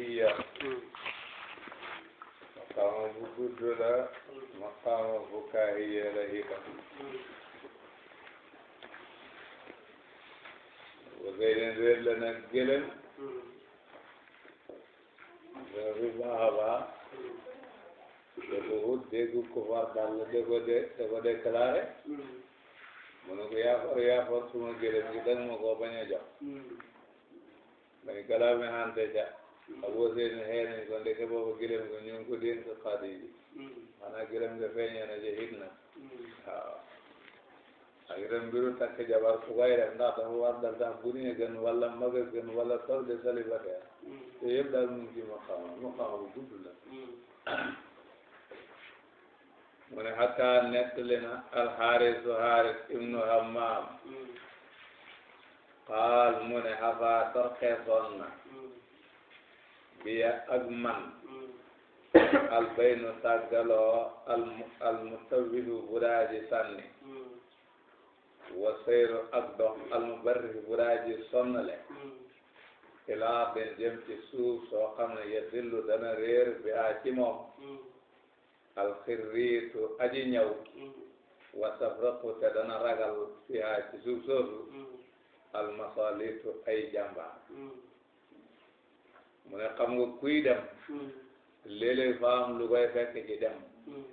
iya maqaama bu gudd la maqaama bu kaahiya la itam wagay leen réer la nag gëlëm loolu baax a baax dafa wut dégg ko far daal la da ko de da ko déclaré mu ne ko yaafor yaafor suma gëlëm gi danga ma koo bañ a jox may kalaame hante ja aboo seen ni xëy nañ ko ndeke boobu gëlëm ko ñu ngi ko dénk Xadija mm. maanaam gëlëm nga feeñee na jëhit na mm. waaw ak itam mbiru takk jabar su koy def ndax dafa war dal tax bu nee gën wala mag a gën wala sol de célibataire mm. te yëpp daal mu ngi ci maqaama maqaama bu gudd la mu ne hatta nettali na alxaarisu xaaris ibnu hammaam mu ne xafa torxeesoon na biya ak man mm. albaynu tàggaloo almutawilu buraaji sànni mm. wa sayru ak dox almubarri buraaji sonnale mm. ilaa den jëm ci suuf soo xam ne yedillu dana réer bi a ci moom alxirriitu aji ñëw wa tafraqu te dana ragal fi a ci suuf soosu almasalitu ay jàmbaar mu ne xam nga kuy dem hmm. léeg-léeg fa am lu koy fekk ci dem hmm.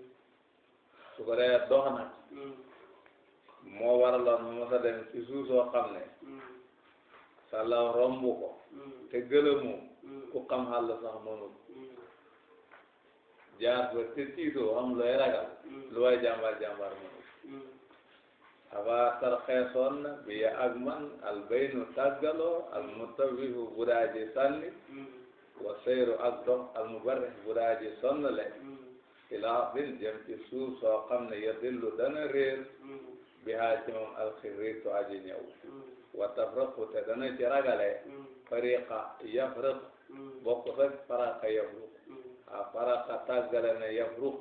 hmm. moo waraloon mu mos a dem ci suuf soo xam ne sala romb ko te gëlëmoo ku xam xàll sax mënul jaar ba te tiitoo am looy ragal lu way jàmbar jàmbar mënul aba tarxeesoon na bi ya ak man albaynu tàggaloo almutawifu budaaji sànni wa sayru ak dox al mubarrih bu daa ilaa bil jëm ci soo xam ne yadillu dana réer bihaa ci moom alxirritu aji ñëw wa tafraqu te dana ci ragale fariqa yafriq bokk rek faraqa yafruq a faraqa tàggale na yafruq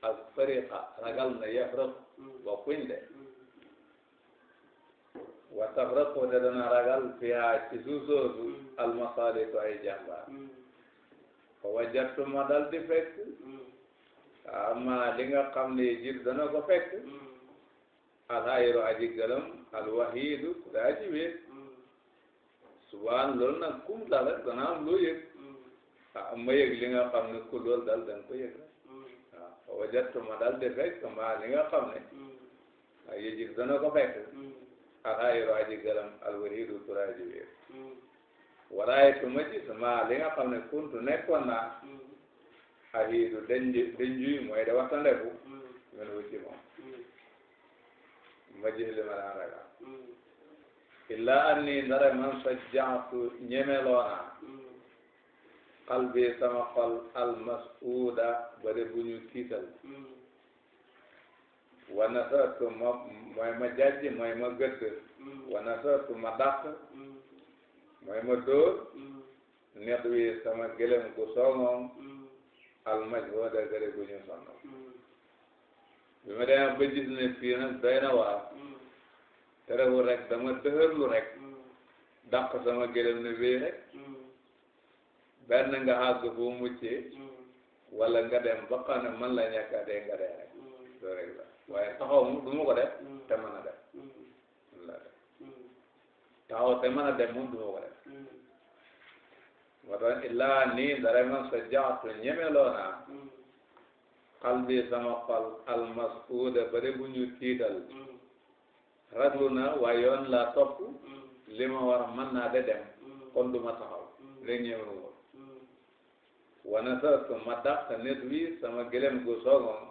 ak fariqa ragal na yafruq bokkuñ wa tafraqu te dana ragal fiha ci suuf soosu almasaliku ay jàmbaar fa wajattu ma dal di fekk amma li nga xam ne jib dana ko fekk alxayru aji gëlëm alwahidu da aji wéet subaan loolu nag kum dal rek dana am loo yëg ah ma yëg xam ne ku dal danga ko yëg waaw fa wajattu ma dal di fekk ma li nga ne ay jib dana ko fekk alxaayiru aji galam alwariidu turaaji wéer walaaye tuma gis ma li nga xam ne kuntu nekkoon naa ahiidu denji denji mooy de waxtandeku men wu moom ma li ma daan ragal illa anni ndare man sajjaatu ñemeloona qalbi sama xol almasuuda ba de bu ñu tiital wana sootu ma mooy ma jàjji mooy ma gëdd mm. wana sootu ma dàq mm. mooy ma dóor mm. net wi sama gëlëm ku soomoom almaj boo dagare gu ñu sonn bi ma demee ba gis ne fii nag doy na waar terewul rek dama dëhërlu rek dàq sama gëlëm ne wéy rek benn nga àgg bu muccee wala nga dem ba xam ne man la ñàkk a dee nga rek doo rek la waaye taxaw mu du ma ko def mm. te mën a def mm. mm. taxaw te mën a def moom ko def moo tax illaa nii dara man sa jaatu ñemeloo naa xal bi sama xol almasuuda bari bu ñu tiital raglu na waaye yoon laa topp li ma war naa de dem kon taxaw léegi ñëwee woon wana sa su ma dàq nit wi sama gëlëm gu soogoon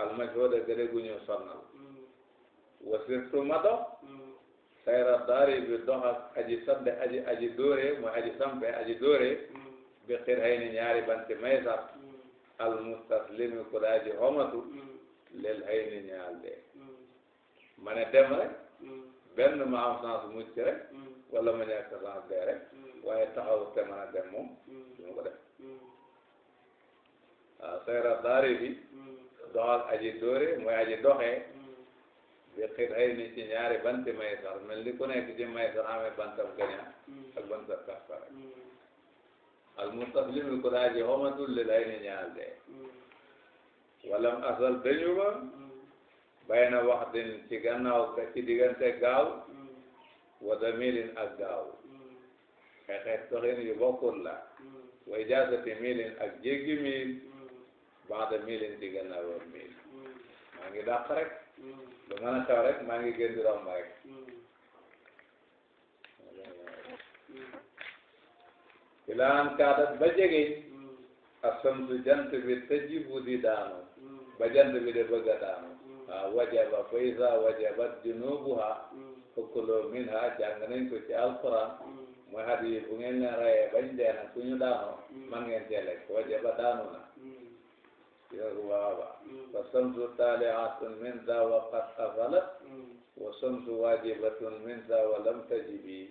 almajhooda gëre gu ñu sonnal mm. wasirtu ma dox mm. sayra daari bi dox ak aji sadde aji aji dóore mooy aji sampe aji dóore mm. bi xir hay ni ñaari bante may sax almustaslimi ku daa ji xomatu lel ñaal dee ma ne dem rek benn ma am chance mucc rek wala ma ñàkk chance dee rek waaye taxaw te mën dem moom du ma bi doxal aji dóore mooy aji doxee bi xit ay ci ñaari banti may mel ni ku nekk ci may sar amee bantam gaña ak bantam kaffara al mustaslimu ku daa ji xomatul lil ay walam asal dañu ma bay na wax din ci gannaaw ci gaaw wa damirin ak gaaw xeexeet toxin yu bokkul la way milin ak jéggi baax de miilin ci gannaaw ba miil maa ngi dàq rek lu mën a xew rek maa ngi gën di romb rek ilaan kaadat ba jege asamsu jant bi tajibu di daanu ba jant bi de bëgg a daanu waaw wajaba fa iza wajabat junubuha fakkuloo minha jàng nañ ko ci alquran mooy xat yi bu ngeen leen rayee bañ dee nag ku ñu daanoo man ngeen cee lekk wajaba daanu na يروابا فالشمس طالعة من ذا وقد أفلت والشمس واجبة من ذا ولم تجبي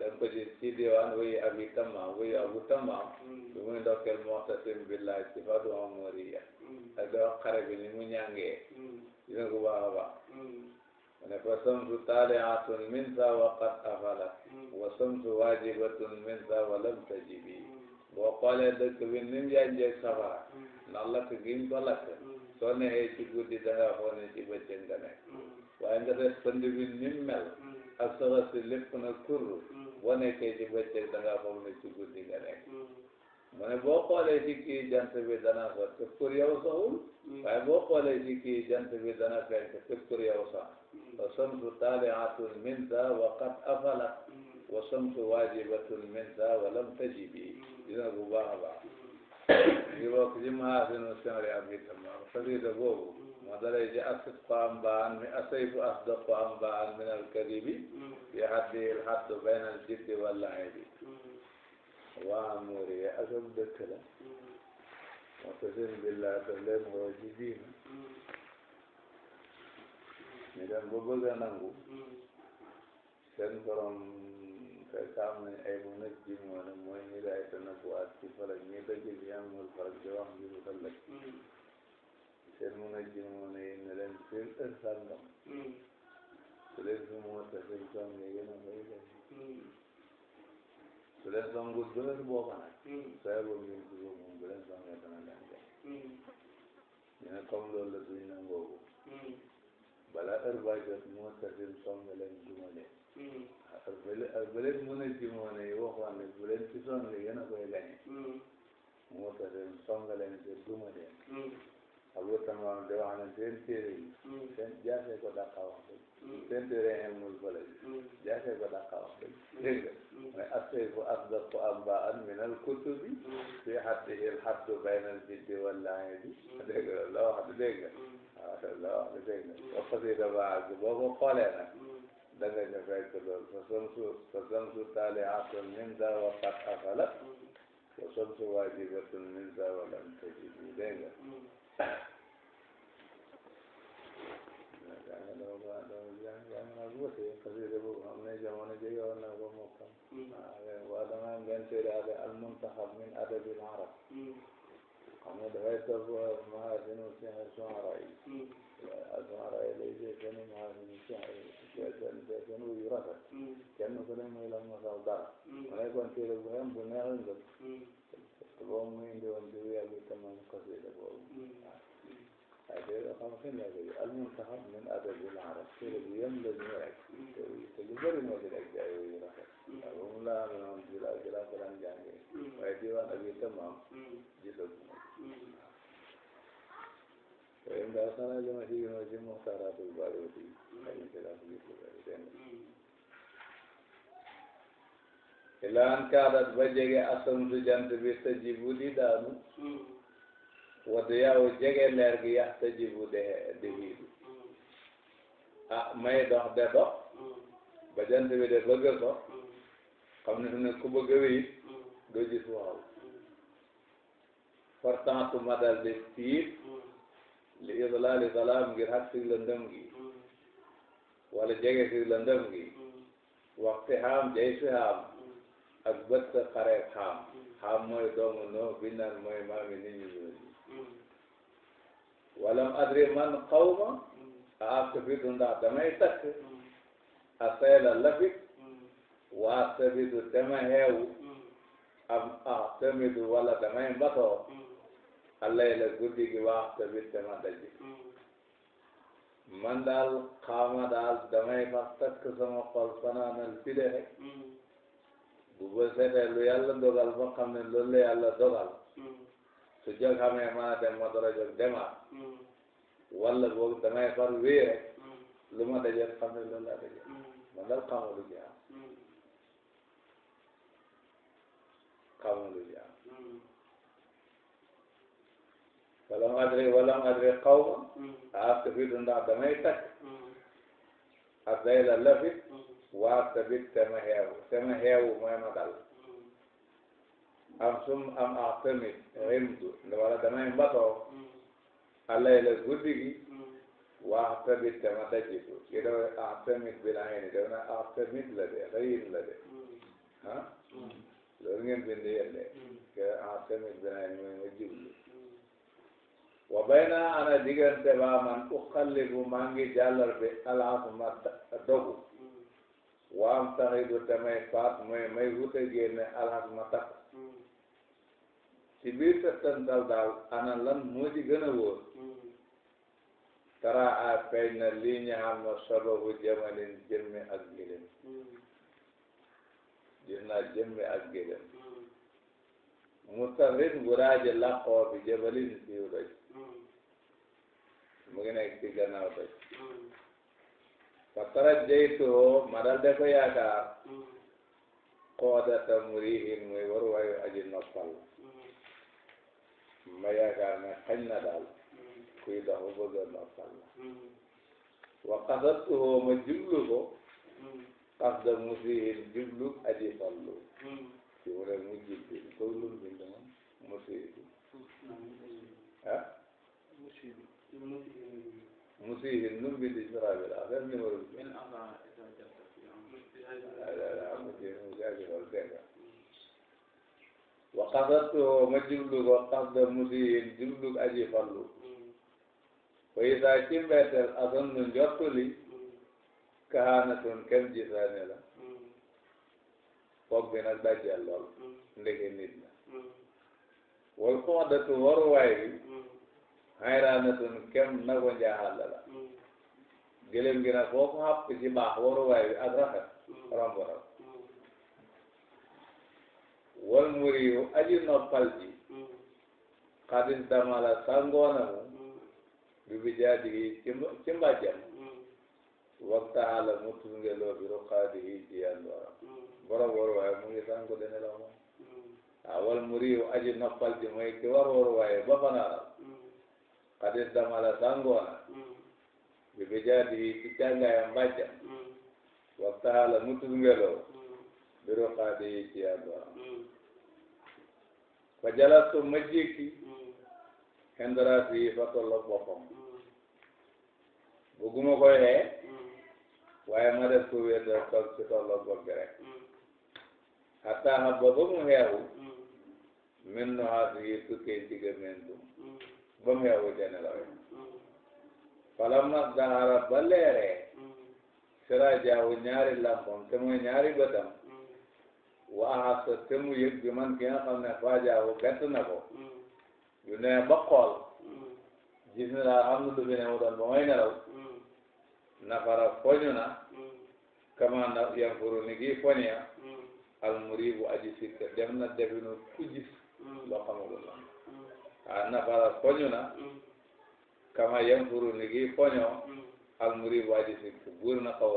da ko ci ci diwaan wuy abi tamam wuy abu tamam du muy ndokkeel moxtasim billahi ci fa du amoriya ak doo xare bi ni mu ñàngee dina ko baax a baax mu ne fa samsu taaliatun min sa wa qad afala wa samsu wajibatun min sa wa lam tajibi boo xoolee dëkk bi ni mu yànjee safara ndax lakk gi ñu ko lakk soo neexee ci guddi danga xoo ne ci bëccëg nga nekk waaye nga def pënd bi ni mu si lépp na kurru boo nekkee ci bëccëg danga xoo ne ci guddi nga nekk mu ne boo xoolee ci kii jant bi dana ko te pour yow soxul waaye boo xoolee ci kii jant bi dana fenk te pour yow sax wa samsu taaliatun minta wa qad afalat wa samsu waajibatun minta wa tajibi dina bu baax a ngi bokk ci mahaasinu seen re ak itam xasida boobu moo dalee ci asit ko am baan mi asayfu asdaq ko am baan min al kadibi bi haddi il haddu bayn al jiddi wal aybi waa muuri ak am dëkk la moo tax seen billaa daf leen woo ci diina ñu dem ba bëgg a nangu seen borom fekk am nañ ay mu nekk ji moone mooy ñi lay dana bu at ci falak ñi daje bi amul falak di wax ji ëllëg seen mu nekk ji moone yi ne leen seen heure sàngam su leen fi moo tasee song yi gën a fay def su leen songu beneen boobu nag saa boobu ngeen ci boobu moom bu leen songee dana leen def ñu ne comme loolu la duñ nangoo ko bala heure ba jot ñu ma tëddil song leen jumale ak bële ak bële mën a jumale yi a koy gañe mu mm. ma tëddil song leen te duma leen mm. abu tamaam de wax ne seen téere mm. yi seen jaase ko dàqa wax dëgg seen mm. téere ilmul falak jaase ko dàqa wax dëgg dégg nga mm. assayfu asdaqu ambaan min al kutubi fi haddihi al haddu bayna al jiddi wal laa'ibi dégg nga la wax dëgg nga waaw ah, la wax dëgg nga ba xasida ba àgg boo ko xoolee nag da nga ñu fekk lool fa samsu fa samsu taaliatun min daa wa qad afalat fa samsu waajibatun min daa wa lam tajidi dégg nga wa dama ngeen téere al muntaxab min adabil arab xam nga dafay topp maasinu fi'li su'araa yi su'araa yi lay jël seen maasinu fi'li seen seen wuyu rafet kenn ku ne muy la mosal dara mu nekkoon téere bu yem bu neex ngëm te boobu muy indi woon di wéyal bi tamam xasida boobu déedéet xam nga fi nekk bi almuntaxab min adabil arab téere bu yem la ñu rek te lu bëri moo ci nekk ci ay yu rafet waaw ba mu laa noon ci la ci la ko daan jànge waaye diwaan ak yi tamaam gisal ko waaye ndax sana li ma ci gënoo ci muxtaaratul barooti xañu ci la gis lu bëri dégg ilaan kaadat ba jege asam su jant bi tëji bu di daanu hmm. waddu yaw jege leer gi yax tajibu de de hiidu ah may dox de dox ba jant bi de bëgg ko xam ne su ku bëgg a wéyit doo gis waaw fortantu ma dal de tiit li idlaali salaam ngir xat si gi wala jege si gi waxti xaam jay si xaam ak bët xareeb xaam xaam mooy doomu noo bi naan mooy maami nit ñu walam adri man xawma aaf bidu ndax damay takk asayla labit waa sabidu dama xeewu am ax tamidu wala damay mbatoo allay la guddi gi waax sabid dama daji man daal xaama daal damay far takk sama xol fanaanal fi de rek bu ba setee lu dogal ba xam ne loolu la dogal su jóg xamee mën dem ma door a jóg hmm. walla boog damay far wéy rek hmm. lu ma dajeel xam ne loolu laa dajeel hmm. ma dal xamu lu ci am xamu lu ci am walla mu adre walla mu adre xaw ma aas te fi du ndax damay takk ak day la lafit waa sabit te ma xeewu te ma xeewu mooy ma dal am sum am axtamit mm. rimdu wala damay mbatoo mm. alay la guddi gi mm. waax tamit dama dajitu yi dafa axtamit bi laa ngeen def na axtamit la de xëyin la de ah loolu ngeen bind yéen de ke axtamit bi laa ngeen ma jublu wa bayna ana diggante baa man uxallibu maa ngi jàllar bi alasma dogu waam taxidu tamay faat mooy may wute génne alasma takk ci biir settantal daal ana lan moo ci gën a wóor hmm. taraa a feeñ na lii ñu xam ma sababu jamalin jëmmi ak gélém gis hmm. naa jëmmi ak gélém hmm. mustarrin bu raaje làqoo bi jabalin siiw doj mu ngi nekk ci gannaaw doj fa tara jaytuhoo ma dal de ko yaakaar xoodata murihin muy waruwaayu aji noppal ma yaakaar ne xañ na daal kuy dafa bëgg a noppal la wa qasadtuhu ma jublu ko qasda musihin jublu aji fallu ci wala mu jibbi ko lum bind moom musihin ah musihin num bind ci rabil affaire numéro bi wa xasatoo ma jublu ko xasda musiin jublu aji fallu wa isaa ci mbetteel asannu njottuli kahanatun kem jisaane la foog bi nag dajjal lool ndege nit la wal xoodatu waruwaay bi xayraanatun kem na ko njaaxalla la gëlëm gi ko xàpp ci baax waruwaay bi ak rafet romb rafet wal muriyu aji noppal ji xadin damala sangoona mu bi bi jaadihi ci mbàjjam waxtaan la mu tungeloo bi ruqaadihi ji yàlloram borom waru waaye mu ngi sango dene la moom a wal muriyu aji noppal ji mooy ki war waru waaye ba fanaaral damala sangoona bi bi jaadihi ci càngaaya mbàjjam waxtaan la mu tungeloo bi ruqaadihi ji yàlloram fa jalastu ma jékki xendaraat yi fa tolloog boppam bëgguma koy xee waaye ma def ko wér da toog ci tolloog bopp bi rek xataa xam ba ba mu xeewu min noxaat yi tukkee digamentu ba mu xeewu ca nelawe falam na daxara ba leeree sira jaawu ñaari lampam te mooy ñaari bëtam waa sa te mu ki nga xam ne faajaawu bett na ko mm. yu ba xool mm. gis ne na lu fi ne mu doon ba may nelaw mm. nafara foñu kama na yanfuru ni gi foñe almuribu aji sikka dem na definu ku gis loo xamagul la a nafara foñu na kama yanfuru ni gi foñoo almuribu aji sikka buur na xaw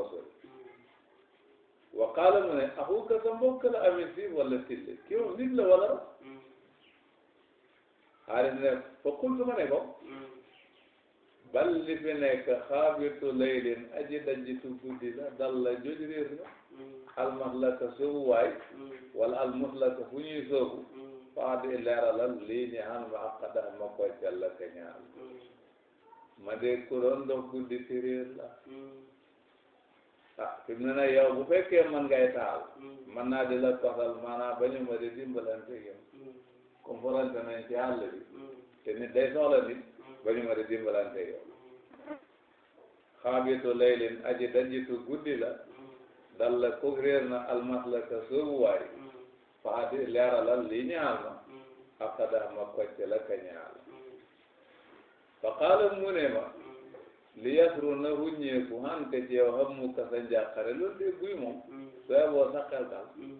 wa qaala mu ne axuka sa mbokk la amin si wala tilli kii moom nit la ne fa qultu ma ne ko bal li fi nekk xaabitu laylin aji dajjitu guddi la dal la joj réer na almaslaka soobu waay wala almaslaka fu ñuy soobu faa di leeralal lii ni an ma aqada ma ko jàll ka ñaar ma de ku doon guddi ci la waaw ah, fi mu ne nag yow bu fekkee man ngay taal man hmm. naa di la toxal maanaam ba ñu ma di dimbalante yow hmm. comme forante nañ ci àll bi hmm. te nit day soxla ba ñu ma di dimbalante yow xaabitu laylin aji dajitu guddi la dal la ku réer na almaslaka sóobuwaay faati leeralal li ñaal ma aqada ma kocc la ka ñaal fa qaala mu ma li yasru na wuññeeku han ka ci yow xam mu kasa njàqare loolu de buy moom soo mm. boo saxel dal mm.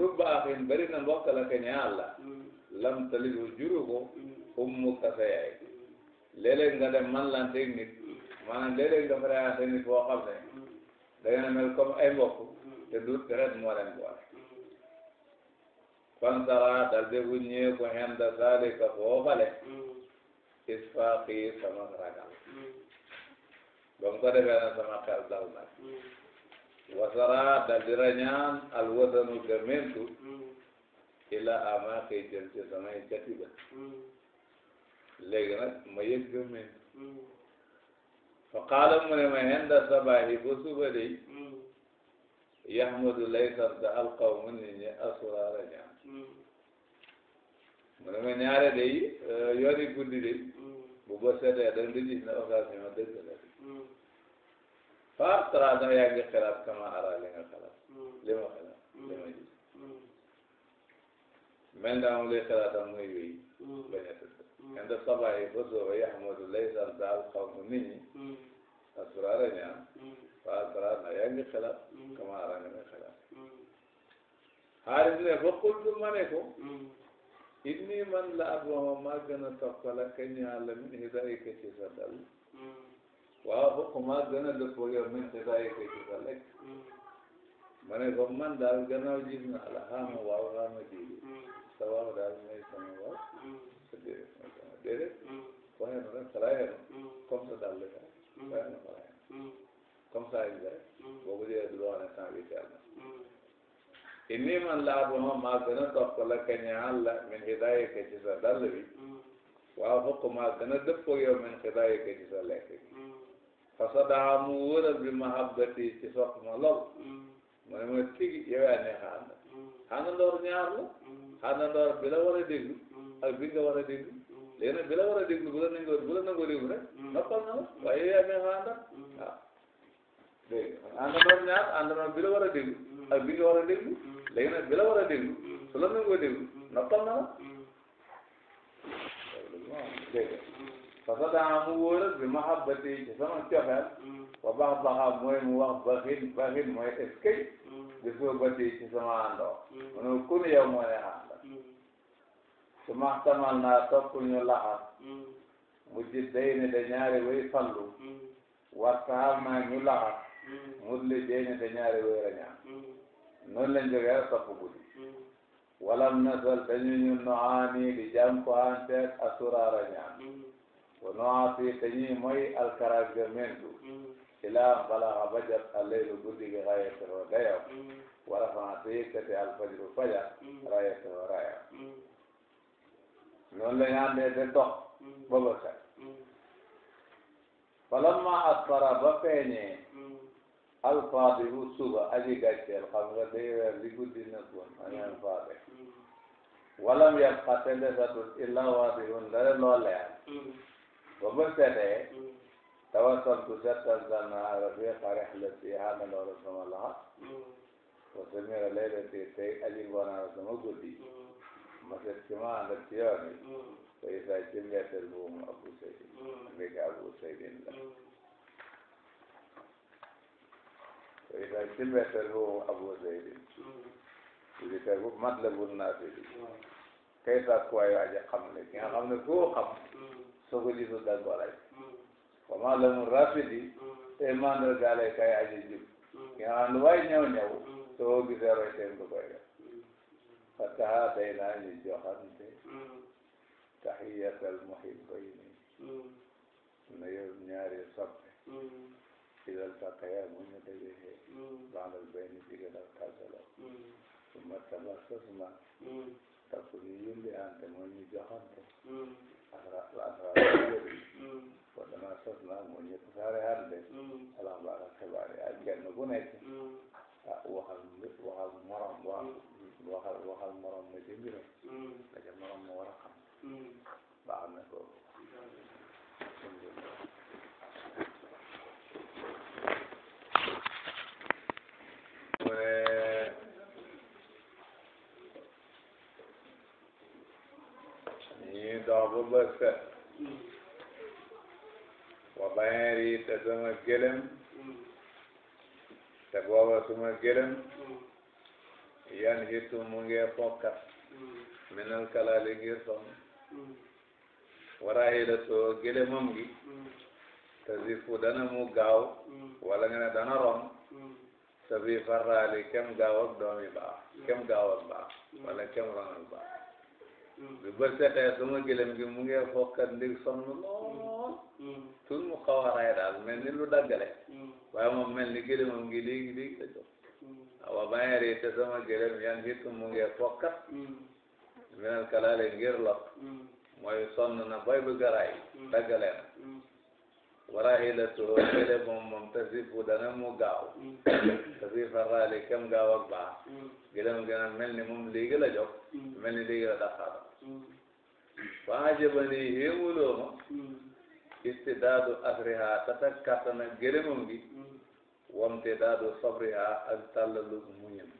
rubba axin bari na mbokk la ka ñaal la lam talidu juru ko um mu kasa yaay léeg-léeg nga dem man lan technique maanaam léeg-léeg nga fara seen nit boo xam ne da ngeen a mel comme ay mbokk te du deret moo leen boole fansara dal de wuññeeku hen da saalika foofale isfaaqi sama ragal ba mu ko defee na sama xel dal na mm. wasara dal al wasanu gamentu mm. ila ama kay ci samay jati ba mm. léegi ma yëg gamentu fa qaala mu ne ma henda sabahi ba suba de yahmadu lay sarda al qawmu nit ñi asura rañaan mu ne ma ñaare de eh, yooni guddi de bu ba setee da nga gis ne occasion dëgg la Faar Salah dama yàgg xalaat kama ara li nga xalaat li ma xalaat li ma gis mel na amul xalaatam muy wéy bañ a tëdd kenn de sabaa sal daal xaw ma nit ñi asuraara ñaan Faar Salah na yàgg xalaat kama ara li nga xalaat ne fa qultu ne ko inni man la ab maa gën a toppal ak min hidaayka ci sa dal hmm. waaw xukumaa gën a dëppoo yow min te bàyyi ko ci sa lekk ma ne ko man daal gannaaw gis naa la xaama waaw xaama jiibi sa waaw daal may sama waaw sa déedéet may sama déedéet waaye na rek sala yenu comme ça daal leka waaye na sala yenu comme ça yi rek boo ko jëlee du loo xam ma maa gën a topp la ka ñaan la min hidaaya ka ci sa dàll bi waaw xukumaa gën a dëppoo yow min hidaaya ka fasadaa mu wóor a bi mahabbati ci sopp ma lool mooy ma tigi yow yaa neex a ànd àndandoor ñaar la àndandoor bi la war a déglu ak bi nga war a déglu léegi nag bi la war a déglu bu la nangoo bu la nangoo déglu rek noppal na la waaye yow yaa neex a àndal waaw dégg nga àndandoor ñaar àndandoor bi la war a déglu ak bi nga war a déglu léegi nag bi la war a déglu su la nangoo déglu noppal na la dégg nga fasa daa mu wóoral bi mahabbati ci sama cofeel wa bax baxa mooy mu wax baxin baxin mooy eskay bi ci sama àndoo mu ne kun yow moo ne ànda su maxtamal naa topp ñu mu ji day de ñaari way fallu wartaal naa ñu mu li day de ñaari way rañaan noonu lañ jógee topp guddi walam nasal dañu ñu noxaani di jàm ko anteeg asura rañaan kono fi te ñi mooy alcaragamentu ila balaxa ba jot alleylu guddi gi rayetoo dayo wala fan fi te te alfajru fajar rayetoo rayo noonu la ñaan de de dox baba kay falamma asfara ba feeñee alfaadihu suba aji gàcceel xam nga weer li guddi na bon añaan faade walam yabqa te desatul illa waadihun dara loo leer ba ma seetee tawasaltu naa rafiqa rihlati hana loolu sama laxas wa samira tey aji ngoonaara sama guddi ma seet ci ma ànd ci yoon yi fa isa bu abu saydin ndeke abu saydin la fa isa ci mbetteel bu abu saydin mat la bu naafili kay sa kuwaay aji xam ne ki nga xam ne koo xam soo ko gisul da nga ko laaj mm. wa maa lamu rafidi mm. te mandargaale kay aji jub mm. nga xam lu waay ñëw ñëw soo ko gisee roy teen ko koy def fataha day naa ñu joxante tahiyatal muhibbayni na yow ñaari soppe ilal takaya mu ñu dajee bandal benn jigéen ak tàggaloo suma tabasasna takku ñu yundi ante moo ñu joxante kon damaa sos naa mooy ñu tasaare xaal de alxabaar ak xibaar yi ak kenn ku nekk ah waxal waxal morom waxal hmm. waxal morom ma ci mbiram la ca morom ma war a xam baax na ko mu ne dox ba bët set wa bayeer yi te sama gëlëm te booba sama gëlëm yan hitu mu nge fokkat minal kalaali ngir sonn waraay la soo gëlëmam gi te zifu dana mu gaaw wala nga ne dana rom te bi farraali kem gaaw ak doomi baax kem gaaw ak baax wala kem rom ak baax bi bët setee sama gëlëm gi mu ngi fokkat ndig sonn lool tun mu xaw daal mel ni lu daggale waaye moom mel ni gëlëmam gi léegi léegi la jox awa bàyyeer yi sama gëlëm yan hitu mu ngi fokkat minal ngir lot mooy sonn na bay bëgg a daggale na warahilatuhu fele moom moom tasifu dana mu gaaw tasifa raali kem gaaw ak baax gëlëm gën a mel ni moom léegi la jóg mel ni léegi la daxaat wa ajabani yéemuloo ma istidaadu asriha tatak kàttan ak gëlëmam gi wamte daadu sabriha ak tàllalu muñam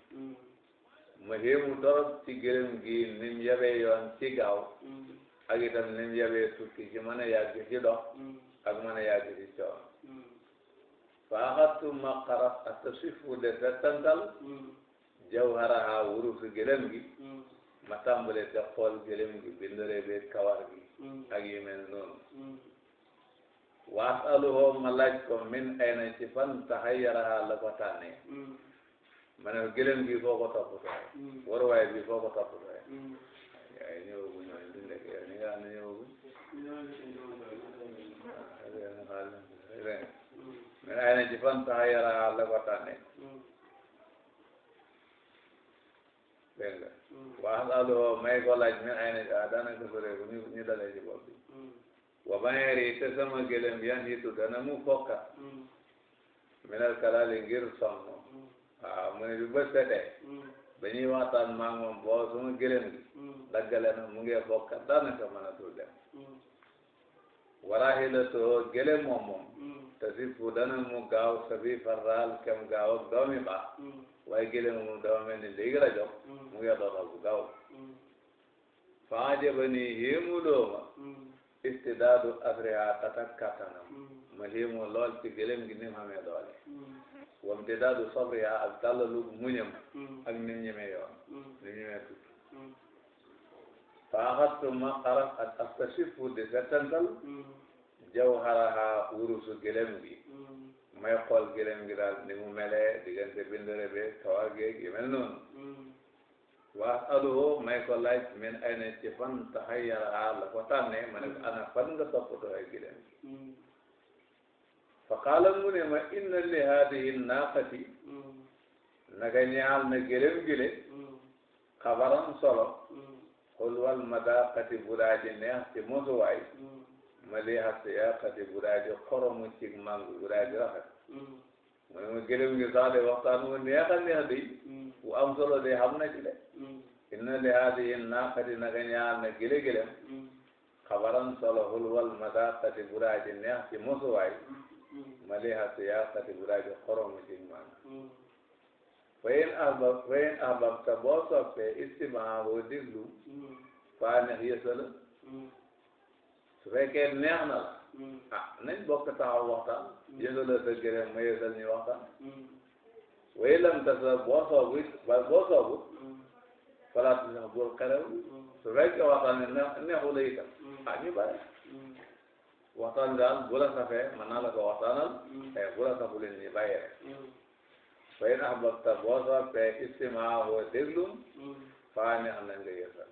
ma yéemu torop ci gëlëm gi nim yabee yoon ci gaaw ak itam nim yabee tukki ci mën a yàgg ci dox ak mën a yàgg ci coono hmm. faaxattu maqaras atasifu de settantal hmm. jawharaha wurusu gëlëm gi hmm. ma tàmbale te xool gëlëm gi bindore beeg kawar gi ak yu mel noonu waasaluhoo ma laaj ko min ay na ci fan taxayyaraha la ko tànnee ma ne gëlëm gi foo ko toppatoo waruwaay bi foo ko toppatoo yaay ñëwaguñ waaye duñ nekk yow ñi nga xam ne ñëwaguñ min ayna ci fan taxayara la ko tànne dégg nga waax aluo may ko laaj min ayna a daanaka soreeku ñu ñu dalee ci bopp bi wa baneeri te sama gélém yan yitu dana mu fokka minal kalali ngir sonn waaw mu ne bi bët setee dañuy waxtaan maa moom boo sama gélém gi daggale na mu ngee fokka daanaka mën a tul warahilatoo gele moom moom mm. tasifu dana mu gaaw sabi farraal kem gaaw ak doomi baax mm. waaye gele moom dama mel ni léegi la jóg mm. mu ngi doxal bu gaaw faajaba ni yéemu dooma istidaadu asriha tatak kattanam ma yéemu lool ci gëlëm gi ni mu amee doole wam te daadu sabriha ak dàllalu muñam ak ni mu ñemee yoon ni mu ñemee tukki faaxattu ma xaraf ak aktasifu di settantal jawharaha wurusu gëlëm gi may xool gi daal ni mu melee diggante bindere bi tawa geeg yi mel noonu waa aluhu may ko laaj min ay na ci fan taxayyaraha la ko tànne ne ko ana fan nga toppatoo ay gëlëm gi fa mu ne ma inna li haadihi naaqati naka ñaal na gëlëm gile xabaran solo xulwal madaqati buraaji neex ci mosuwaay hmm. mali asiyaqati buraaji xoromu ci mangu buraaji rafet hmm. mu ne ma gërëm ngi sax de waxtaan mu neex a neex di bu hmm. am solo de xam na ci de inna li haadihi naaqati na gile gilem xabaran solo xulwal madaqati buraaji neex ci mosuwaay mali asiyaqati buraaji xoromu ci mangu fayin ahbab fayin ahbab te boo soppee istimaahu déglu faa neex yéesa la su fekkee neex na la ah nañ bokk taxaw waxtaan yéesa la sa gërëm ma yéesal ñu waxtaan way lam tasa boo soobu ba boo soobu falaat neex bul xerew su fekkee waxtaan ne neexu la itam ah ñu bari waxtaan daal bu la safee mën naa la ko waxtaanal te bu la safu leen ñu bàyyi rek fay na baxta boo soppee istimaahu déglum faa neex na nga yësal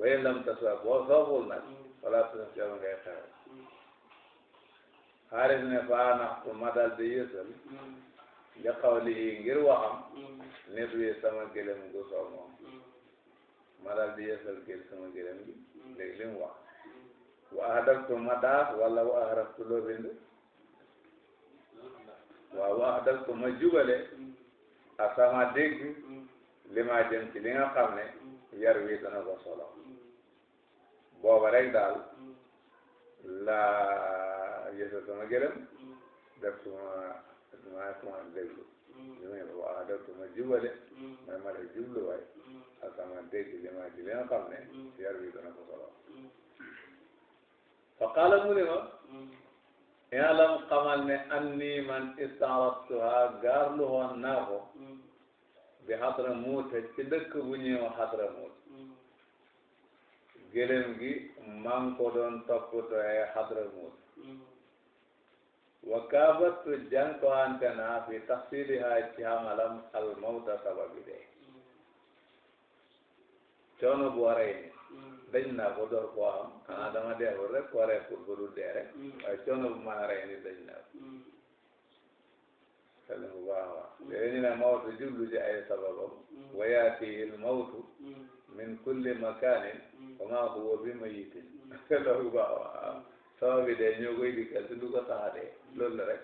way lam tasa boo soppul nag wala tasa cero ngay xew xaaris ne faa naxtu dal di yësal li xaw li ngir waxam nit wi sama gëlëm gu soo moom ma dal di yësal gël sama gëlëm gi léegi li wax wa ahdaftu ma daas wala wa ahraftu loo bind waaw wax ko ma jubale asama dégg li ma jëm ci li nga xam ne yar wi dana ko solo booba rek daal laa yësa sama gërëm def suma ma commencé déglu li may wax def suma jubale may ma la jubluwaay asama dégg li ma ci li ne yar wi dana ko solo fa qaala yaalam xamal ne anni man istaaratuha gaarlu woon naa ko bi Hadramout ci dëkk bu ñuy wax Hadramout gi maa ko doon toppatooyee Hadramout wa kaabatu jànkuwante naa fi taxsiliha ci xamalam al mawta sababi de coono bu waree dañ naa ko door koo am xanaa dama deewul rek koo rek pour ba du dee rek mm. waaye coono bu naa ko mm. xel bu baax a baax léegi ñu ne mawtu jublu ci ay sababam mm. wa yaatihi l mawtu min kulli makanin wa maa huwa bi mayitin xel bu baax a baax sabab yi day ñoo koy dikkal si lu ko tax a dee loolu la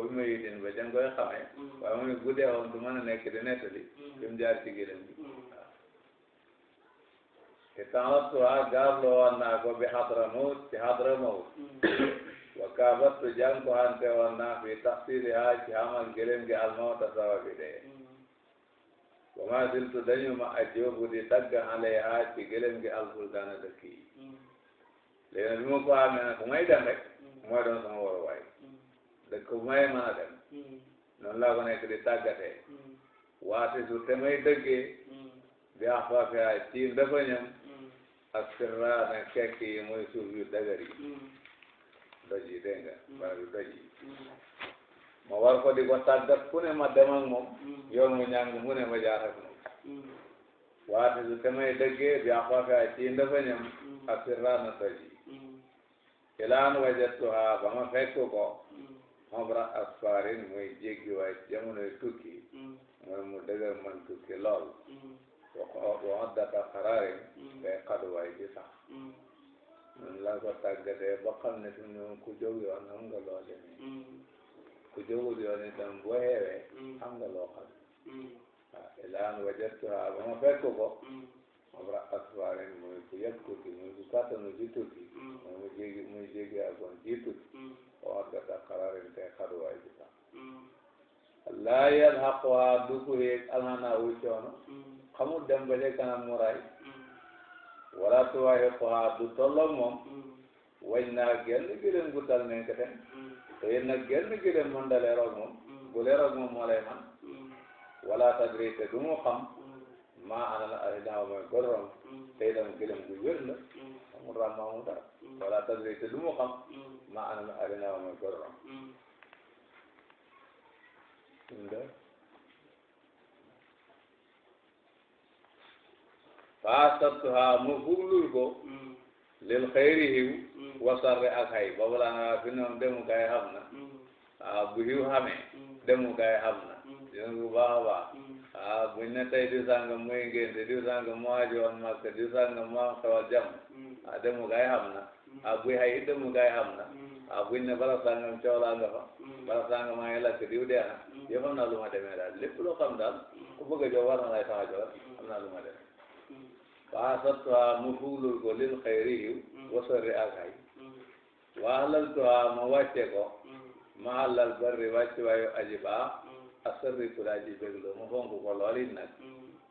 bi ma yitin ba koy xamee waaye mu ne bu dee woon du mën a nekk di nettali a tuha gaab loo wan ko bi Hadramawt ci Hadramawt wa kaabat tu jàng ko hante wan naa fi tafsiriha ci xamal gëlëm gi almawta sababi dee wa ma ziltu dañu ma ajoobu di tagg alayha ci gëlëm gi albuldana dëkk yi léegi nag ko amee nag may dem rek mooy doon sama waruwaay dëkk bu may mën a dem noonu laa ko nekk di tàggatee waate su te may dëggee bi axfaafiha ci ndafañam asirraana kekk yi mooy suuf yu dagar hmm. yi doj yi dégg nga hmm. barab yu doj yi hmm. ma war ko di ko tàggat ku ne ma dem ak moom yoon mu ñàng mu ne ma jaar ak moom waate su temay dëggee bi axwafea ci ndafañam asirraana doj yi ilaan wajattuha ba ma fekk ko xobra asfarin muy jéggi waay jamonoy tukki mooy mu dëgër man tukki lool waxoon data xaraare ngay xaduwaay ji sax noonu laa ko tàggatee ba xam ne fi ñoom ku jóg yoon xam nga loo demee ku jógul yoon itam boo xeewee xam nga loo xam waaw ilaan wajatuha ba ma fekk ko obra asfarin muy ku yëg tukki muy ku kàttanu ji tukki mooy mu jégi muy jégi agoon ji tukki waxoon data xaraare ngay xaduwaay ji sax laa yalhaquha du ko yéeg alxanaa wu coono xamul dem ba ca kanam mu raay mm. wala tuwaaye xoxaa du tolloog moom mm. wañ naa genn gëléem gu dal nekk dem mm. te yéen nag genn gëléem mën da leeroog moom bu leeroog moom moo wala tadri te du maa anana alinaaw mooy godorom te itam gëléem gu wér la mu ram wala tadri te du mu xam maa anana alinaaw mooy godorom faa sabtuha mu fuglul ko lil xayri hiw wasarre ak hay boobu laa nga fi noonu demukaay xam na mm. ah bu hiw xamee mm. demukaay xam na mm. dina bu baax a baax ah buñ ne tey diw sànga muy ngénte diw sànga moo aji woon màkk diw sànga moo am xewal jàmm ah demukaay xam na ah buy hay it demukaay xam na ah buñ ne bala sàngam coow laa nga fa bala sàngam maa ngi lakk diw dee na yëpp am naa lu ma demee daal lépp loo xam daal ku bëgg a jox war na lay tax a faasatuha mu fuulul ko lil xayri yiw wasarri ak hay waalaltuha ma wàcce ko ma àllal barri wàcce waayu aji baax asarri kula aji bégloo ma fonk ko lool it nag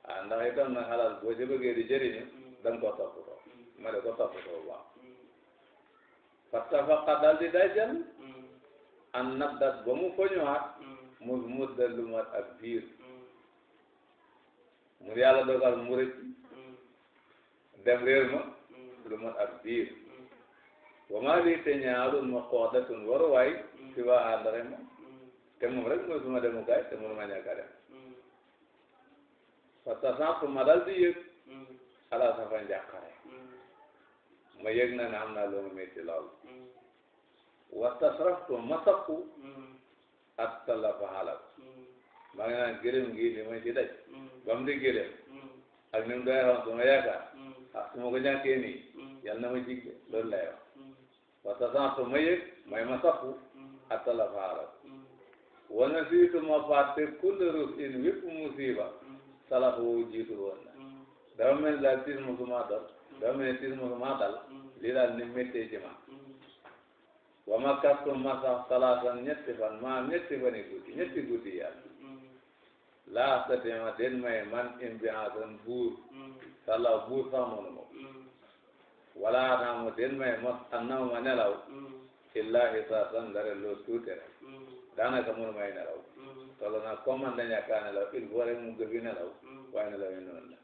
ah ndax itam nag xalaat boo ci bëggee di jëriñu da nga ko toppatoo ma de ko toppatoo baax fattafaqa dal di dajal an naddat ba mu foñuwaat mu mu dellu mat ak biir mu yàlla dogal mu dem réer ma mm. lu mot ab diir mm. wa maa lii te ñaarul ma qoodatun waruwaay si mm. waa àndare ma te moom rek mooy suma demukaay te mënu ma ñàkk a dem parce que sànq ma dal di yëg ala safa njàqare ma yëg na ne am naa lu ma métti lool wa tasraftu ma sakku ak talafa halal maa ngi naan gërëm gi li ma ci daj ba mu di gërëm ak ni mu doy xam suma ndax hmm. hmm. su hmm. ma ko ñàkkee nii yàlla na ma jig de loolu lay wax parce que sans ma yëg may ma sappu attala faaral wana ma fàtte kulle rus in wépp musiba salafu jiitu woon na dafa mel daal tiis mu suma dal dafa mel tiis mu suma dal lii daal ni méttee ci ma wa ma kastu ma sax salaatan ñetti fan maa ñetti fani guddi ñetti guddi yàlla laa sa teema den may man imbiansan buur sala buur sax mënu ma naa mu den may mos ma nelaw illahi sa san dara loo tuute rek daanaka mënu nelaw toll naa comme man nelaw il faut rek mu gëbi nelaw waaye nelaw yi noonu la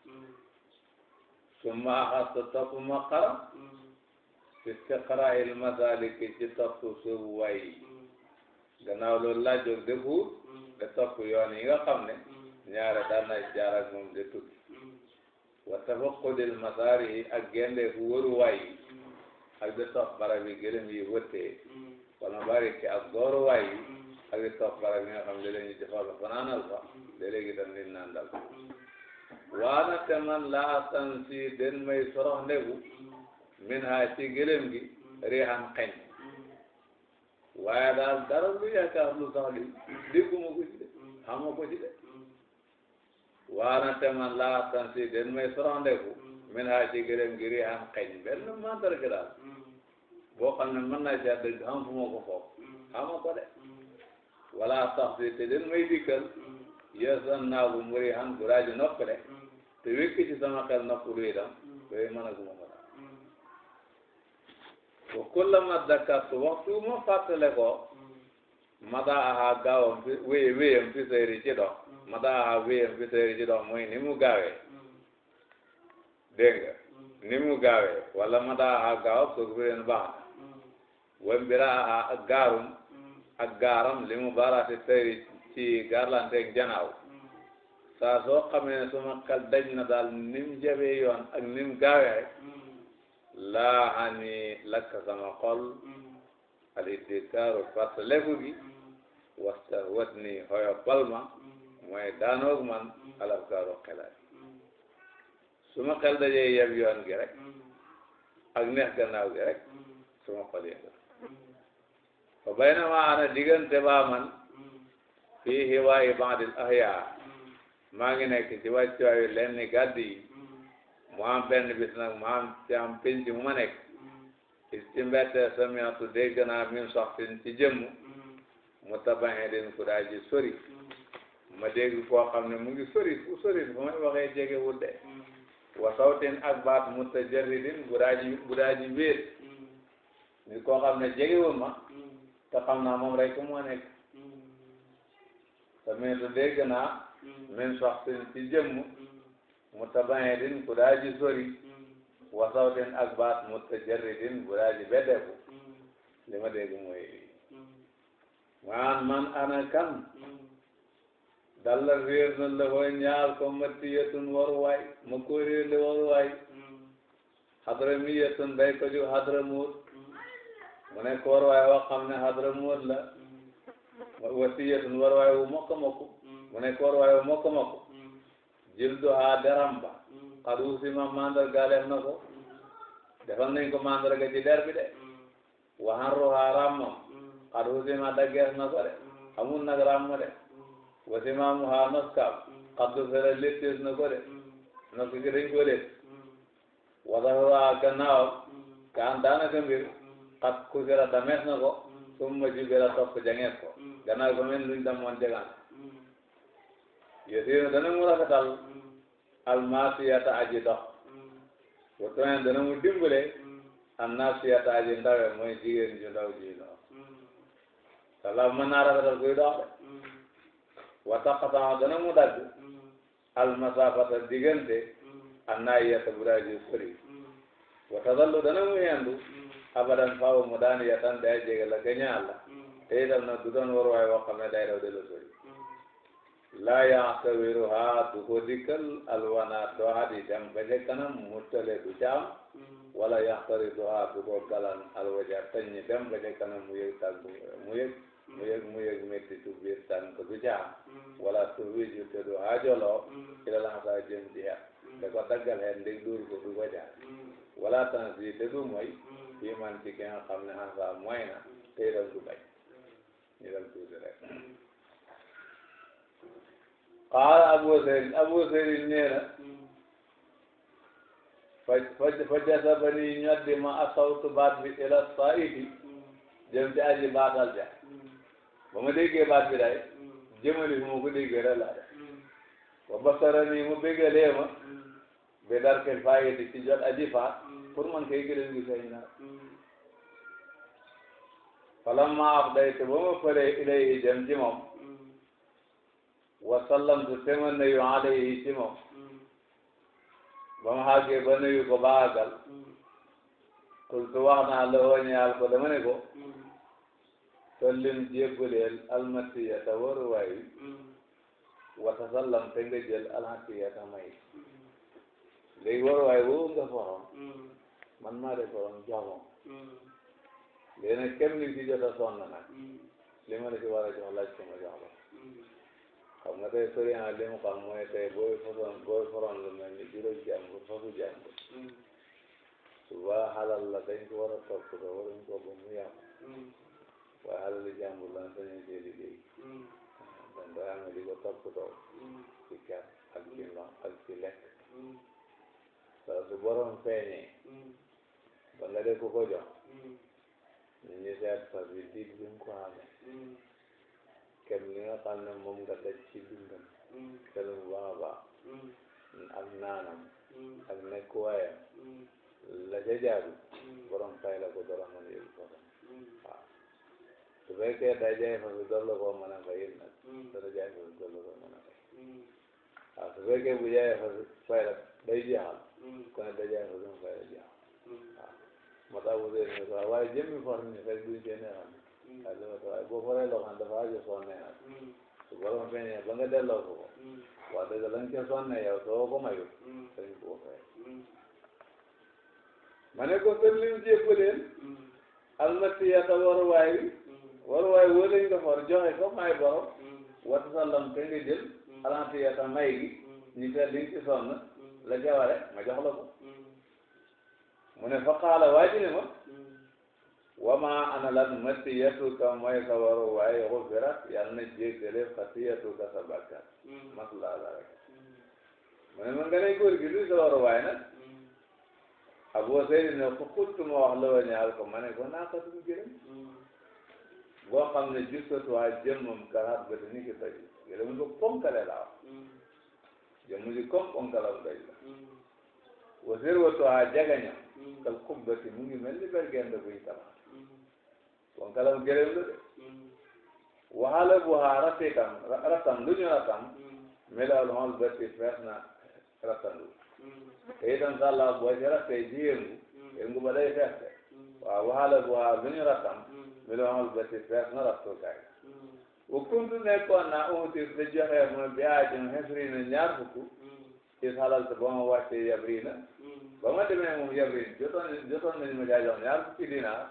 su ma axasta topp ma xaram fi istiqraa il masaliki ci topp suubu way gannaaw loolu laa jóg dëkku da topp yoon yi nga xam ne ñaare daan na jaar ak moom di tukki wa tafaqqudil masaari yi ak gende ku wëru waay yi ak di topp barab yi gëlëm yi wëttee ak gooru waay yi ak di topp barab yi nga xam ne léeg-léeg ñu joxoon fanaanal fa léeg-léeg itam nit naan dal waana te man laa den may sorox ndeku min haa ci gëlëm gi riixan xeñ waaye daal dara lu yaakaar lu sax li dégguma ko ci de xama ko ci de waana teman laa tansi den may sorondeku min haa ci gërëm gi riixam xeñ benn mandarga daal boo xam ne mën naa caa dëgg xam fu ma ko foog xama ko de wala sax si te den may dikkal yeesan naa bu mu riixam bu raaji nopp de te wékk ci sama xel nopp lu itam yooyu mën a guma ko daal wa kulla ma dakkartu waxtu ko mada aha gaawam fi wéye wéyam fi sayri ci dox madaaxa biir bi seeri ci dox mooy ni mu gaawee dégg nga ni mu gaawee wala madaaxa gaaw soog biren baax na wambiraa ak gaarum ak gaaram li mu baaraati seeri ci gaarlanteeg janaaw saa soo xamee ne suma xel daj na daal ni mu jabee yoon ak ni mu gaawee rek laaxani lakk sama xol al iddikaaru fàttaleku gi wasta wat ni xoyo palma mooy daanoog man alafkaaru xelaat su ma xel dajee yeb yoon gi rek ak neex gannaaw gi rek su ma xol yeb fa baynama ana diggante baa man fii hiwaayi baadil ahyaa maa ngi nekk ci wàccuwaayu lenn gàdd yi mu am benn bis nag mu am ci am penc mu ma nekk ci mbette samiatu dégg naa min soxtin ci jëmm mu tabaxee din ku daa ji sori ma dégg koo xam ne mu ngi sori fu sori fu may waxee jegewul de mm. wa sawtin ak baat mu mutajarridin budaaji budaaji wéet mm. ni koo xam ne jegewul ma mm. te xam naa moom rek moo nekk te meetu dégg naa min soxtin ci jëmm mutabayidin budaaji sori wa sawtin ak baat mutajarridin budaaji beddeku li ma dégg mooy man man ana kan dalla réer na la koy ñaar ko matiyatun waruwaay ma ko réer la waruwaay hadramiyatun day ko jóg hadramut mu ne ko waruwaay wax xam ne hadramut la wasiyatun waruwaay wu mokk mokk mu ne ko waruwaay wu mokk mokk jildu ha deram ba xar usima mandargaaleef na ko defal nañ ko mandarga ci der bi de waxan ruha ràmmam xar usima daggees na ko de amul nag ràmm de wasimaamu ha noskaam xaddu sara léttees na ko de nosk gi dañ ko létt wasaxuwaa gannaawam kaan daanaka mbir xat ku sira damees na ko summa jubira topp jangees ko gannaaw ko mel luñ damoon jegaan yesiinu dana mu rafetal almaasiyata aji dox watoen dana mu dimbale annaasiyata aji ndawe mooy jigéen ju ndaw ji dox salaam mën naa rafetal kuy wataqataa dana mu dagg almasafata diggante annaayiyata bu daa ji sori a tadallu dana mu yendu abadan faaw mu daan yatan day jege la gëña àlla te itam nag du doon war waay woo xam ne day daw de la a laa yaxtawiruha du ko dikkal alwana doxa di dem ba ca kanam mu tële du ca am wala yaxtariduha du ko galan alwaja taññi dem ba ca kanam mu yëg tàggu mu yëg mu yëg mu yëg métti tu biir tànk du jaam wala tu biir ju te du haajoloo ci la laxasaa jëm ci xel da ko daggal xel ndég dóor ko du ko jaar wala temps yi te du mooy fii man ci ki nga xam ne xan saa mooy na te itam du bay ñu dem tuuti rek qaal abu serin abu serin nee na fa jasabani ñoddi ma asawtu baat bi ila saidi jëm ci aji baatal ja ba ma déggee baat bi daay jëmali fu ma ko déggee la laaj wa basara nii mu béggalee ma ba dar ke faye di ci jot aji faat pour man kay gëleen gi sañ naa falamma afdaytu ba ma fëree ilayhi jëm ci moom wasallamtu te ma nuyu alayhi ci moom ba ma xàggee ba nuyu ko baagal qultu wax naa la woo ñaal ko dama ne ko sallim jéggaleel almasiyata waruwaay mm-hmm. wata sallam te nga jël alhasiyata may léegi waruwaay woowu nga forom mm-hmm. man maa de forom joxoon mm-hmm. léegi nag kenn li ci jot a sonn nag li ma la ci war a jox laaj ko ma jox la xam nga tey sori na li mu xam mooy tey booy forom booy forom lu mel ni juróom jàmbur la dañ ko war a topp ko waruñ mu yàqu waaye alalu jàmbur lan sañu cee liggéey hmm. dan doo amee di ko toppatoo hmm. ci ker ak ci no ak ci lekk saa hmm. su borom feeñee ko ko jox ñu ñu seet fas bi dig bi ko amee kem li nga xam ne moom nga daj ci dundam kelum baax a baax ak naanam ak nekkuwaayam la ca jaadu borom fay la ko dora mën yëg ko waaw su fekkee daa jaay fa mi dolli ko mën a fay nag dana jaay fa mi dolli ko mën a fay waaw mm. su fekkee bu jaayee fa fay la day jeexal kon daa jaay fa mi fay la jeexal waaw moo tax bu dee nii quoi waaye jëmmi for ni fekk duñ cee neexal waaye dama ko waaye boo foree loo xam dafa aju soo neexal su borom feeñee ba nga delloo ko ko wax dëgg lañ ca sonne yow soo ko mayu dañ ko fay ma ne ko wi waruwaay woo lañ ko for joxe ko may borom mm. wata sallam te nga jël mm. alantiyata may gi mm. ñu te liñ ci sonn la jaware ma jox la ko mu ne fa qaala waa ji ne ma wama ana lan matiyatuka mooy sa waruwaay xufirat yàlla na jéggale xatiyatuka sa bàkkaar maslaa la rek mu ne man nga ne góor gi luy sa waruwaay nag aboo seydi ne ko xultu ma wax la wa ñaal ko ma ne ko naa ko dum gërëm boo xam ne gisatuwaa jëmmam garaat ga ni ki toj yéen a ko ponkale laa jëmm ji comme ponkalam toj la mm. wasir watuwaa jagañam mm. kal xubbati mu ngi mel ni bergende buy tabax mm. ponkalam gërëm la de waxaale bu xaa ratikam ratam lu ñu ratam melal xol bati fees na ratandu te itam sàlla boo ci rattee ji yëngu yëngu ba day fees de waaw waxala bu waa bi ñu rasam mi hmm. doon xol bati fees na raftukaay wa hmm. kuntu nekkoon naa uutis da joxee ma bi aajum xesri na ñaar fukk hmm. is xalal te ba ma wàccee yabri na ba ma demee moom yabri jotoon jotoon nañu ma jaajox ñaar fukki dinaar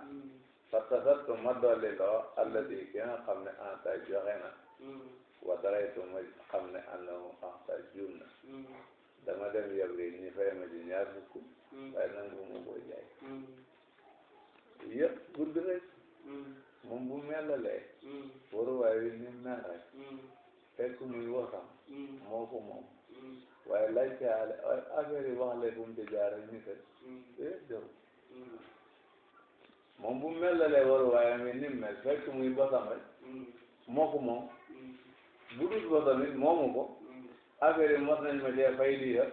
fattasattu ma dolli loo alladi ki nga xam ne anta joxe na wa daraytu ma xam ne annahu anta juum na dama dem yabri ñi fay ma ji ñaar fukk waaye nangu ma ko jaay yëpp gudd rek moom bu melalee waruwaay wi ni mel rek fekk muy waxam moo ko moom waaye laaj caale affaire yi wax leen bu mu ci jaare ñu te eh jëm moom bu melalee waruwaayam wi ni mel fekk muy basam rek moo ko moom bu dul basam it moomu ko affaire mm. yi mos nañ ma cee fay lii yëpp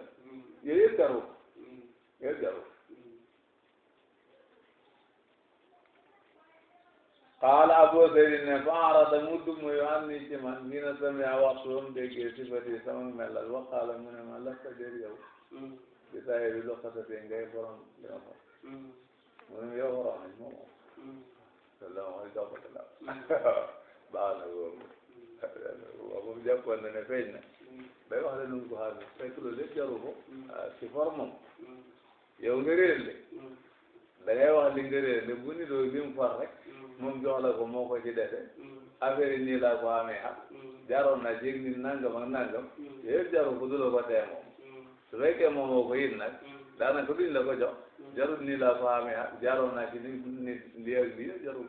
yooyu yëpp jarul mm. yëpp jarul qaala abu zaydin ne fa arada mu dumu yu am ni ci man dina samia waxtu ba mu déggee sifati sama melal waqaala mu ne ma lasta dér yow ci saa yi lu xasate ngay borom dina ko mu ne yow borom añ moom loolu mooy doxati la baax na boobu waaw moom jàppoon na ne feeñ na bay wax la nun ko xaar fekk loolu lépp jaru ko si formam yow nga réer le da ngay wax li nga réer le bu ni doo ni mu far rek moom jox la ko moo ko ci dese mm. affaire yi nii laa ko amee xam ah. mm. jaaroon na jéeg ni nangam ak nangam mm. yëpp jaru ko du la ko tee moom su fekkee moomoo ko it nag daanaka duñ la ko jox jarul nii laa ko amee xam ah. jaaroon na ci ni nit lii ak lii ko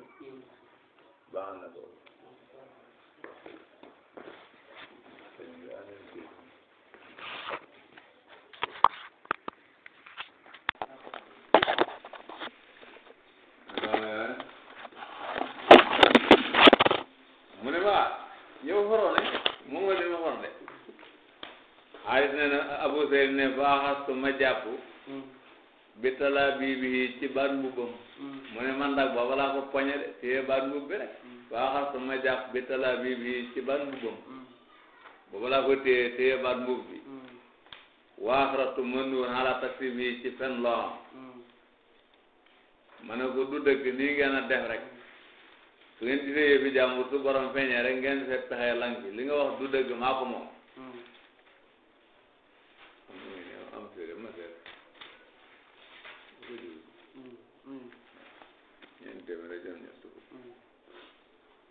axastu ma jàpp hmm. bi talaa ci baat mbubbam hmm. mu ne man ko poñe de téye baat hmm. waa axastu ma jàpp bi talaa bii bi ci baat mbubbam booba laa ko téye téye baat mbub waa axrastu ma nuur xalaa bi ci fen loo ma ne ko du dëkk nii ngeen a def rek su ngeen gisee yëfi jàmbur su borom feeñee rek ngeen fekk pexe lang li nga wax du dëgg maa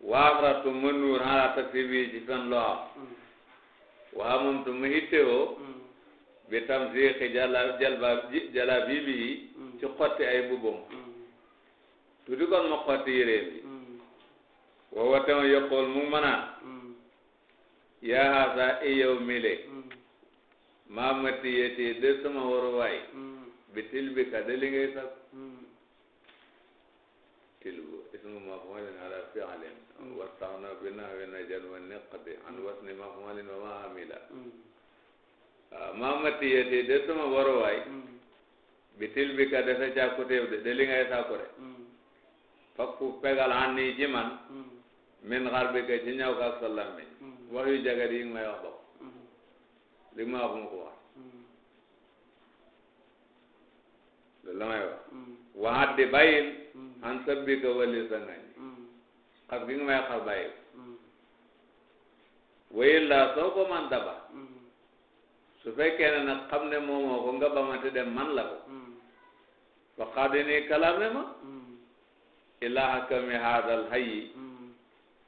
waabra tu ma nuur xanaa tasribi ci fen loo mm. waa moom tu ma hittewoo mm. bi tam siixi jala jalba jala bii bii mm. ci xotti ay bubum tuuti kon ma xotti yéree bi wawa tama yokkool mu mën a yaa haasa i yow mile maa ma tiyeti de sama waruwaay bi til bi ka de li ngay sag til bu ismu ma foo ne ala fi alim واستغنى بنحو نجا ونقد عن وزن مفعول وما عمل mamatiyati de sama waruwaay bitil bi ka de sa càkkutéef de de li ngay sàkku de fakku pegal an nii ci min xar bi ka ci ñaw ka sa lammiñ wax yu jagat yi nga may wax li ma wax mu ko wax loolu la wax waxat di bàyyil an sabbi ka wali sa ngañ ak bi nga may xar bàyyi mm. wéyil laa soo ko man daba mm. su fekkee ne nag xam ne moomoo ko nga bamante dem man la ko mm. fa xaadini kalaame ma ilaa hakami haadal hayyi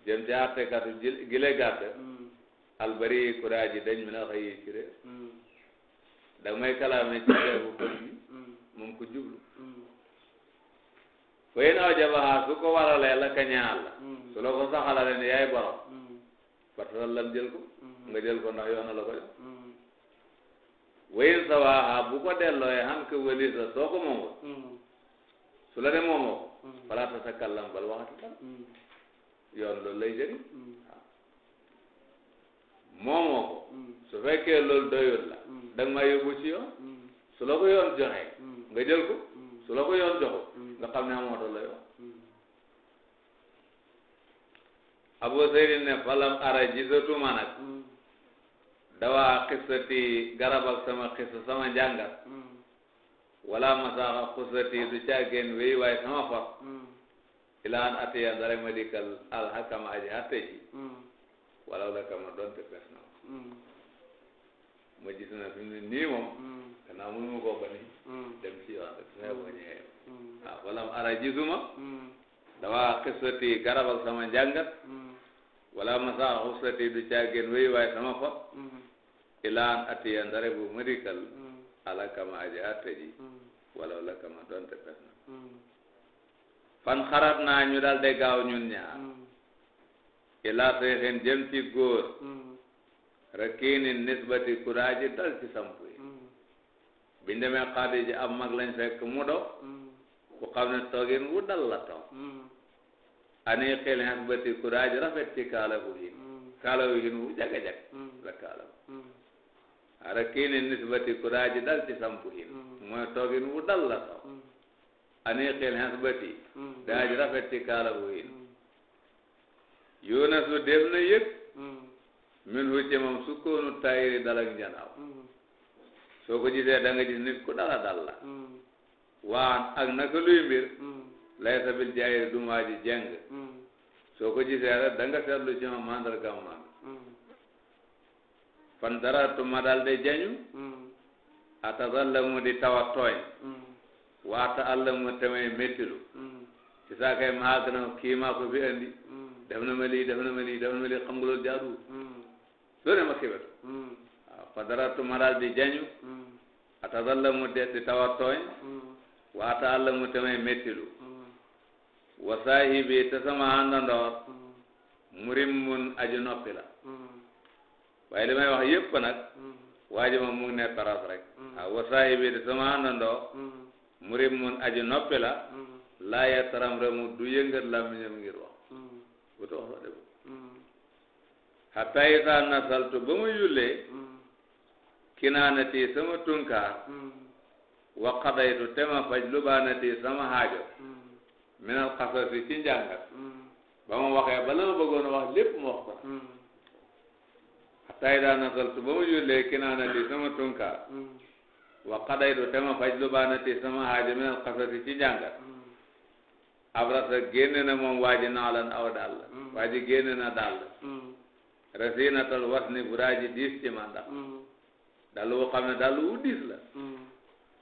jëm ci àttekatu gile gàtt albari ku daa ji dañ min al hayyi ci réer da kalaame ci réeru bëri moom ko jublu fëy na wajabaha su ko waralee la ka mm. ñaal la ko saxalalee ne yaay borom fatal mm. lam jël mm. nga jël na la ko jox wëyin sawaha bu ko dellooye xam walisa soo ko moomo su ne moomoo ko fala tasakallam bal waxati dara yoon loolu lay ko su fekkee nga maa yóbbu ko yoon joxee nga jël ko ko yoon joxul nga xam ne amoo doole hmm. Abu Seydin ne falam ara gisatuma nag hmm. dawaa xisati garab ak sama xisa sama njàngat hmm. wala masaaxa xusati du caageen wéy waaye sama fas ilaan atiya dara ma dikkal alxakama aji atte ji wala wala kama donte pes na ma gis na fi mu ne nii moom gannaaw mënu ma dem ci yoon rek su ma yeboo ñëwee waaw hmm. ah, walam ara gisuma hmm. dawaa xisati garab ak sama njàngat hmm. wala masa xusati du caageen wéy sama fot ilaan atiya ndare bu médical ala kama aji atte ji wala wala kama donte pes fan xarat naa ñu daal gaaw ñun ñaar ilaa seexin jëm ci góor rakiinin nisbati kuraaji dal ci samp yi biñ demee xaadi ji am mag lañ fekk mu do ku xam ne toogin wu dal la toog mm. ani xel hen bati courage rafet ci kaalawu hin mm. kaalawu hin wu jaga jag mm. la kaalawu ara kii ne nisbati courage dal ci sampu hin mooy toogin wu dal la toog ani xel hen bati daaj rafet ci kaalawu hin yoona su dem na yëg min hu ci moom sukkoonu tayiri dal ak njanaaw soo ko gisee da nga gis nit ku dala dal la waan ak naka luy mbir mm. lay sabil jaayir du ji jeng mm. soo ko gisee rek da nga seetlu ci ma mandargam man mm. fan dara tuma daal de jañu atadallamu di tawa tooñ waata allamu tamay méttilu ci saa kay maa gën a kii maa ko fi andi def na ma lii def na ma lii def na ma lii xam nga loolu jaadu ma kibet waaw fan dara di jañu atadallamu de di tawa tooñ waata àll mu tamay méttilu mm. wa saahibi te sama àndandoor mm. murim mun aju noppi la mm. may wax yépp nag waaji moom mu ngi ne taras rek waaw ah, wa saahibi te sama àndandoor murim mun aju noppi la laa yataram ramu du yëngat làmmiñam ngir wax bu ta wax la def xataa yi saa nasaltu ba mu yullee kinaanati sama tunkaar wa qadaytu tema faj lu baanati sama haajo mm. minal xasasi ci njàngat mm. ba ma waxee ba la ma bëggoon a lépp mu wax ko mm. hatta ida nasaltu ba ma jullee kinaanati sama tunkaar wa qadaytu tema faj lu baanati sama haajo minal xasasi ci njàngat abrasa génne na moom waaji naalan aw dàll waaji génne na dàll rasinatal wasni bu raaji diis ci man dal dalu woo xam ne wu diis la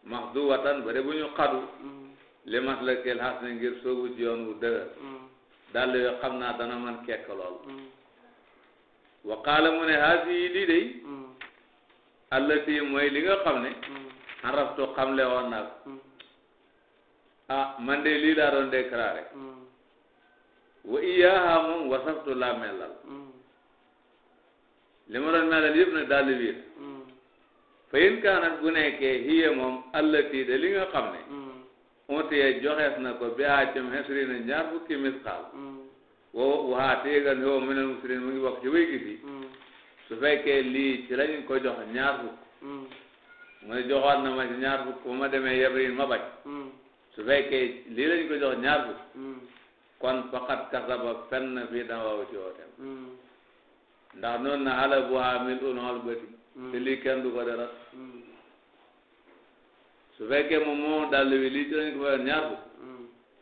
max du watan ba de bu ñu xadu mm. li mas la kel xas ne ngir soobu ci yoon mm. xam naa dana man kekk lool mm. wa mu ne haas yi lii day allati mooy li nga xam ne araftu xamle woon naa ko ah man de lii laa doon déclaré wa iyaaha moom wasaftu laa melal li ma doon melal yëpp nag dàll biir fayin kaanat bu nekkee hiye moom allati de li nga xam ne ontiye joxees na ko bi aa cam xesri na ñaar fukki misxaal woo waxaa téegan xewo mu ne muslim mu ngi bokk ci wéy gi su fekkee lii ci lañ ko jox ñaar fukk mu ne joxoon na ma ci ñaar fukk ba ma demee yebrin ma bañ su fekkee lii lañ ko jox ñaar fukk kon faqat kasaba fenn fii dama waw ci wootem ndax noonu na ala bu haa mil un xol bëti te lii kenn du ko dara su fekkee moom moom dàll bi lii ci lañ ko fayoon ñaar fukk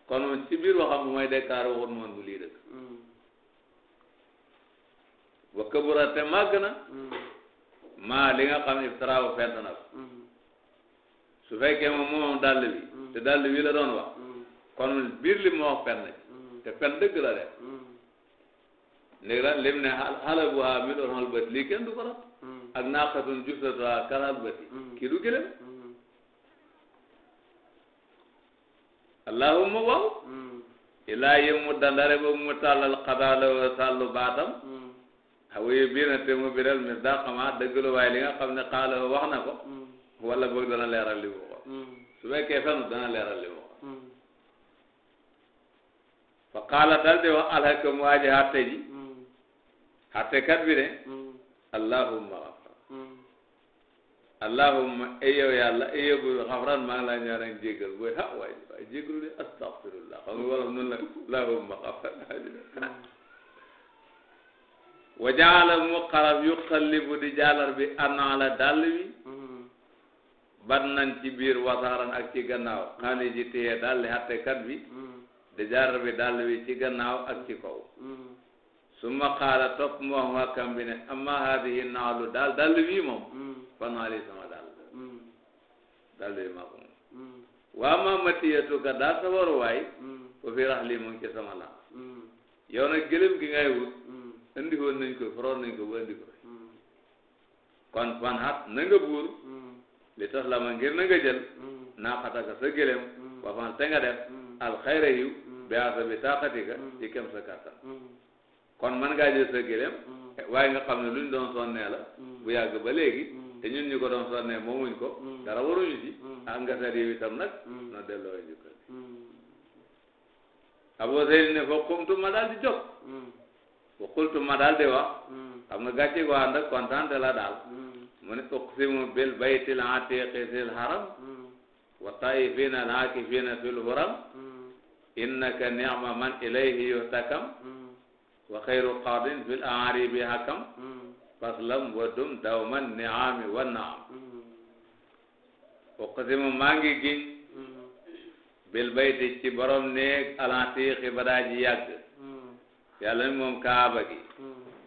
kon ci waxam bu may dekkaar waxut moon bu lii rek wa kabura te màgg na maa li nga xam iftaraaw fent na ko su fekkee moom moom dàll te dàll la doon wax kon biir li mu wax fenn te fen dëgg de léegi nag lim ne xala bu haa mi doon xol bët lii kenn du ko rat ak naaqatun jusatuhaa kal halwati mm-hmm. kii du gëlëm mm-hmm. allahumma waaw mm-hmm. ilaa yi mu dandare ba mu tàllal xadaala wa sàllu baatam awaye biir na te mu biral mis daa xamaa dëggalu waaye li nga xam ne xaala wax na ko wala boog dana leeral li mu ko su fekkee fenn dana leeral li mu ko fa xaala dal di wax alhakam waaji xatte ji xattekat bi ne allahumma allahumma ay yow yàlla ay yóbbu xafran maa laa ñaan ak jéggal booy ah waay waay jéggalu de astaxfirullah xam nga wolof noonu la allahumma xafran wa jaala di jaalar bi anala dàll wi ban ci biir wasaaran ak ci gannaaw xaani ji téye dàlli àttekat bi di jaalar bi dàll wi ci gannaaw ak ci kaw summa xaala topp mu wax waa kam bi ne amma haadihi naalu daal wi moom fanaali sama dàll dàll yi maa ko moom waa ma matiyatu ka daa sa waruwaay foo fi rax lii mu ngi ci sama laam yow nag gëlëm gi ngay wut indi woon nañ ko foroon nañ ko ba indi ko fi kon fan hat na nga buur li tax la ma ngir na nga jël naaxataka sa gëlëm wa fan te nga def alxayra yiw bi asabi taaxatika ci kem sa kàttan kon man ngaa jël sa gëlëm waaye nga xam ne luñ doon sonnee la bu yàgg ba léegi te ñun ñu ko doon sonne moomuñ ko mm. dara waruñu ci mm. angasar yow itam nag mm. no delloo njukkal Abu Zayd ne fa qumtu ma daal di jóg wa qultu ma daal di wax xam nga gàcce ko ànd ak kontaan la daal mu ne uqsimu bil baytil atiqi fil haram wa taifina al innaka ni'ma man ilayhi yuhtakam wa xayru qaadin fil hakam faslam wa dum dawman niami wa naam mm-hmm. uqsimu maa ngi giñ mm-hmm. bil bayti ci borom néeg alantiixi ba daa ji yàgg mm-hmm. moom kaaba gi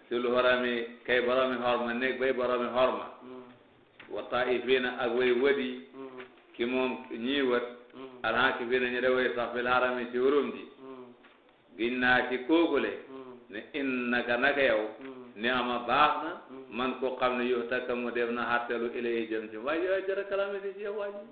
sul horami kay boromi horma néeg bay boromi horma wa taifina ak way wadi ki moom ñii wat alhaakifina ñu way sax fil ci wurum giñ naa ci kookule ne innaka naka yow ni ama baax na man ko xam ne yow takka mu dem na xartelu ilay jëm ci waaye yow jërë kalaame si ci yow waaji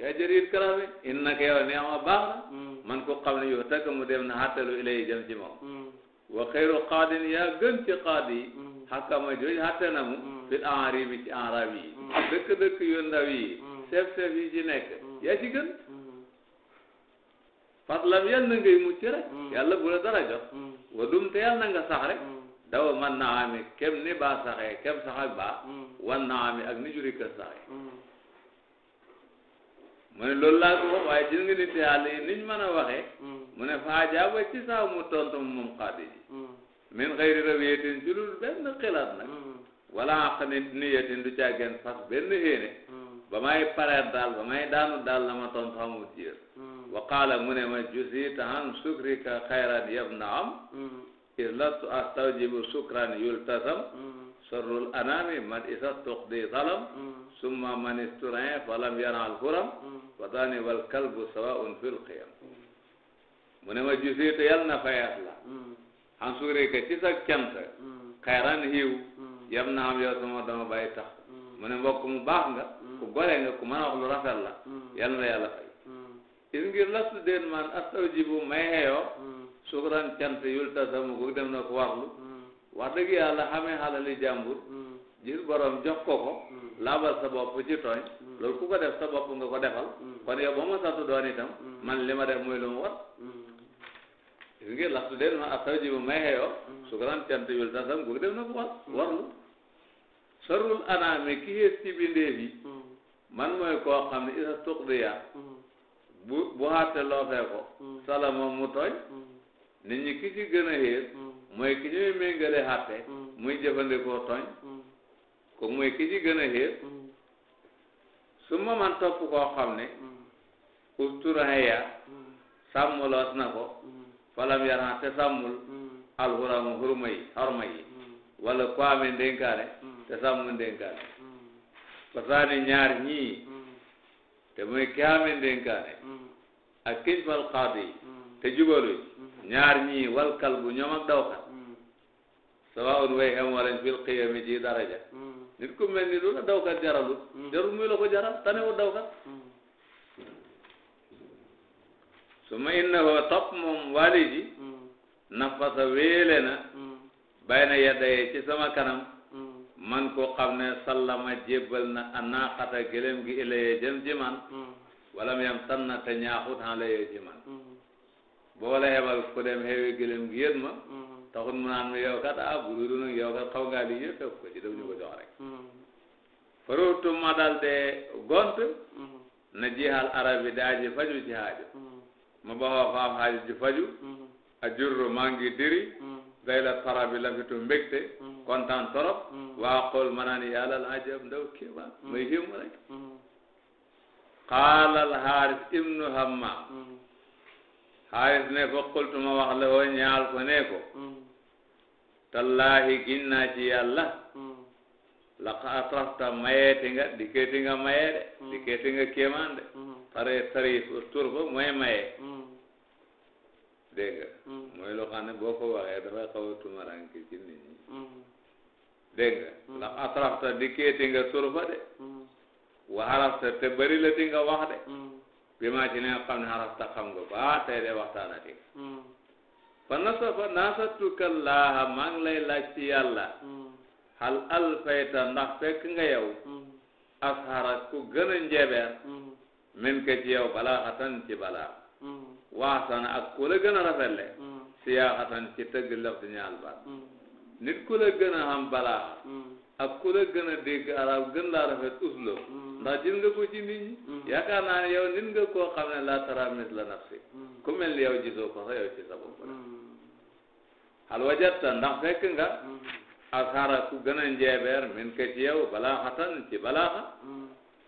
yaa jëriit kalaame in naka yow ni ama baax na man ko xam ne yow takka mu dem na xartelu ilay jëm ci moom wa xayru qaadin yaa gën ci qaad yi xakkama jooju xatte na mu fi enribi ci enrab yi dëkk-dëkk yu ndaw yi seef-seef yi ci nekk yaa ci gën faslam yal na ngay mucc rek mm. yàlla bu la dara jot mm. wa dum te yal nga sax rek mm. dawa man naami kem ni baa saxee kem sax ak baa wan naami ak ni juri kër mu ne loolu laa ko wax waaye gis nga nit yàlla yi niñ mën a waxee mu ne faa jaaba ci saa mu tontu moom xaadi ji min xëyri rawiyatin ci dul benn xilaat nag wala àq ni niyatin du càggeen fas benn héene ba may pareet daal ba may daanu daal la ma tontu xamul jiir waqaala mu ne ma jusi tahan sukrika xayran yab na am islastu astawjibu sukran yultasam sarrul anami man isa tuqdi salam summa man isturin falam yanal huram watani wal kalbu sawaun fil qiyam mu ne ma jusi te yal na fayat la han sukrika ci sa cant xayran hiw yab na am yow sama dama bàyyi tax mu ne mbokk mu baax nga ku gore nga ku mën a wax lu rafet la yal na yàlla fay is ngir lastu den man astawjibu may xeyoo sukran cant yul tasamu ko dem na ko waxlu wax dëgg yàlla xamee xalali jàmbur jir borom jox ko ko laabal sa bopp ci tooñ loolu ku ko def sa bopp nga ko defal kon yow ba ma satu doon itam man li ma def mooy lu mu war is ngir lastu den man astawjibu may xeyoo sukran cant yul tasamu ko dem na ko wax warlu sarul anaame ki xees ci bindeef yi man mooy koo xam ne isa tuqdiya bu bu xaate loofee ko mm. sala mu tooñ mm. nit ñi ki ci gën a xéer mm. mooy ki ñuy méngale xatte muy jëfandikoo tooñ ko mooy ki ci gën a xéer su ma man topp koo xam ne usturaya sàmmuloos na ko falam yaran te sàmmul alxuramu xurma yi xorma yi wala ku amee ndénkaane te sàmmu ndénkaane pasaani ñaar ñii te muy ki amee ndénkaane ak kismal qaadi mm. te jubaluñ mm-hmm. ñaar ñii wal kalbu ñoom ak dawkat mm. sawaun way am walañ fil qiyami ji daraja mm. nit ku ni lu la dawkat jaralul jarul ko jaral tanewul dawkat su ma innahu topp moom wali ji nafasa wéele na bay na yeddaye ci sama kanam man ko xam ne sallama jébbal na anaaxata gëlëm gi ilaye jëm ci man wala mu yam tan na te ñaaxut han la yee ci man mm-hmm. boo la hebal ku dem xewi gëlëm gi yët ma mm-hmm. taxut mu naan mi yow kat ah bu dul nag yow kat xaw ngaa liggéey fekk ko ci daf ñu ko jox rek mm-hmm. faruutu ma dal de gont na jiixal arabi daa ji faju ci haaju ma baxoo faam haaju ji faju a jurru maa ngi diri gayla tarabi lafitu mbégte kontaan torop waa xool ma naan yàlla la ajab ndaw kéemaan may xéemu rek qaala alxaaris ibnu hammaam mm-hmm. xaaris ne ko qultu ma wax la woo ñaal ko ne ko mm-hmm. tallaahi gin naa ci yàlla mm-hmm. laka atrafta mayeeti nga dikkeeti nga maye de dikkeeti nga kéemaan de tare tarif tur ba maye dégg nga mooy boo ko waxee dafay xaw a tumaranke ci nit ñi dégg atrafta dikkeeti nga de wa arafta te bari la dinga wax de hmm. bi ma ci ne nga xam xam nga ba tey de waxtaanati hmm. fa nasaba nasatuka laaha maa ngi lay laaj ci yàlla hmm. hal alfayta ndax fekk nga yow ashara ku gën a njebeer min ci yow balaa xatan ci balaa waxsana ak ku la gën a rafetle siyaaxatan ci tëgg laf ñaal baat nit ku la gën a xam ak ku la a arab gën laa rafet uslo mm. ndax gis nga ko ci nit ñi mm. yaakaar naa ne yow nit nga koo xam ne laa tara misla mm. ku mel ni yow gisoo ko sax yow ci sa bopp la hal wajatta ndax fekk nga ku gën a njeebeer min ka ci yow balaaxatan ci balaaxa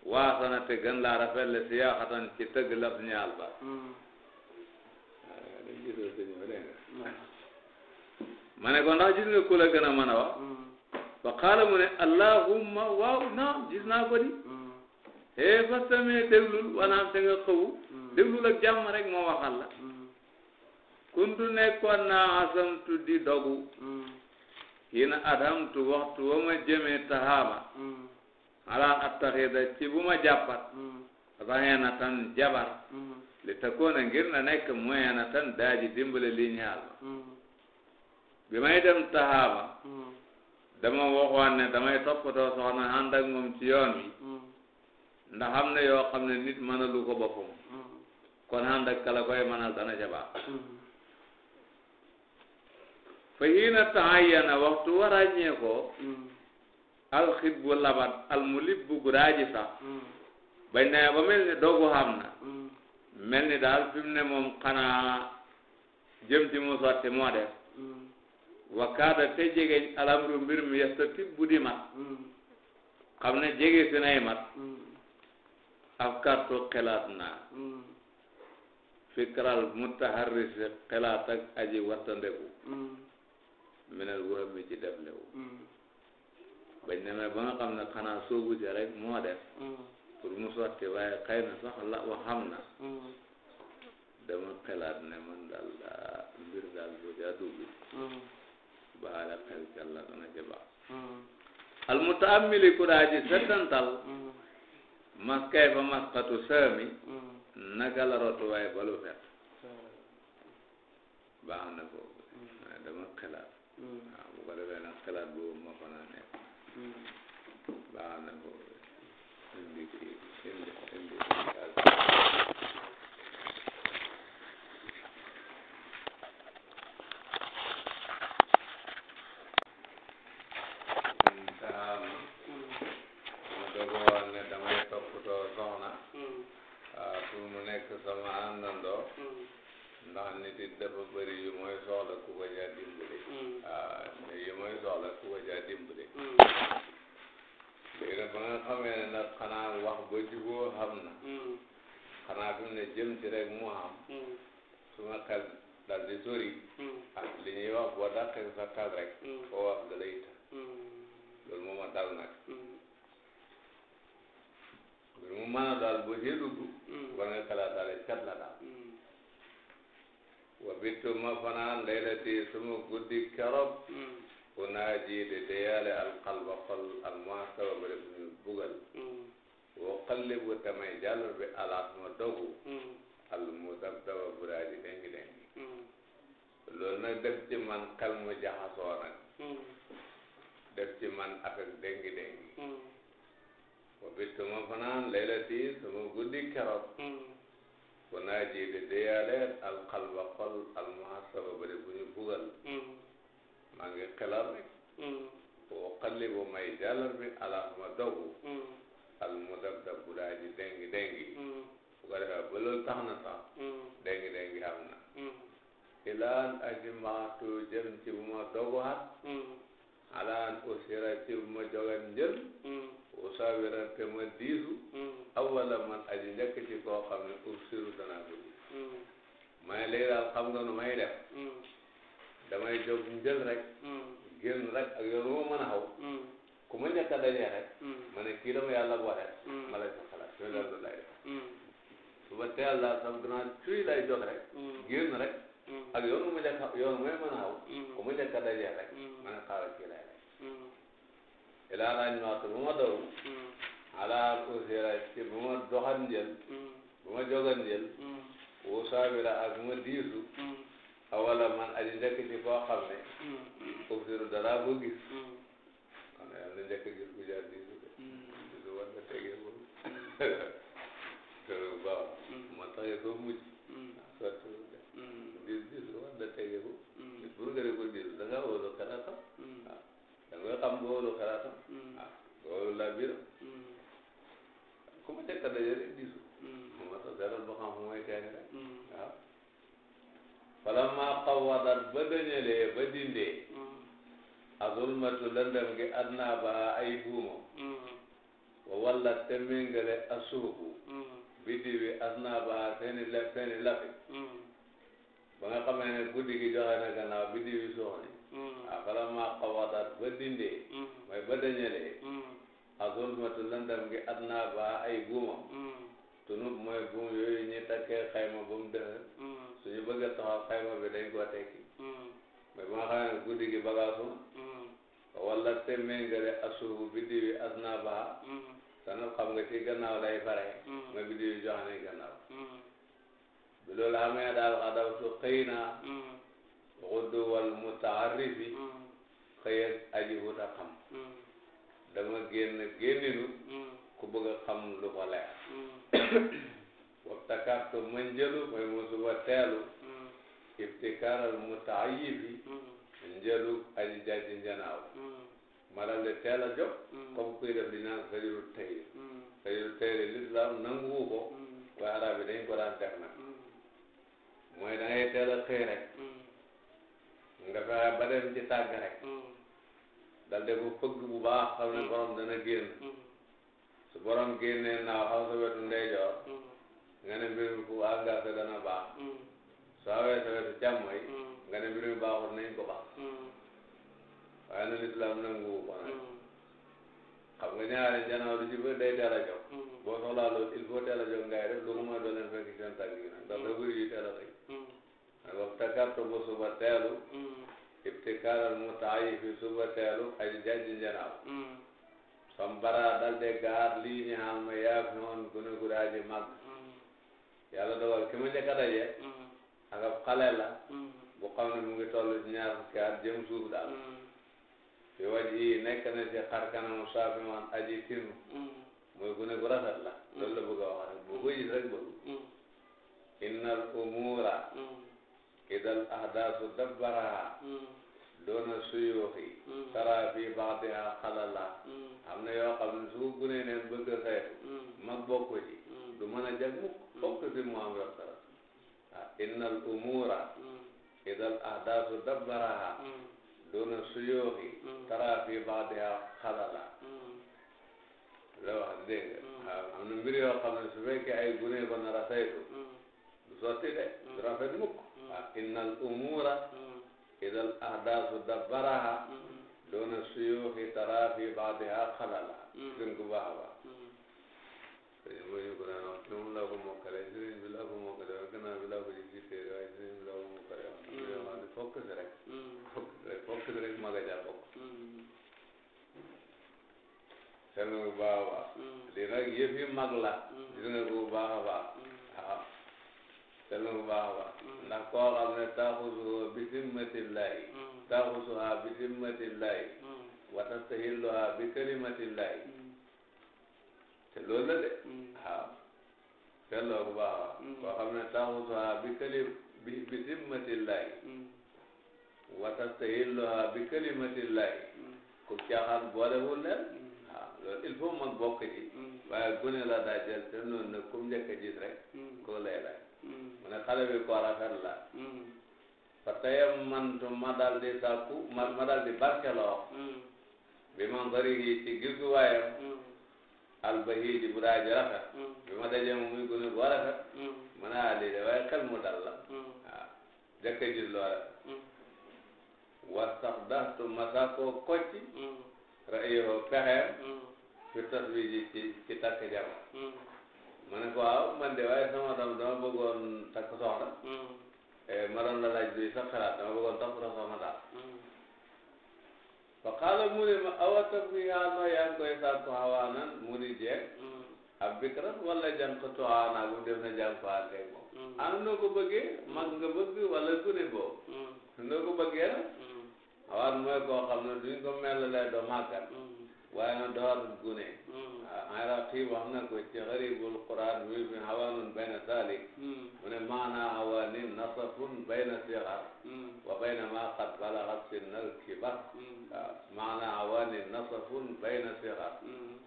waasana te gën laa rafet le siyaaxatan ci tëgg lab ñaal ba ma ne ko ndax gis nga ku la gën a fa mu ne allahumma waaw naam gis naa ko di hee hmm. eh, fa samee déglul wanaam te nga xëwu hmm. déglul ak jàmm rek moo waxal la hmm. kuntu nekkoon naa asamtu di dogu hiina adhamtu waxtu wa ma jëmee tahaama ala ci bu ma jàppat raheena tan jabar li takkoona ngir na nekk moyeena tan daaji dimbale li ñaal ma bi may dem tahaama dama waxoon ne damay toppatoo soxna ànd ak moom ci yoon wi mm. ndax am na yoo xam ne nit mënalu ko boppam mm. kon ànd ak kala koy mënal dana ca baax mm. fa hiina tahayyana waxtu wa ràññee ko alxit bu labat al mulib bu guraaji sax bañ ba mel ni doogu xam mel ni daal fi ne moom xanaa jëm ci mu sotti moo def wakaata te jege alamru mbir mi yastatib bu di mat xam ne jege si nay mat af kartu xelaat naa fikral mutaharrisi xelaat ak aji wattandeku minal wóor mi ci deflewu bañ demee ba nga xam ne xanaa soobu si rek moo def pour mu sotti waaye xëy na sax la na dama xelaat ne man daal mbir daal bu jaa dugg baala xel jàlla dana ci baax hmm. al mutaamili ku daa ji settantal hmm. maskay fa maskatu saami hmm. naka la rotuwaay balu fet baax na boobu dama xelaat waaw bu ko defee nag xelaat boobu ma fana nekk baax na boobu indi indi indi jëm ci rek mu am hmm. suma xel dal di hmm. ah li ñuy wax boo sa xel rek hmm. foo wax da loolu moo ma dal nag mbir mu mën a boo see dugg war nga xalaat wa bittu ma fanaan laylati suma guddi keroog unaaji di deyaale al qalba xol al muhasaba bëri bu ñu bugal woo xale bu tamay jàllo bi alaat ma dogu al mu dab daba buraaji dengi dengi loolu nag def man xel mu jaxasoo nag def man atak dengi dengi wa bittu ma fanaan laylati sama guddi keroog ku naa ji di déyaaleen al xalba xol al muhasaba ba de bu ñu bugal maa ngi xelal rek woo bu may jàllar bi alaat ma dogu al mudabdab aji dengi dengi bu mm. ko defee ba loolu tax na sax mm. dengi dengi am na mm. ilaan aji maatu jëm ci bu ma dogaat alaan usira ci bu ma jogan njël usawira te ma diisu awala man aji njëkk ci koo xam ne usiru danaa ko diis may léegi daal xam nu may def damay jóg njël rek génn rek ak yoon moo mën a xaw ku ma njëkk a dajee kii la ma yàlla boole. ma lay xalaat loolu la loolu lay def. suba teel laa sama grand tuy lay jox rek. génn rek. ak yoonu mu njëkk a yoonu muy mën a aw. ku mu njëkk a dajee rek. ma ne xaaral kii lay def. ilaa laaj ma bu ma daw. ala usira ci bu ma doxan njël. bu ma jogan njël. woo saabira ak ma diisu. awala man aji njëkk ci koo xam ne. usira dara bu gis. xam ne yàlla njëkk gis ku jaar diis. tegewul loolu baaxul moo tax nga ko mujj sottiwul de dis dis war da tegewu pour nga di ko dis da nga wóolu xalaatam waaw da nga xam nga wóolu xalaatam waaw nga wóolu laabiram ku ma jëkk a dajale disu moo tax dara ba xam mooy teen rek waaw falammaa xawadat ba dañalee ba dindee azulmatu lëndëm gi adnaa ba ay buuma wa walla te méngale asuubu mm-hmm. biddi bi asnaabaha seeni lef seeni lafi mm-hmm. ba nga xamee ne guddi gi joxe na gannaaw biddi bi suuxni mm-hmm. ah bala maa xawataat ba dindee mooy ba dañalee azulmatu lëndam gi asnaabaha ay guumam tunub mooy buum yooyu ñu takkee xayma ba mu dëhër suñu bëgg a taxaw xayma bi dañ ko tekki mooy ba nga xamee guddi gi bagaasuma wa walla te méngale asuubu biddi bi asnaabaha dana na nga ci gannaaw day fare nga mm-hmm. biddiw yi jox nañ gannaaw mm-hmm. bi loolu amee daal xadawtu xëy naa mm-hmm. xudduwal mutaarrifi xëy ak aji wut a xam dama génn génninu ku bëgg a xam lu ko leer wabtakartu manjëlu mooy musuba teelu ibtikaaral mutaayifi njëlu aji jàjji njanaaw ma daal di teel a jóg. comme kuy def di naan fajirul tayri. fajirul tayri lislaam nanguwu ko. waaye arab yi dañ ko daan def nag. mooy da ngay teel a xëy rek. nga fexe ba dem ci tàgg rek. dal de ko fëgg bu baax xam ne borom dana génn. su borom génnee naaw xaw sa wetu ndeyjoor. nga ne mbir mi ku engagé dana baax. su awee sa wetu càmmoñ. nga ne mbir mi baaxul nañ ko baax. waaye nag lislaam nanguwu ko nag hmm. xam nga ñaari janaaw lu ci bëri day teel a jóg hmm. boo soxlaa loolu il faut teel a jóg ngay def loolu mooy doo leen fekk seen tànk yi nag ndax hmm. da bëri yu teel a rek nag waxta kartu ba suba teelu ibtikaaral mu taayi fi suba teelu ay jajji janaaw bara dal de gaar lii ñu xam ma yaa fi woon gune mag yàlla dogal ki ma njëkk a daje ak ab xale la bu mu ngi toll ñaar fukki at jëm suuf fi waj yi na ci xar kanam saafi aji firmu mm. mooy gune gu rafet la mm. la bëgg a wax rek boo ko gis rek bëgg mm. innal umura idal ahdaasu dabbaraha doona suyuuxi tara fi baxdiha xalala xam ne yoo xam ne su ko gunee neen bëgg a saytu mag du mën a jag mukk fokk si mu am yor tara innal umura idal ahdaasu dabbaraha duna suyooxi mm. tara fi baadeha xalala mm. la wax mm. dégg am na mbir yoo xam ne ay gune ko nar a saytu du sotti de du rafet al umura ida al ahdaasu dabbaraha duna suyooxi tara fi baadeha xalala dën ko baax a seetlu nga bu baax a baax. lii nag yëf yi mag la. gis nga bu baax a baax. waaw seetlu nga bu baax a baax. ndax koo xam ne taaxusuha bi zimmatillahi. Mm. taaxusuha bi zimmatillahi. wa tastahilluha bi kalimatillahi. te loolu la de. waaw seetlu nga mm. bu baax a baax. koo xam ne taaxusuha bi kalim bi bi zimmatillahi. wa tastahilluha bi kalimatillahi. ku caaxaan boolewul leen. Mm. loolu il faut man bokk ci. Mm. gune la daa jël te noonu nag ku mu njëkk a mm. mm. mu ne xale ko rafet la. fa tayam man ma daal di sàkku ma ma daal di barkeloo. bi man bari yi ci gis gu waayam. albahi ji bu bi ma dajee mu muy gune bu mu ne ah lii de waaye xel mu dal la. waaw njëkk a gis loola. wasax daxtu ma sàkkoo kocci. ra'ayoo fi taswiji ci ci takk jabar hmm. ma ne ko waaw man de waaye sama doom dama bëggoon takk soxna hmm. e, ma doon la laaj bi sa xalaat dama bëggoon takk soxna daal hmm. fa xaala mu ne ma awa tabni yaa noo yaa ngi koy sàkku xawaanan mu wala jàng ko tuwaanaa bu def na jàng ko àndee moom ana noo ko bëggee mag nga bëgg wala gune boobu noo ko bëggee nag xawaan mooy koo xam ne duñ ko mel lay doo màggat waaye na door gune araqi wax na ko ci xaribul quran wi mi hawanun bayna salik mu ne maana hawanin nasafun bayna sigar wa bayna ma qad balagat sinnal kibar waaw maana hawanin nasafun bayna sigar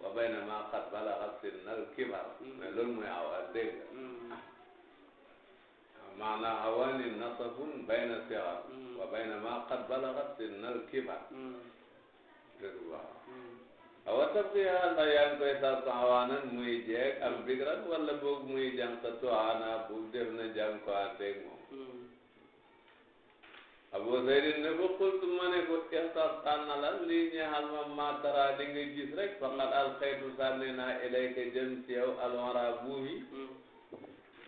wa bayna ma qad balagat sinnal kibar mais loolu mooy awan dégg nga maana hawanin nasafun bayna sigar wa bayna ma qad balagat sinnal kibar dégg waaw awa tab ki xaal ndax yaa ngi koy sàpp awaanan muy jeeg am bigran wala boog muy jànkatu aana bu def na jànkuwanteeg moom Abu Zaydin ne ko xultu ma ne ko ixtas tànnalal lii ñeexal ma maa dara li nga gis rek faqat alxaytu sànni naa ilayka jëm ci yow alwara buumi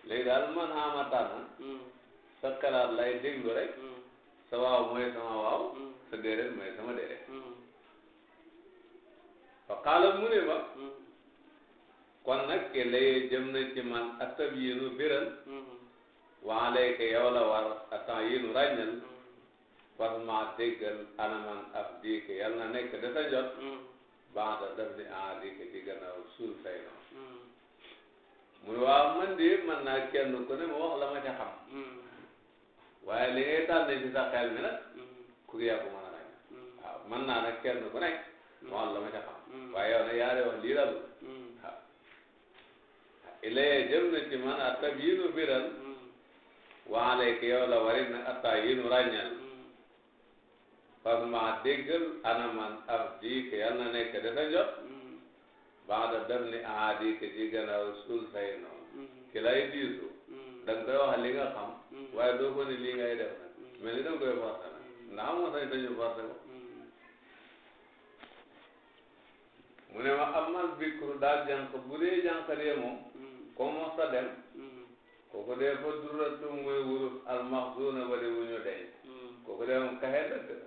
léegi daal man xaama tànn sa xalaat lay déglu rek sa waaw mooy sama waaw sa déedéet mooy sama déedéet fa mu ne ma hmm. kon nag ke laye jëm na ci man atab yéenu biral hmm. waa léegi yow la war atan yéenu ràññal fas hmm. ma déggal anaman af diik yal na nekk da sa jot banda daf di en diik di gannaaw suul say no mu ne man de man naa kenn ku ne ma wax la ma ca waaye li ngay tànn ci sa xel mi nag ku yaa ko mën man naa nag kenn ku ma wax la ma ca waaye yow nag yaa rewoon lii dalu waaw ilaye jëm na ci man a tab yinu biral waaleyke yow la warit na ana man ab dii ke yal na nekk dafa jot baax da def ni aha dii ke ci gannaaw suul say noonu ki lay diisu da nga koy wax li nga xam waaye doo ko ni lii nga koy forcé nag ndax amoo mu ne ma amal bikru daal jànq bu dee jànq dee moom mm. ko mos a dem mm. kooku dee fa duratu muy wurus almaxzuna ba di wuñu denc mm. kooku dee moom kaxe dëgg la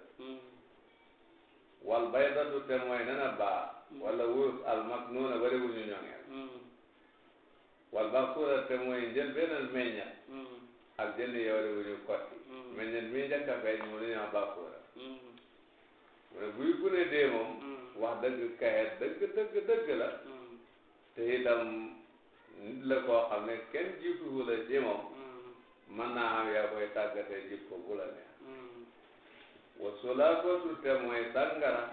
wal baydatu te mooy nana baa wala wurus almaknuna ba di wuñu ñoŋeel wal basura te mooy njël benal meññal ak jënd yow de wuñu kotti meññal mii njëkk a feeñ mu ne ñoo basura mu ne buy gune dee moom wax dëgg kayit dëgg dëgg dëgg la te itam nit la koo xam ne kenn jiituwu la ci moom mën naa yaa koy tàggatee jikko bu la neex wasu laa ko sute mooy sàngara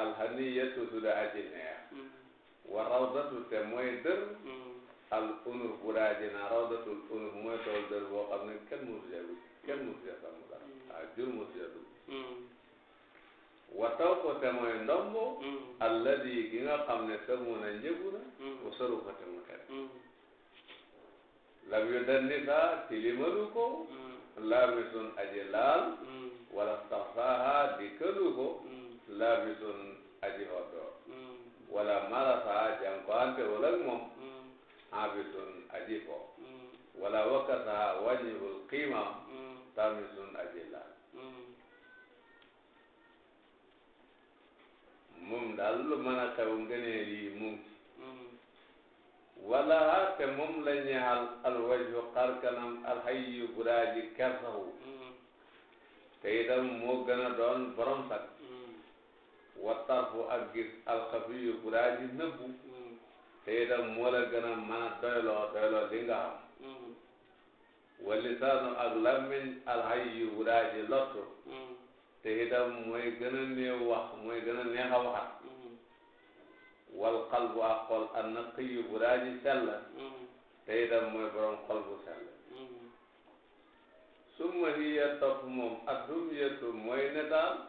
alhaniyatu su da aji neex wa rawdatu te mooy dër al unur bu da aji na rawdatul unur mooy tool dër boo xam ne kenn musu ja kenn musu ja sàmm dara ah jur musu ja dugg mm. wa taw ko te mooy ndombo mm-hmm. alladi ne samu na njëgu na mm-hmm. wa saru mm-hmm. yu dannita tilimalu ko laamisun wala saxsaaha dikkalu ko laamisun aji hoddoo wala marasaa wala moom abisun aji wala wakkasaa wàññiwul qiimaam taamisun aji moom daal lu mën a xew ngëneel yi mu ngi ci mm. wala te moom la ñeexal alwaju xar kanam alxayyu buraaji kersawu mm. te itam moo gën a doon borom sag mm. wattarfu ak gis alxafiyu buraaji nëbbu te itam moo la gën a mën a doyloo doyloo li nga xam walisaanu ak lammiñ alxayyu buraaji lottu te itam mooy gën a néew wax mooy gën a neex a mm-hmm. wal qalbu ak an naqiyu bu daa ji sell mm-hmm. te itam mooy borom xol bu sell mm-hmm. summa hiya topp moom ak dumyatu mooy netaal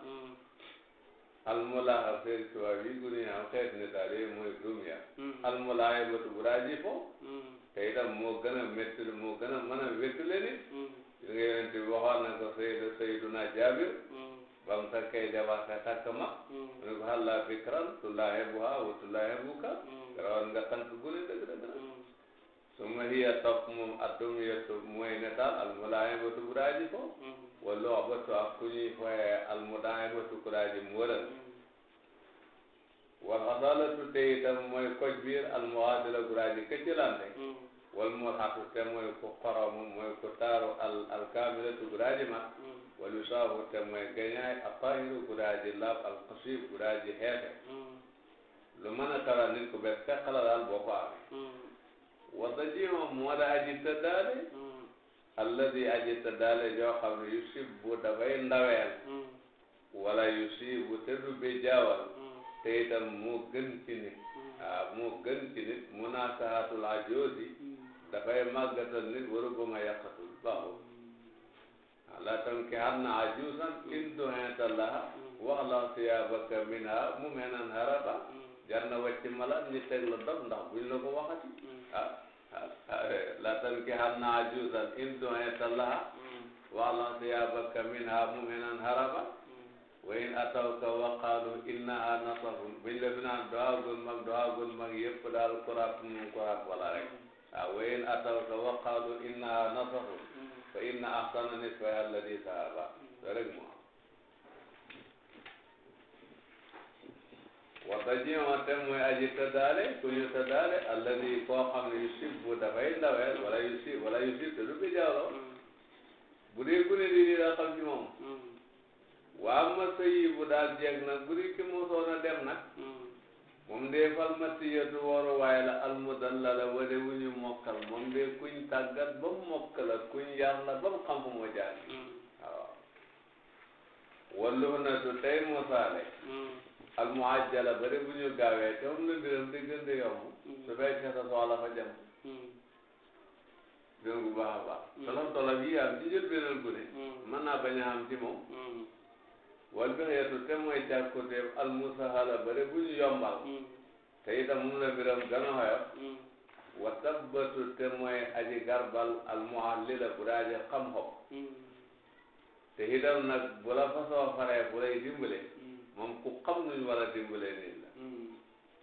almulaaha feer tubaab yi gune am xeet netaal yooyu mooy dumya almulaaha batu bu daa ji fo te itam moo gën a métti moo gën a mën a wéttule nit li nga yonente bi waxoon na ko sayyidu sayyiduna bam sakkay debase takk ma ne ko halla bikran tulahibuha wa tulahibuka rawan nga tànk gune dëgg dëgg la suma hiya topp moom addumiyatu mooy netal almulahibatu buraaji ko wa loxbatu ak ku ñuy foye almudahibatu kuraaji moolan wal hasalatu te itam mooy koj biir almuhadila kuraaji këccilante wal murhatu te mooy ku xoromu mooy ku taaru al al kaamilatu gudaaji mat mm. wal wisaahu te mooy gañaay a tahiru gudaaji laab al xasib gudaaji xeefe mm. lu mën a tara nit ku bees fekk la daal boo ko amee mm. wasa jiima moo da aji tëddaale alladi aji tëddaale joo xam yusib bu dafay ndaweel wala yusibu te du bi jaawal te itam moo gën ci nit ah moo gën ci nit munaasahatul ajoosi dafay màggatal nit waru ko nga yàqatul baaxul ala tankihanna ajuuzan in du'ita laha wa'la siyaabaka minha muminan haraba jar na wàcc malade ñu teg la la ko waxati ah la tankihanna ajuuzan in du'ita laha wa'la siyaabaka minha muminan haraba wa in atawka wa qaalu innaha nasabun buñ la fi naan doxagun mag doxagun mag yëpp daal kuraat mu kuraat wala rek وإن أتوك وقالوا إنها نصح فإن أحسن نصفها الذي ذهب وتجمع te mooy aji tëddaale ku ñu tëddaale alladi koo xam ne yusuf bu dafay ndaweel wala yusuf wala yusuf te bi jawlo bu dee ku di daa xam ci ma sëyi bu daal jeeg nag bu dee ki mosoon a dem nag moom dee fal matiyatu waruwaay la almudalla la wale wu ñu mokkal moom dee kuñ tàggat ba mu mokkal la kuñ yar la hmm. na du tey mosaale hmm. almuajjala bari bu ñu gaawee te moom la mbiram di gën di yomb hmm. su fekkee sa soxla fa jëm dégg bu baax a baax tolof tolof yi am a am wal bi xeetu te mooy càkkuteef al musahala bare bu yombal mm. te itam mun na biram gana xoyof mm. wa tabbatu te mooy aji garbal al muhallila bu daa aji xam xob mm. te itam nag bu la fasoo lay dimbale moom ku xam nuñ war a dimbale nit la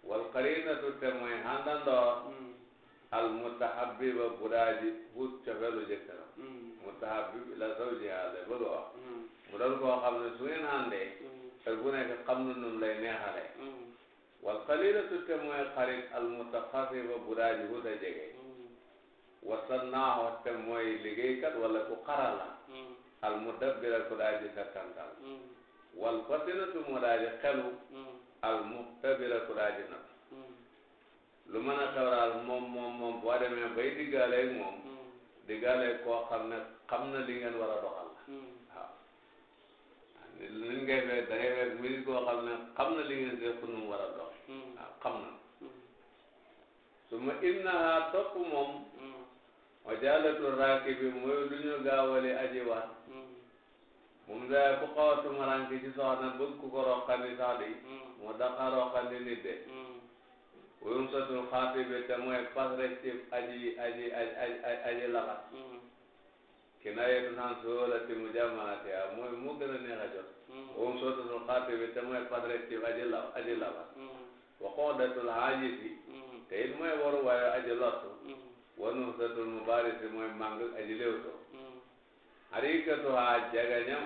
wal qarinatu te mooy xàndandoor al mutahabiba bu daa aji wut cofeelu jëkkëram mutahabib la zawjiha la bëgg a mu doon koo xam ne su ngeen àndee xel mm. bu nekk xam lay neexalee mm. wal xalilatu te mooy xarit al mutaxasiba bu daa ji huta jege mm. wasa naaxo te mooy liggéeykat wala ku xarala al mudabbira ku daa ji settantal wal fatinatu mu daa ji xelu al muxtabira ku nat lu mën a xewraal moom moom moom boo demee bay diggaaleeg moom diggaaleeg koo xam ne xam na li ngeen war a luñ ngay fekk da ngay fekk mbir koo xam ne xam na li ngeen def nu mu war a dox. Hmm. waaw xam na. Hmm. su ma innaha topp moom. Hmm. wajalatu raakibi mooy lu ñu gaawale aji waat. moom daal ku xaw a tumaranke ci soxna bëgg ku ko roqandi sax di. moo tax a roqandi nit de. wóyum sotul xaatibi te mooy pas rek ci aji aji aji aji labat. kinaayatu naan soo la ci mujjamaati mooy moo gën a neex a jot. moom mm. sootatul xaatimi te mooy padretti aji la aji laba mm. wa xoodatul aajisi mm. te it mooy waru waayo aji lottu wa nuusatul mubaarisi mooy màng aji léewtoo harikatuhaa jagañam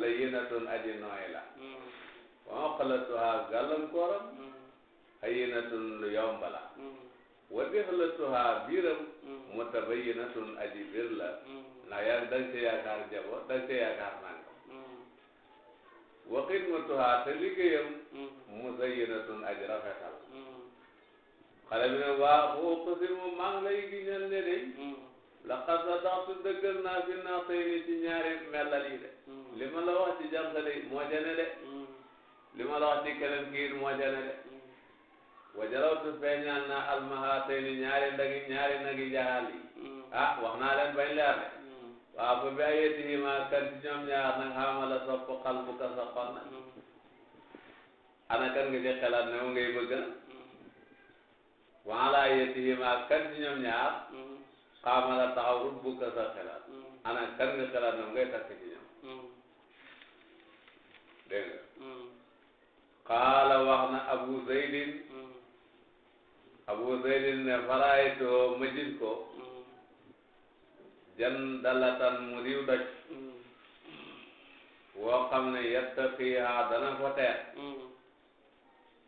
layyinatun aji nooy la wa oqalatuhaa gàllankooram hayyinatun lu yomb la wa dixlatuhaa biiram mutabayyinatun aji biir la ndax yaa danga ci yaakaar jaboot danga ci yaakaar màng wa xidmatuha te liggéeyam mm. muzayyinatun aji rafetal mm. xale bi ne waa boo xasimu maa ngi lay giñal ne day mm. laqad sadaqtu dëggal naa fi naa tey ci ñaari melal yi de li ma la wax ci jànta day moo jane de li ma la wax ci keneen kii moo jane de wa jalawtu feeñaan naa almaha tey ñaari ndagi ñaari nagi jaxaal ah wax naa leen bañ leer waaw ba bi ayatihimaa kan ci ñoom ñaar nag xamala sopp xal bu ka ana kan nga ne mu ngay wala ayatihimaa kan ci ñoom ñaar xamala taxaw rut bu ana kan nga ne mu ngay takk ci wax na abu zaydin abu zaydin ne faraaytoo ma gis ko jan dalatan mu diw doj mm. woo xam ne dana ko teet mm.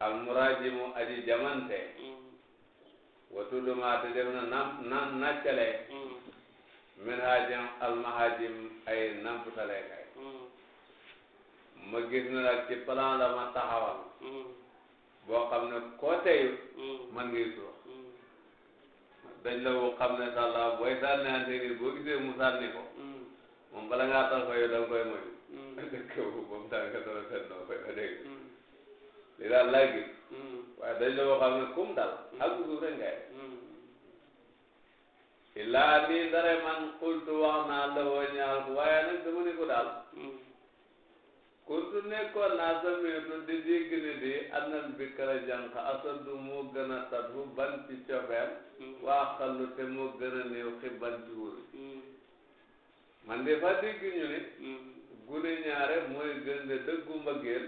al muraajimu aji jamante mm. watuluma te def na nam nam naccale min haajim al mahajim ay namputale kay ma gis na nag ci plan ma taxawal boo xam ne koo teyu man ngi suux daj la ko ne sàlla booy sànni antenne boo gisee mu sànni ko. Mm. moom bala ngaa tax fa yow da nga koy moyu. dëkk mm. bu boobu mm. daal nga doon seen noo koy ba dégg. li daal laaj gi. waaye daj la ne kum dal. ak suuf rek ngay. illaa ni ndare man xultu wax naa la woo ñaar waaye nag dama ne ko kuntu nekkoon naa samiitu di dégg ne de annal bikra jànq asaddu moo gën a tatu ban ci cofeel hmm. waa xallu te moo gën a néew xibban ci wóor hmm. man de fa dégg ñu ne hmm. gune ñaare mooy gën de dëggu mbëggeel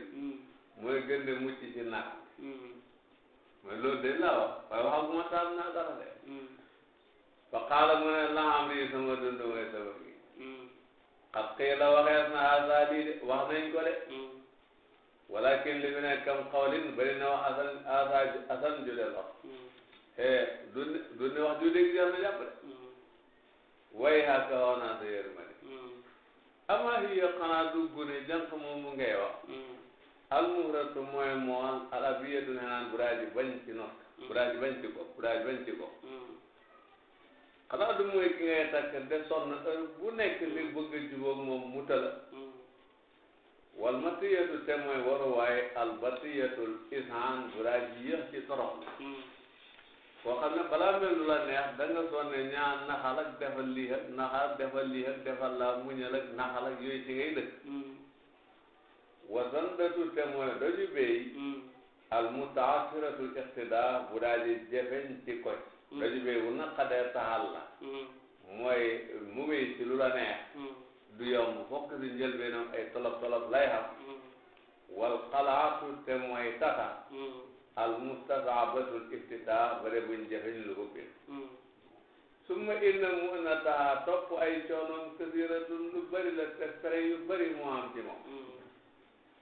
mooy gën de mucc ci naag mais loolu de la wax waaye waxaguma taam naa dara de fa xaala mu ne laxam yi sama dund mooy sabab qad qiila waxees na haasa lii wax nañ ko de walakin li fi nekk kam xawlin bëri na wax asan haasa asan ju del wax eh du du ne wax ju dégg na jàpp de way haka wax naa sa yërmande ama hiya xanaa du gune jànq moomu ngay wax al muhratu mooy moo al abiyatu ne naan buraaji bañ ci noot buraaji bañ ci ko buraaji bañ ci xanaa du mooy ki ngay takk de sonn heure nekk li bëgg a mu tala wal matiyatu te mooy waruwaay al batiyatul ishaan buraaj yéex ci torox koo xam ne balaa mel lu la neex da nga sonne naxal defal lii ak naxal defal lii ak defal laa muñal ak naxal ak yooyu ci ngay dëkk wasandatu te mooy doju béy mm. al mutaasiratul iqtidaa buraaji jefeñ ci koc rajube bu naqadee taxal la hmm. mooy mu wéy ci lu la neex hmm. du yomb fokk si njëlbeenam ay tolof tolof lay xam hmm. wal xalaatu te mooy tata al mustasabatul iftita bare buñ jafeñ lu ko biir summa inna mu na taa topp ay coonoom kasiratun lu bëri la te fere yu bëri moo am ci moom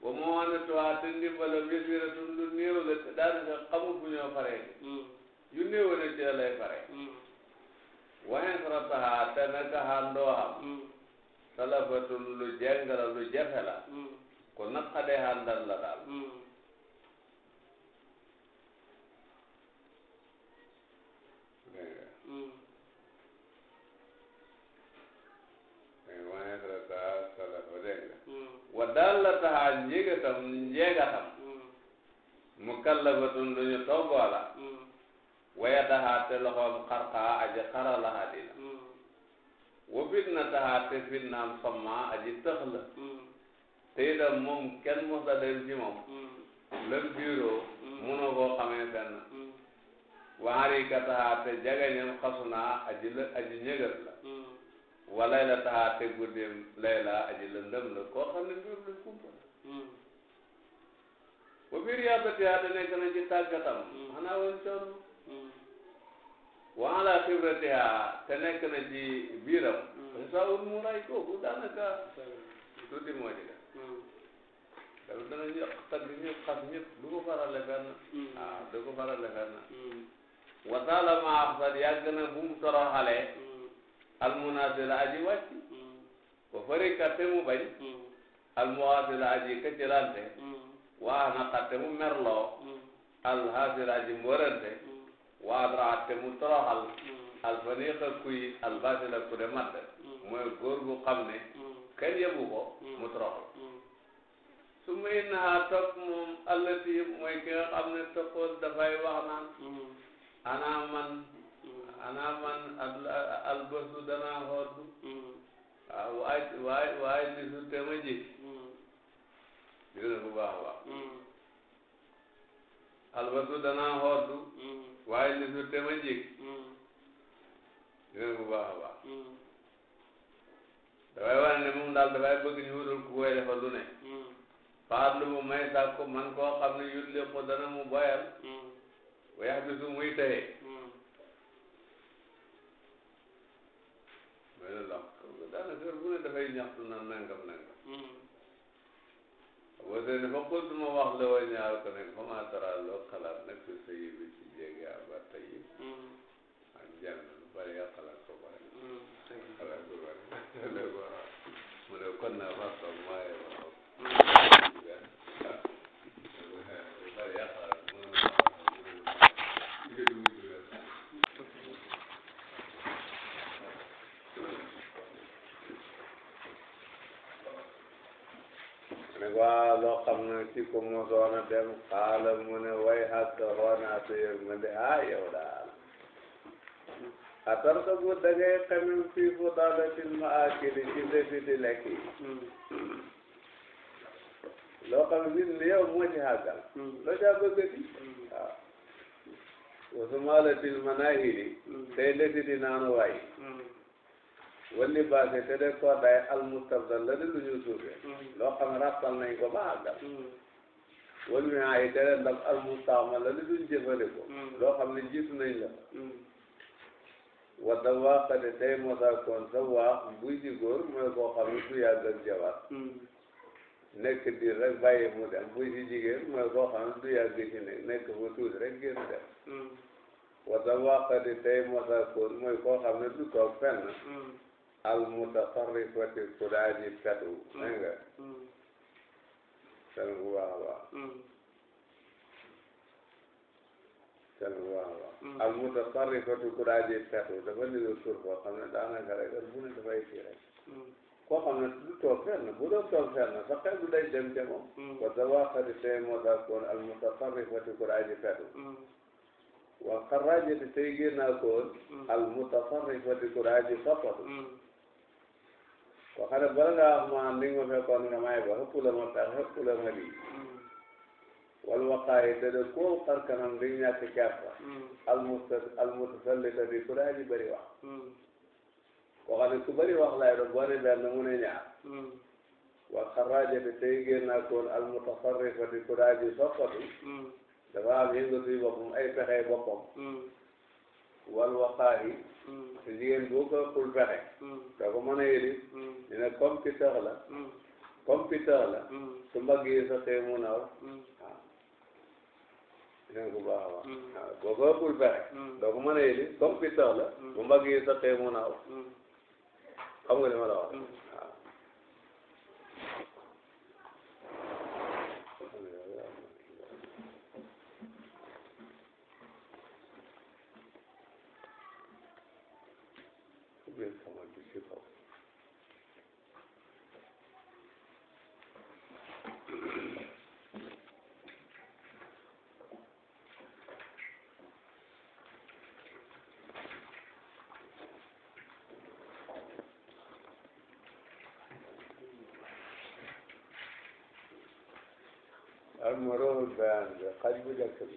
wa moo ne tuwaa te ndimbalam yasiratun lu néew la te daanaka xamul fu ñoo faree yu néew rek ci la lay pare. Hmm. waaye sara taxa te naka xaar ndoo xam. salafatun hmm. lu jeng la lu jafe la. Hmm. ku naqadee àndal la daal. wa daal la taxa njëgatam njëgatam. mukallabatun lu ñu toggoo la. waya daxaa te loxoom xarxaa aji xara laxaa di la wa fitna mm. taxaa te fitnaam somma aji tëx la mm. te itam moom kenn mos a dem ci moom mm. lëm biiroo munoo koo xamee fenn waxari ka taxaa te jagañam xasunaa aji la aji ñëgal la walay la taxaa te guddeem layla aji lëndëm la koo xam ne mbir lu kumpa wa biir yaa bëtt yaa te nekk na ci tàggatam xanaa waa la fibratiha te nekk na ci biiram mm. mu ray kooku daanaka tuuti moo ci def daf dana ñëpp tagg ñëpp xam ñëpp du ko farale fenn waaw mm. ah, du ko farale fenn mm. wasaala ma axsad yàgg na bu mu toroxale almunasila aji wàcc ba fari karte mu bañ almuwasila aji këccalante waa na xatte mu merloo alhasila aji mborante waaw raa te mu toroxal. Mm. alfaniqa kuy albasila ku de madd. Mm. mooy góor gu xam ne. Mm. kenn yëbu ko. mu toroxal. su may naa topp moom allati mooy ki nga xam ne toppoon dafay wax naan. ana man. ana man albasu danaa xoddu. waaw waay waay waay su te ma ji. dina bu baax a baax. albasu danaa waaye li ñu tema jik yooyu bu baax a baax dafay wane ne moom daal dafay bëgg ñu wutal ku koy defal lu ne faat lu mu may sàkku man koo xam ne yut li ko dana mu boyal wayax bi su muy teye mooy la lox daanaka heure bu ne dafay ñaxtu naan nangam nangam boo seetlu fa xul ma wax la waa ñaar ko nekk fa maa tara loo xalaat nag sa yëngu ci jege aba tayib man mm. jàng na lu bari nga xalaat ko bari mm, xalaat ko bari mu ne kon naa faa xam maa waa loo xam ne ci ko dem xaala mu ne way hatta roonaa sa yërmande ah yow daal atar ko bu dangay xamim fii fu daalatin ma akili ci lebi di lekk yi loo xam ne nit yow moo ci xàggal loo caa bëgg di waaw wasumalatil manahiri mm. tey lebi di naanu wali baase te de koo day almustabdal la de lu ñu suufee mm. loo xam ne ràppal nañ ko ba àggal mm. wali mi ay te de ndab almustaamal la de duñ jëfandikoo mm. loo xam ne jiitu nañ la wadda waaxate tey mosa kon sa waax buy ji góor mooy koo xam ne du yàggal jabar nekk diir rek bàyyi mu dem buy ji jigéen mooy koo xam ne du yàgg ci nekk nekk fa tuuti rek génn dem wadda waaxate tey mosa kon mooy koo xam ne du toog fenn al mutafarrifati kudaaji katu dégg nga sel bu baax a baax sel bu baax a baax al mutafarrifati kudaaji katu dafa niru tur boo xam ne daanaka rek heure bu ne dafay kii rek koo xam ne du toog fenn bu doon toog fenn sa xel du day dem ca moom wa zawaqati tey moo tax koon al mutafarrifati kudaaji katu wa xarajati tey génnaa koon al mutafarrifati kudaaji sapatu waxale bala ngaa wax ma li ma fekkoon nga may ba xëpp la ma tax xëpp la ma lii wal waqaay da da koo xar kanam di ñàkk kersa hmm. almuta almutasallita bi ku daa ji bëri wax koo xam ne ku bëri wax lay doon boo ne benn mu ne ñaar hmm. wa xarrajati tey génn naa koon almutasarrifa di ku daa ji soppatu hmm. dafa am yëngatu boppam ay pexe boppam wal waqaay hmm. te jigéen boo ko ëppul pexe hmm. a yëli hmm. ñu ne comme pitax la comme pitax la su mbagg yi saxee mu naaw dégg nga bu baax a baax. waaw boo ko ëppul pexe. doo ko mën a yëli comme pitax la. bu ma la al moroomul bayaan bi xaj bu njëkk bi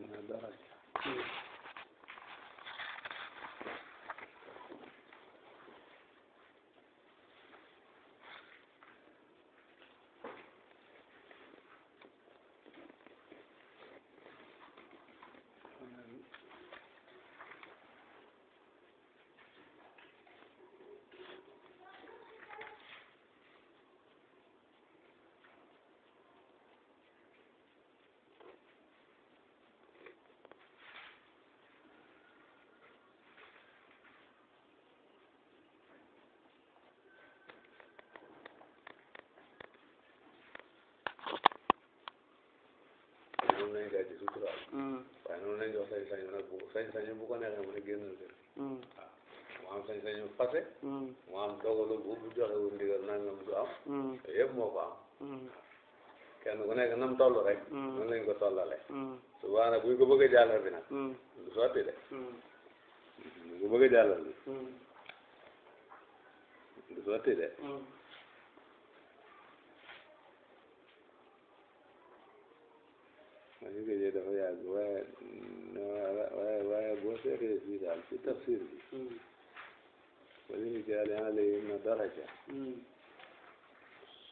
dina doxal moom nañ gaa ci suturaal mm. waaye noonu lañ jox sañ-sañu nag bu sañ-sañu bu ko neexee mu ne génnal kër mm. waaw mu am sañ-sañu fase mm. mu am dogalu bu bu joxe wu ndigal nangam du am yëpp moo ko am kenn ku nekk nam toll rek noonu lañ ko tollale subaana buñ ko bëgg a jàllal bi nag du sotti de buñ ko bëgg a jàllal bi du sotti de waaye waaye waaye boo seetee fii daal ci tafsir bi. wala ñu jaale alayhim na daraja.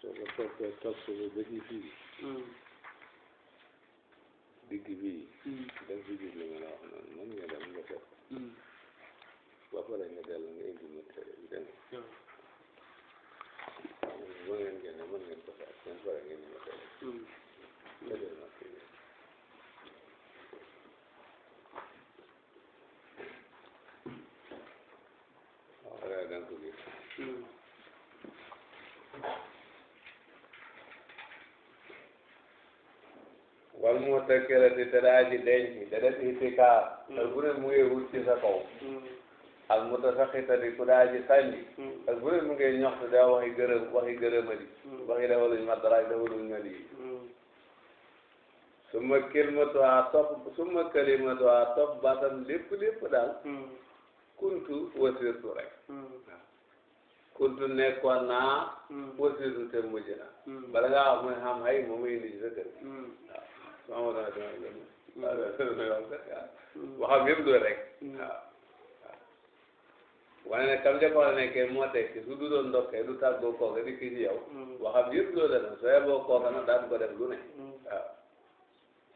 soo ko toppee topp ba bëgg fii. digg bii. def bi li ma la wax noonu mën nga dem nga topp. ba pare nga dellu nga indi ma tere bi dem. mën ngeen génne mën ngeen wal mu tëkkërati te daa ji denc te def itikaaf ak mm. bu ne mu ngi wut ci sa kaw mm. al mu tasaxitati ku daa ji mm. ak bu ne mu ngi ñoxtu daa waxi gërëm waxi gërëmali waxi defaluñ ma dara defaluñ ma lii suma kalimatu a topp suma kalimatu a topp baatam lépp lépp daal kuntu wasirtu rek kuntu nekkoon naa wasirtu te mujj na bala ngaa muy xam hay moom indi ci sa sama dana jëma jëma waxam yëpp loolu rek waaw wane ne kam ja ko la nekkee moo tekki su du doon ndokkee du tàggoo kooka di kii ci yow waxam yëpp loolu la soo yeboo kooka na daan ko def lu ne waaw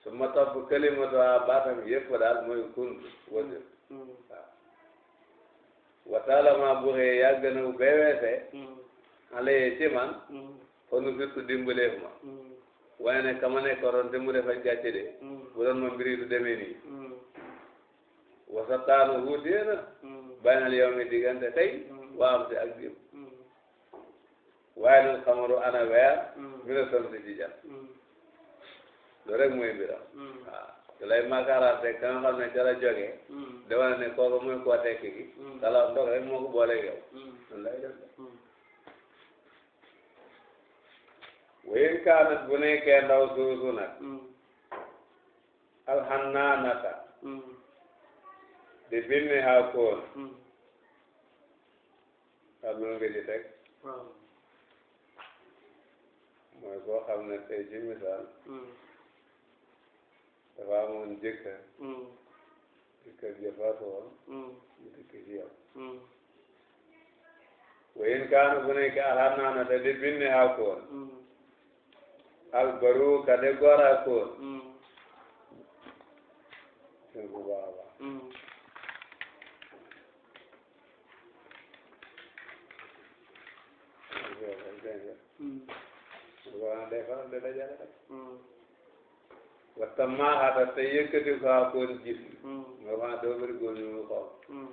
su ma topp kalimatu baatam yëpp daal mooy kuntu wasi waaw wataalama bu xëyee yàgg na bu beeweesee xale yee ci man xonu firtu dimbalee ma waaye nag ka ma nekkoon te mu def ak gàcce de mm. bu doon moom mbiri du demee nii mm. wasataanu wuutee na mm. bàyyi na yow mi diggante tey waa am si ak jëm waaye nag xamaru ana weer mi la sam si ci jàpp loolu rek mooy mbiram waaw te lay maakaaraante ka nga xam ne ca la jógee dama ne kooku mooy koo tekki gi dala ndox rek moo ko booleeg wayin kaanat bu nekkee ndaw suusu nag alxannaanata di binni haa koon xam nga ji teg mooy boo xam ne tey ci misaal dafa amoon jëkkër jëkkër ja faatu woon mu dëkk ci yow wayin kaanat bu nekkee alxannaanata di binni haa koon albaru kade gora ko wata ma hata te yëkkati ko akoon gis hmm. nga ma doobar góor ñu mu xool hmm.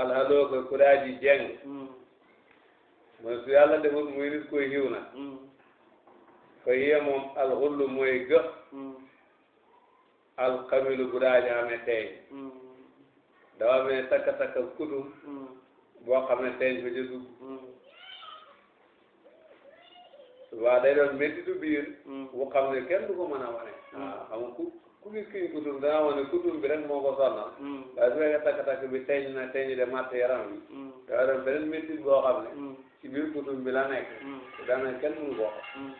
alhaloo ko kuraaji jeng hmm. mooy su yàlla defut muy nit koy xiw na fa hiya moom alxullu mooy gëx hmm. alxamilu bu daa ñaame teeñ hmm. dafa amee takka-takka kudum hmm. boo xam ne teeñ fa ca dugg waaw day doon méttitu biir bu xam ne kenn du ko mën a wane waaw ku ku gis kiñ kudum dangaa wane kudum bi rek moo ko sonnal waaye su fekkee takka bi teeñ na teeñ de matt yaram bi dafa doon beneen méttit boo xam ne ci biir kudum bi la nekk daanaka kenn mënu koo xam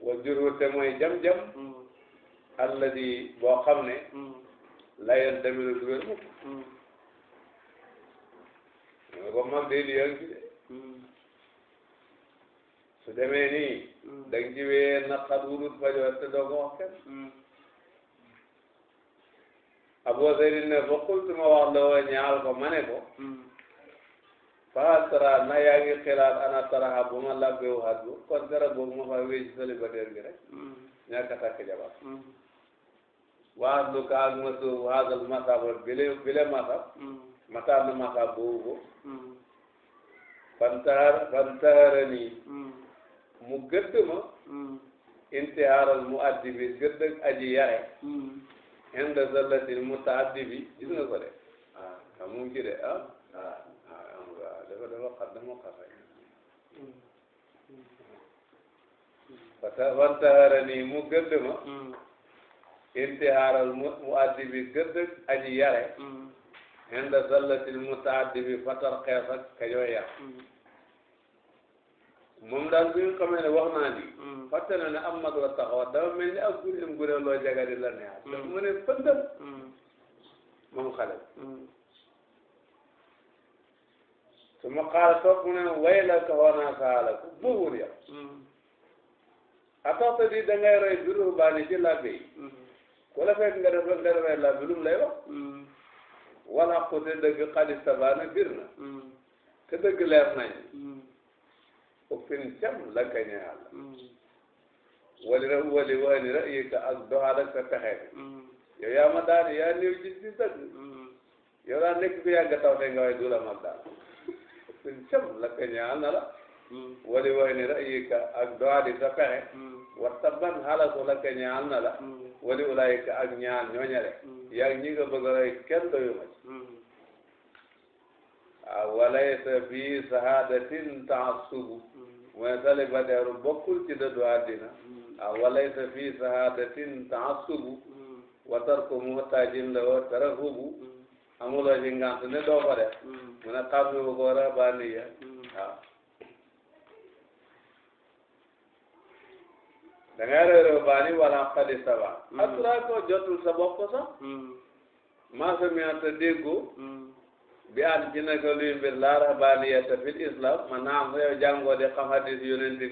wa juru te mooy jam jam mm. alladi boo ne layen damiru du wér mukk mooy mm. ko man day liyan gi de mm. su demee nii da nga ci wee naqat wurut fajoor te doo ko wax kenn aboo seydi ne fa qultu ma wax la ko ma ne ko fa tara na yaa ngi xiraat ana taraxa bu ma labbee waxaat kon dara boobu ma faa wéy ci célibataire bi rek mm. ñàkk a takk jabar mm. waxaat lu ka ak ma suuf waxaatal masaba bile bile masab ma mm. tànn masab boobu ko fantaxar fantaxara nii mu gëdd ma intihaaral mu addi bi gëdd ak aji yare inda zallatil mu taaddi bi gis ko de ah amuñ ci de ah xas dama xas rek fantaharani mu gëdd ma intihaaral mu addibi gëdd aji yare henda zallatil mu taaddibi fatar xees ak ka yoo yar moom daal bi nga xamee ne wax naa ni fàtte na ne am mag la taxaw dama mel ni ak guréem guréem loo jagadi la neex daf mu ne pëndëm moom xale su ma xaar topp mu ne way la ko wana saala ku buur ya a topp di da roy biru baani ci labbe yi ku la fekk nga def nga defee labbe lu wala ku te dëgg xadis tabaana bir na te dëgg leer nañ ëppin cam la ka ñaal wali ra wali waani ra ka ak doxaat ak sa pexe yow yaa ma daan yaa néew ci ci dëgg yow daa nekk ku yàgg taw te nga waaye du la ma daal suñ cam la ka ñaan na la hmm. wali way ni ra'yika ak doadi sa pexe hmm. wa tabban xalasu la ka ñaan na la hmm. wali ulayika ak ñaan ñooñale yaag ñi nga bëgg a roy kenn doyu ma ci waaw ah, walaysa fii sahadatin taassubu mooy salibateeru bokkul ci dëddu àddina waaw ah, walaysa fii sahadatin taassubu wa tarku muhtajin la wa tarahubu amuloo ci ngant ne doo ko mm. mu ne xam ne bu ko rabaniya mm. waaw da ngay réeré baani wala xali saba mm. asura ko jotul sa bopp sax maa sa miata déggu bi an ci naka luy mbir laa rabaniya ta fil islam man naa am sa yow jàngoo di xam hadis yonent bi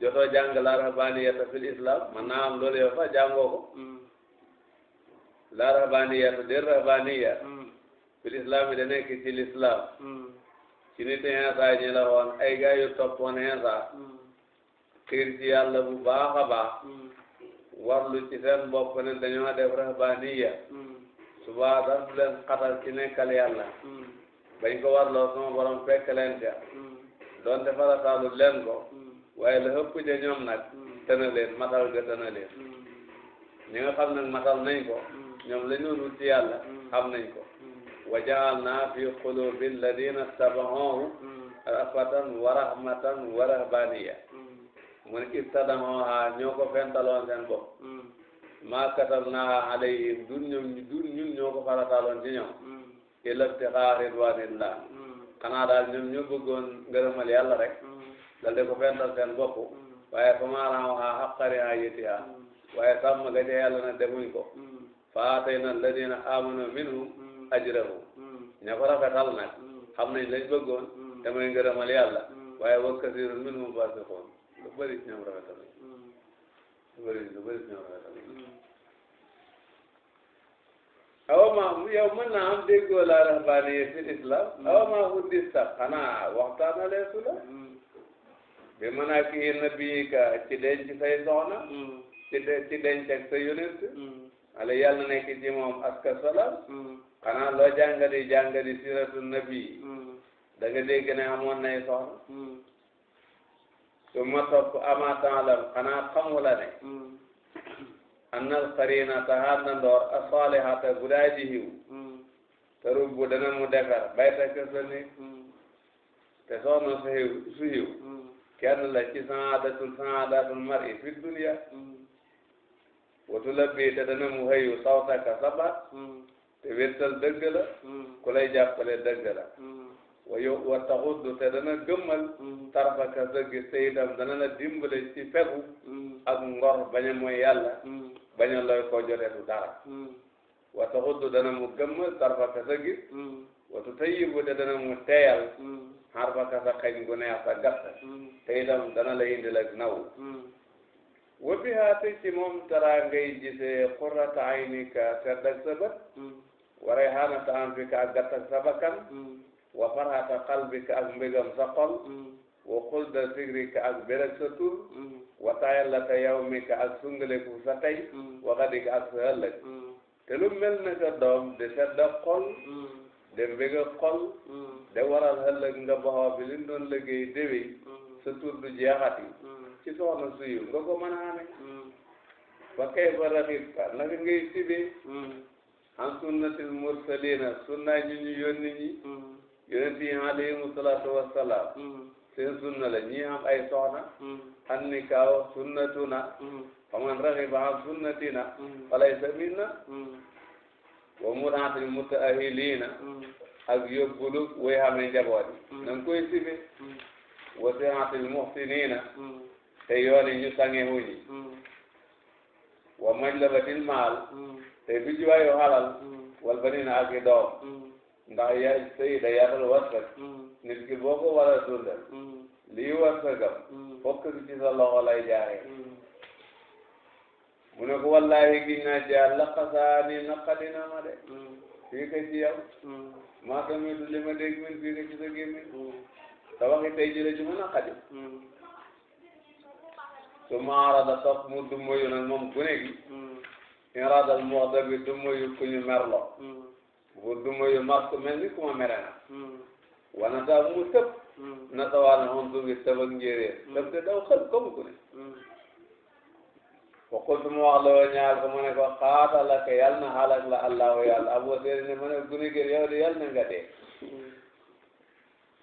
jotoo jàng laa rabaniya ta fil islam man naa am loolu yow sax jàngoo ko la rahbaniya tu di rahbaniya hmm. fil islam da nekk ci l'islam hmm. ci nit hensa ñi la woon ay gaa yu toppoon hensa xiir hmm. ci yàlla bu baax a baax warlu ci seen bopp ne dañoo def rahbaniya suba daf leen xatal ci nekkal yàlla bañ ko warloo sama borom fekk leen ca doonte farataalu leen ko la hëpp ja ñoom nag tëna leen matal ga tëna leen ñi nga xam nag matal ñoom la ñu wut ci yàlla xam nañ ko mm. wa jaalna fi qulubi alladina tabaxoohu rafatan wa rahmatan wa rahbaniya mm. mu ne ibtadaxooha ñoo ko fentaloon seen bopp mm. maa katabnaaha alayhim dun ñoom dun ñun ñoo ko farataloon ci ñoom illa ibtixaa ridwanillah xanaa daal ñoom ñoo bëggoon ngërëmal yàlla rek dal di ko fental seen bopp waaye fa maaraaw xaa xaqari haa yëti haa waaye sàmm ga ca yàlla na demuñ ko faatayna alladina amanu minhum ajrahum ña ko rafetal nag xam nañ lañ bëggoon te mooy ngërëmal yàlla waaye wa kasirun minhum fasiqoon lu bëri ci ñoom rafetal nañ lu bëri lu bëri ci ñoom rafetal nañ awa maa yow mën naa am déggoo laa rahbaaniya fi islam awa maa huddista xanaa waxtaanalee su la bi mën naa kii nabi ka ci denc say soxna ci denc ak sa ala yàlla nekk ci moom aska salam mm. xanaa loo jàngati jàngati siratu nabi mm. da nga dégg ne amoon nay soxna mm. su ma topp ama taalam xanaa xamula ne anna al qarina taxaat na ndoor a salihata gudaa ji hiw te rubbu dana mu defar bayta ka sa néeg te soxna su hiw su hiw kenn la ci saadatul saadatul mari fi dunia watu la bii te dana mu xëyu sawtaka sa hmm. te wéttal dëgg la hmm. ku lay jàppale la hmm. wayo wa taxuddu te dana gëmmal tarfaka sa gis te itam dana la dimbale ci fegu ak ngor bañ a mooy yàlla bañ a looy koo jotetu dara wa taxuddu dana mu gëmmal tarfaka sa gis watu tayyibu te dana mu teeyal xarfaka sa xeñ gu neex sa te itam dana la indil ak naw wa bihaa te ci moom taraa ngay gisee qurrata aynika sedd ak sa bët hmm. wa rayhaanata anfika ak gàtt ak sa bakkan hmm. wa farhata qalbika ak mbégam sa xol hmm. wa xulda sigrika ak bérak sa tur wa taayallata yawmika ak sungaleku sa tey wa xadika ak sa ëllëg te lu mel ne sa doom di sedd ak xol de mbéga xol de waral ëllëg nga baxoo bi liñ doon liggéey déwéy sa tur du jeexati ci soxna su nga ko mën a amee fa mm. kayfa raxibka naka ngay sibee mm. an sunnatil mursalina sunna ñu ñu yónni ñi mm. yonent yi alayhimu salaatu wassalaam seen sunna la ñi am ay soxna an nikaaw sunnatuna faman raxiba an sunnatina falaysa minna wa muraatil mutaahilina ak yóbbulu way xamee njaboot yi na nga koy sibee wa siraatil muhsinina te yoon yi ñu sange wuñi mm. wa majlabatil maal mm. te bijuwaayu xalal mm. wal banina ak i doom ndax yaa sayida yaatal warsak nit ki boo ko war a dundal lii warsakam fokk bi ci sa loxo lay jaaree mu ko wallahi giñ naa jaar laqasaani naqadina ma de fii ka ci yow maa tamit li ma dégg min fii ka ci sa gémmiñ sa waxi tey ji su maara da topp mu dummoyu nag moom gune gi hmm. inradal mu wax dëgg dummoyu ku ñu merloo hmm. bu dummoyu mas ku mel ku ma mere na hmm. wana daa mu tëb na tawaana moom du ngi tëb ak njéeréer de daw xel comme gune wa qultu mu wax loo ñaar ko mu ne ko yal na xalak la allahu yàlla abo seeri ma ne gune gi yow de yal na nga dee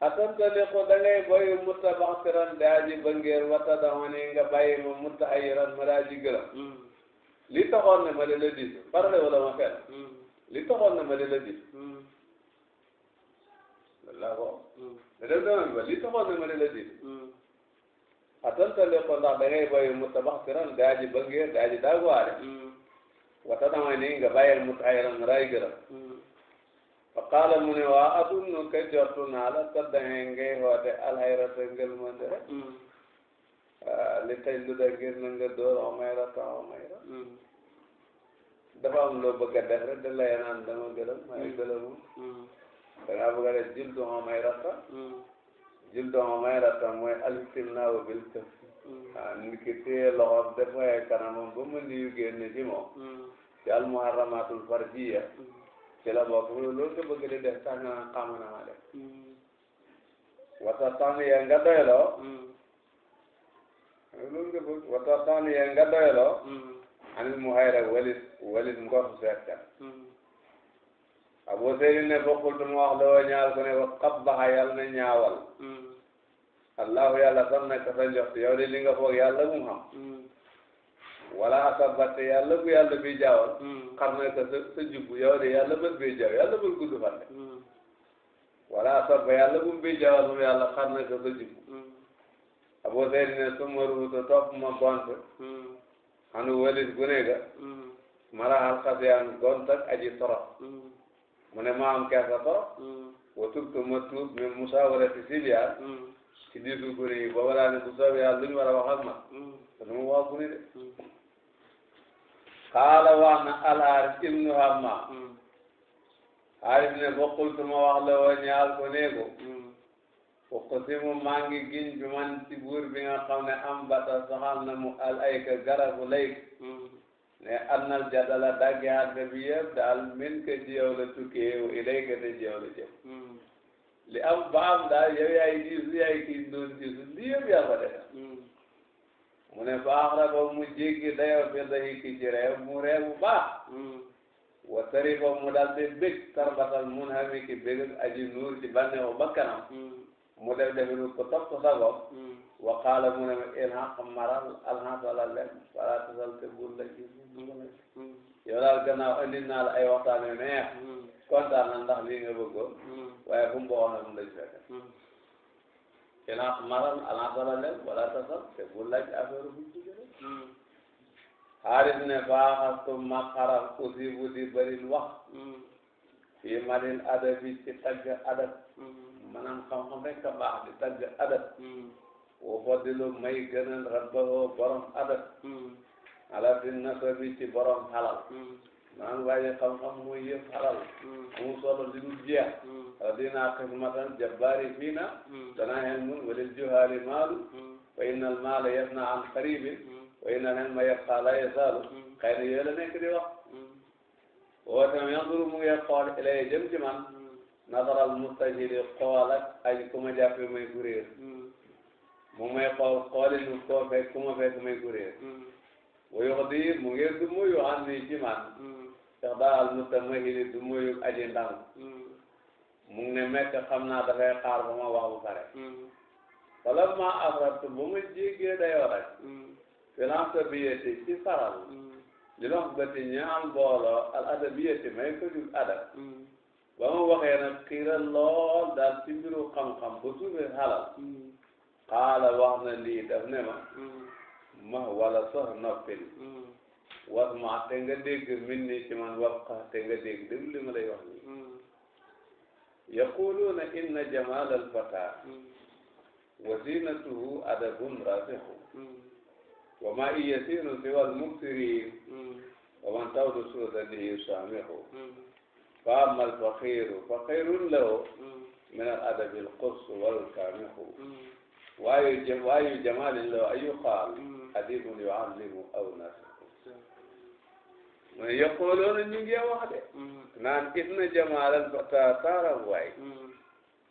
atantaliku da ngay bàyyi mutabaxiran daa ji bëngeer wata damani nga bàyyi ma mutta ayiran ma daa ji gërëm hmm. li taxoon ne ma di la dis parle wala ma fen hmm. li taxoon ne ma di la dis la ko da dem tamit ba li taxoon ne ma di la dis hmm. atantaliku ndax da ngay bàyyi mutabaxiran daa ji bëngeer daa ji daaguwaare wata damani nga bàyyi mutta ayiran ma daa ji gërëm fa qaala mu ne waa adunnu ka jortu naa la sa dangay ngay woote alxayrata ngëlmande rek li taj lu da ngir na nga door omayra ta omayra dafa am loo bëgg a def rek da lay naan dama gëlëm may gëlëmu da ngaa bëgg a def juldu omayra ta juldu omayra ta mooy alistimnaaw bil këf ah nit ki téye loxoom def waaye kanamam ba mu liyu génn ci moom ci almuharramatul farjiya ci la bokk mu ne loolu nga bëgg di def sax nga naan xamu na ma def hmm. wata sànni yee nga doyloo hmm. loolu nga bëgg wata sànni yee nga doyloo hmm. anil mu hay rek walit walit ngor seetkat Abu Seydi ne bokkul tu ma wax loo ñaal ko ne ko xabbaxa yàlla na ñaawal allahu yàlla san na ka sa njox yow de wala asabate yàlla bu yàlla bi jaawal hmm. xam ne que sa sa jubbu yow de yàlla bët bi hmm. wala asaba yàlla bu mu bi jaawal moom yàlla xam ne que sa jubbu hmm. aboo sey ne su ma ruuta topp ma bont xanu walis gune ga mara alxasiyaan gont ak aji torop mu ne ma am kersa torop wa tubtu ma tuub min musawarati siliyaan ci diisu gune yi booba laa ne bu soobee yàlla lu ñu war wa wax ak de Qaala wax na Al-Haaris ibnu Hammaam. Hmm. Haaris ne boqultu ma wax la woon ñaar ko néego. Hmm. uqsimu maa ngi giñ bi man ci buur bi nga ne am bata saxal na mu al ay ka garabu layk. Hmm. ne annal jadala dagge hadda bi yëpp daal min ka ci yow la tukkee wa ilayka te ci yow la jëm. li am baam daal yow yaay gis yaay kii doon gis lii yëpp yaa ko defal. mu ne baax la ba mu jéggi dayoo bi dahi ki ci reew mu reew bu baax hmm. wa tarifa mu daal di bég tarbatal mun hami ki bég aji nuur ci bànneexu bakkanam hmm. mu def definu ko topp sago hmm. wa qaala mu ne ma ilhaq maral alhaq wala lem wala tasal te bul la ci yow daal gannaaw andi naa la ay waxtaan yu neex kontaan ndax lii nga bëggoon waaye fu mu boo xam ne mu la ci fekk kenaa maral alaasalaamaaleykum wala tasal te bu laaj affaire bu jigéen xaarit hmm. ne baaxatu maqaral aussi bu di bëri wax. fii hmm. malin adab ci tagg adab. maanaam hmm. xam-xam rek a baax di tagg adab. woo fa di lu may gënal rabbahu borom adab. ala fi nasa bi ci borom xalal. maanaam waaye xam-xam mooy yëpp xaral mm. mu solo li dul jeex radina mm. xidmatan jabbaari fiina mm. danaa hen mun walil juhaali maalu wa inna al maala yabna an qaribin wa inna hen ma yabqa la yasaalu xëy na yooyu la nekk di wax woo tam yanduru mu ngi xool ilay jëm ci man nadaral mustajili xool ak aji ku ma jàppe may kuréer mu may xool xoolinu koo fekk ku ma fekk may kuréer wuyu di mu ngi du muy yoo xam ne ci man Seydou al mu du moyu aji ndànk. mu ngi ne mekk xam naa dafay xaar ba ma wax bu pare. wala ma afrat bu ma jéggee dayoo rek. finance biyati ci faral. li doon bëti ñaan booloo al adabiyati may ko jub adab. ba ma waxee nag xiira lool daal ci mbiru xam-xam ba suufee xalal. xaala wax na lii ne ma. ma wala sox noppil. wax ma te nga dégg min ni ci man wax te nga dégg déglu li ma lay wax nii hmm. yaquluuna inna jamal al fata hmm. wazinatuhu adabun rasixu hmm. wa ma iyasinu siwa al muksirin wa man tawdu suudanihi saamixu fa ama al faqiru faqirun lahu min al adabi al qus wal kaamixu waayu waayu jamalin lahu ayu qaal adibun yuallimu aw nas mu ne yaqooloona ñu ngi wax de mm-hmm. naan inna jamaalal fata taaram waay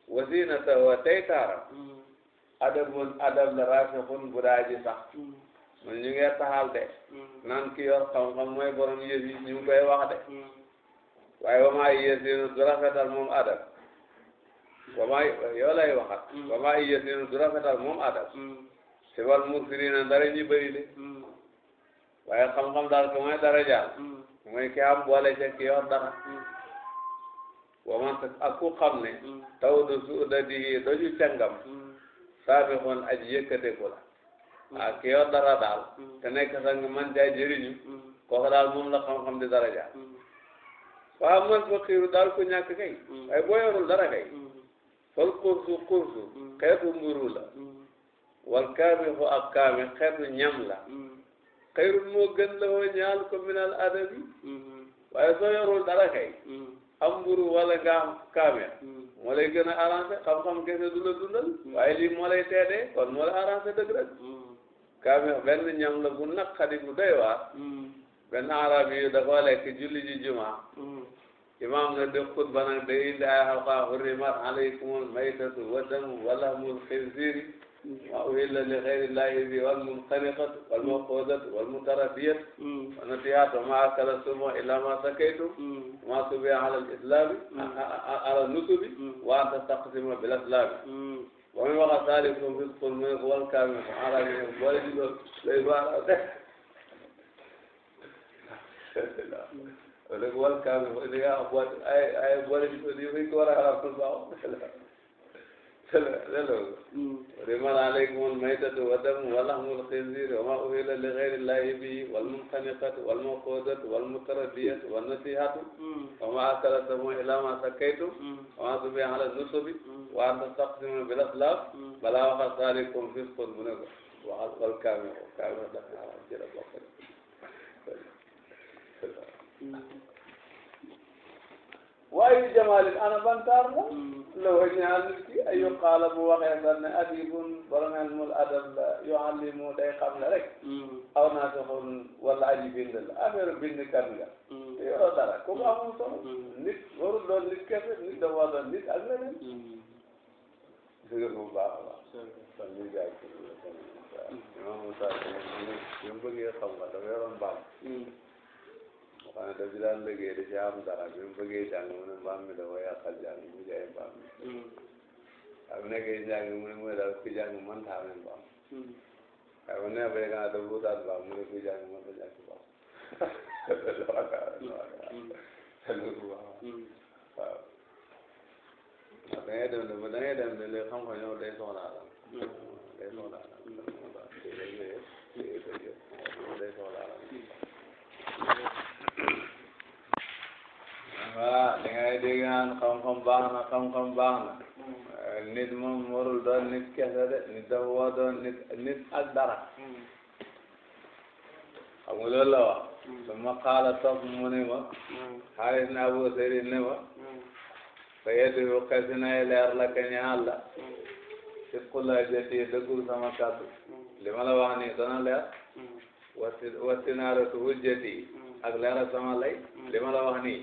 wasinata mm-hmm. wa tey taaram mm-hmm. adabun adab la rafixun bu daaji sax mu ne ñu ngi taxal de naan ki yor xam-xam mooy borom yëf yi ñu ngi koy wax de waaye wa maa yasinu du wa maa yoo lay waxat wa maa yasinu du rafetal moom adab si wal mursirina dara ñu bëri de waaye xam-xam daal ko mooy dara mooy ki am boole ca dara wa man ak ku ne taw du suuda di doju cangam saabixoon aji yëkkateku la ah ki yor dara daal te nekk man caa jëriñu kooku daal moom la xam di dara jaar waaw man faqiiru daal ku ñàkk kay waaye boo dara kay fal kursu kursu xeetu mburu la wal kaamixu ak kaamix xeetu ñam la xayrun moo gën la woo ñaal ko minal adabi mm-hmm. waaye soo yorul dara kay mm-hmm. wala nga am kaamel mm-hmm. gën a arrangé xam-xam kese du la dundal waaye lii moo lay teedee kon moo la arrangé dëgg rek kaamel benn la bu naqari bu doy waar benn arab yi da koo lekk julli juma imam na def xutba nag day indi ay alqa hurrimat alaykumul maytatu wa damu wa وأهل لغير الله به والمنخنقة والموقوذة والمتردية والنطيحة وما أكل السمع إلا ما سكيت وما سبي على الإسلام على النسب وأن تستقسم بالأسلام ومن وقع ذلكم فسق منه والكامل على منه ولد والكامل إذا أبوات أي أي ولد يفيد ولا يعرف البعض léeg-léeg rima aleykum almaytatu wa damu wa lahmul xinziri wa ma uhilla li gayri llahi bihi wal munxaniqatu wal mawqudatu wal mutaraddiyatu wan nasihatu wa ma akala samu ila ma sakkaytum wa ma zubiha ala nusubi wa an tastaqsimu bil aslab bala waxa salikum fisqun mu ne ko waxal wal kaamil kaamil dafa jëla bokk waaye jamaalin ana bantaar la la way ñaal nit ki ay yuqaala bu waxee sax ne adibun borom ilmul adab day xam la rek aw naasixun wala aji bind la affaire bind kan nga yoroo dara kooku amul solo nit warul doon nit kese nit dafa war doon nit ak leneen dëgg bu baax a baax kon ñu jaay ci imam Moussa ñu bëggee xam nga dafa yoroon baam xam ne daf daan liggéey da ci am dara bi mu bëggee jàng mu ne mbaam mi dafa yàqal jàng mu jaay mbaam mi waaye bu nekkee jàng mu ne mu ne daal ku jàng man taa ne mbaam waaye bu nekkee béykat dafa wutaat mbaam mu ne ku jàng man ta jàng mbaam waaw da ngay dem de da ngay dem de léegi xam ko ñëw day soxla la day soxla la day soxla la voilà da ngay dégg naan xam-xam baax na xam-xam baax na nit moom warul doon nit kese de nit dafa war doon nit nit ak dara xam nga loolu la wax su ma xaala topp mu ne ma xaalis na abu seri ne ma sa yeddi bu xesi nay leer la ka ñaal la si xula jëti dëggul sama kàddu li ma la wax nii dana leer watti wattinaaru tu hujjati ak leer sama lay li ma la wax nii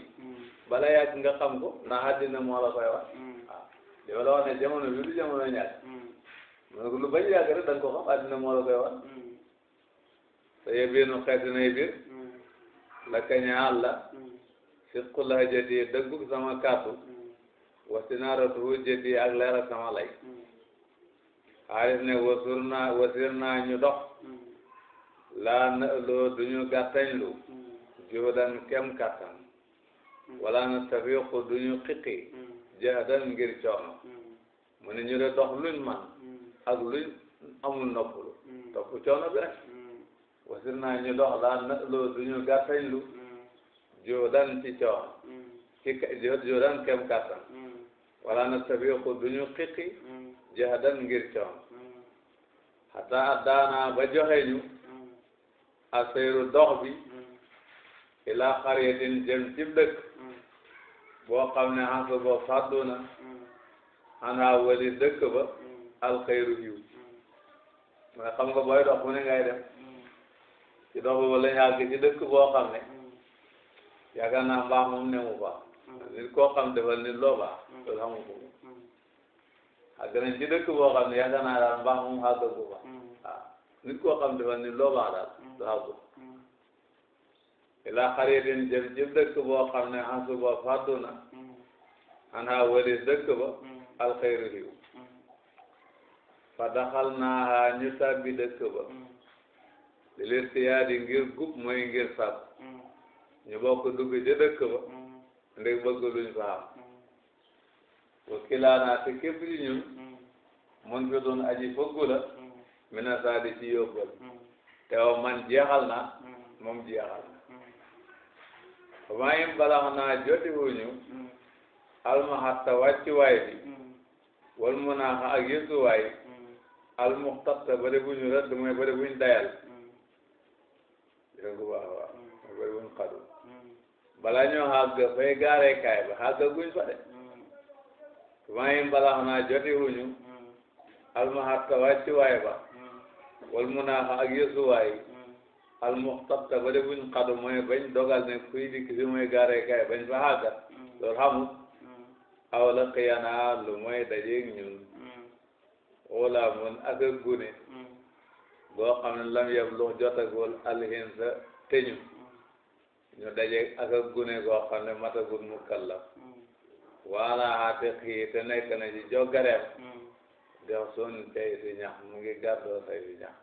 bala yàgg nga xam ko ndax àddina moo la koy wax waaw hmm. ah, li ma la wax ne jamono bi du jamono ñàkk mu hmm. ne ko lu bañ yàgg ko xam àddina moo nu xeeti nay biir la kañaal la hmm. sirku la jëti dëggug sama kàttu wasinaaratu jëti ak leer ak sama ne wasur wasir naa ñu dox laa na loo lu juudan kem kàttan wala na tafiqu duñu xiqi mm. jaadan ngir coono mm. mu ne ñu de man mm. ak luñ amul noppalu topp coono bi naa ñu dox daan na loo duñu gàttañ lu joodan ci coono ci kem kàttan wala na tafiqu duñu xiqi jaadan ngir coono xata addaanaa ba joxe ñu asayru dox bi ilaa xariyatin jëm ci dëkk boo xam ne han sa boo fàddu na xanaa wali dëkk ba alxayru yiw mooy xam nga booy dox mu ne ngay dem ci dox boobu la ñu àgg ci dëkk boo xam ne na naa mbaax moom ne mu baax nit koo xam defal nit loo baax loolu xamu ko àgg nañ ci dëkk boo xam ne yaakaar naa daal mbaax moom xàggagu baax waaw nit koo xam defal nit loo baax daal du xàggu ila xaritin jëm ci dëkk boo xam ne xasuba fàddu na xanaa walis dëkk ba mm. alxayru hiw mm. fa daxal naaha ñu sàbbi ba mm. li listiyaadi ngir gub mooy ngir sàpp ñu bokk dugg ci dëkk ba ndeg bëgg luñ fa am wa kilaanaa te képp ci ñun mun fi doon aji fëggu la mina saadi ci yóbbal te wa man jeexal na moom waaye balaa naa joti wuñu mm. almahatta wàccuwaay bi mm. wal munaaxa ak yësuwaay mm. almuxtatta ba de buñu rëdd mooy ba de buñ dayal dégg baax waaw mooy ba de buñ xadu balaa ñoo xàgg fay gaaree kaay ba xàgg guñ fa de waaye balaa naa joti wuñu almahatta wàccuwaay ba wal munaaxa ak yësuwaay almuxtab ta bari buñ xadu mooy bañ dogal ne kuy dikk si mooy gaare kay bañ fa xàggat mm. loolu xamul mm. aw la xiyanaa ñun mm. wala mun ak a gune boo xam ne lam yem lu jotagul alhin sa teñu ñu dajeeg ak a gune goo xam ne matagul mukallaf wala xaati xii te nekk na ci jogareem dex sun tey si ñax mu ngi gàddoo tey si ñax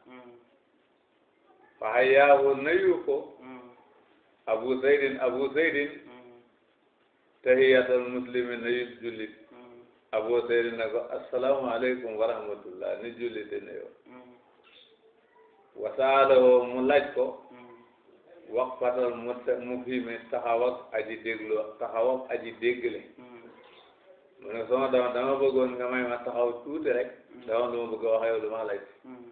fahayaahu nayu ko mm. abu zaydin abu zaydin mm. tahiyatal muslimin nayu jullit mm. abu zaydin na ko assalaamu aleykum wa rahmatullah ni jullite nayo wasaaloo mu laaj ko waqfatal mufhimi taxawak aji déglu taxawak aji dégle mu ne sama dama dama bëggoon nga may taxaw tuuti rek dama lu ma bëgg a wax yow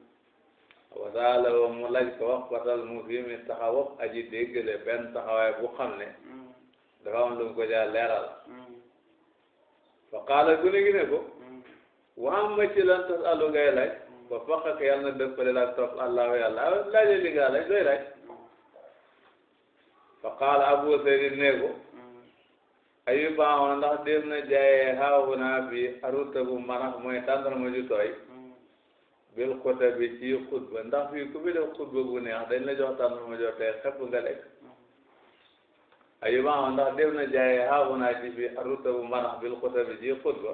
wasaala wa mu laaj ko wax patal mu fi mi taxaw aji déggale benn taxawaay bu xam ne dafa am lu mu ko jaa leeral fa qaala gune gi ne ko wa amma ci tas alu ngay laaj ba faqak yàlla na dëppale laaj topp allahu yàlla laaje li nga laaj looy laaj fa abu saydin ne ko ayu baaxoon ndax dem na jaayee xaawu naa bi aruta bu manax mooy tàndal ma ju tooy bil xutba bi ci xutba ndax fii ku fi def xutba bu neex dañ la jox tànn ma jox tey xepp nga lekk ayuma am ndax dem na jaayee xaabu naa ci bi aruta bu manax bil xutba bi ci xutba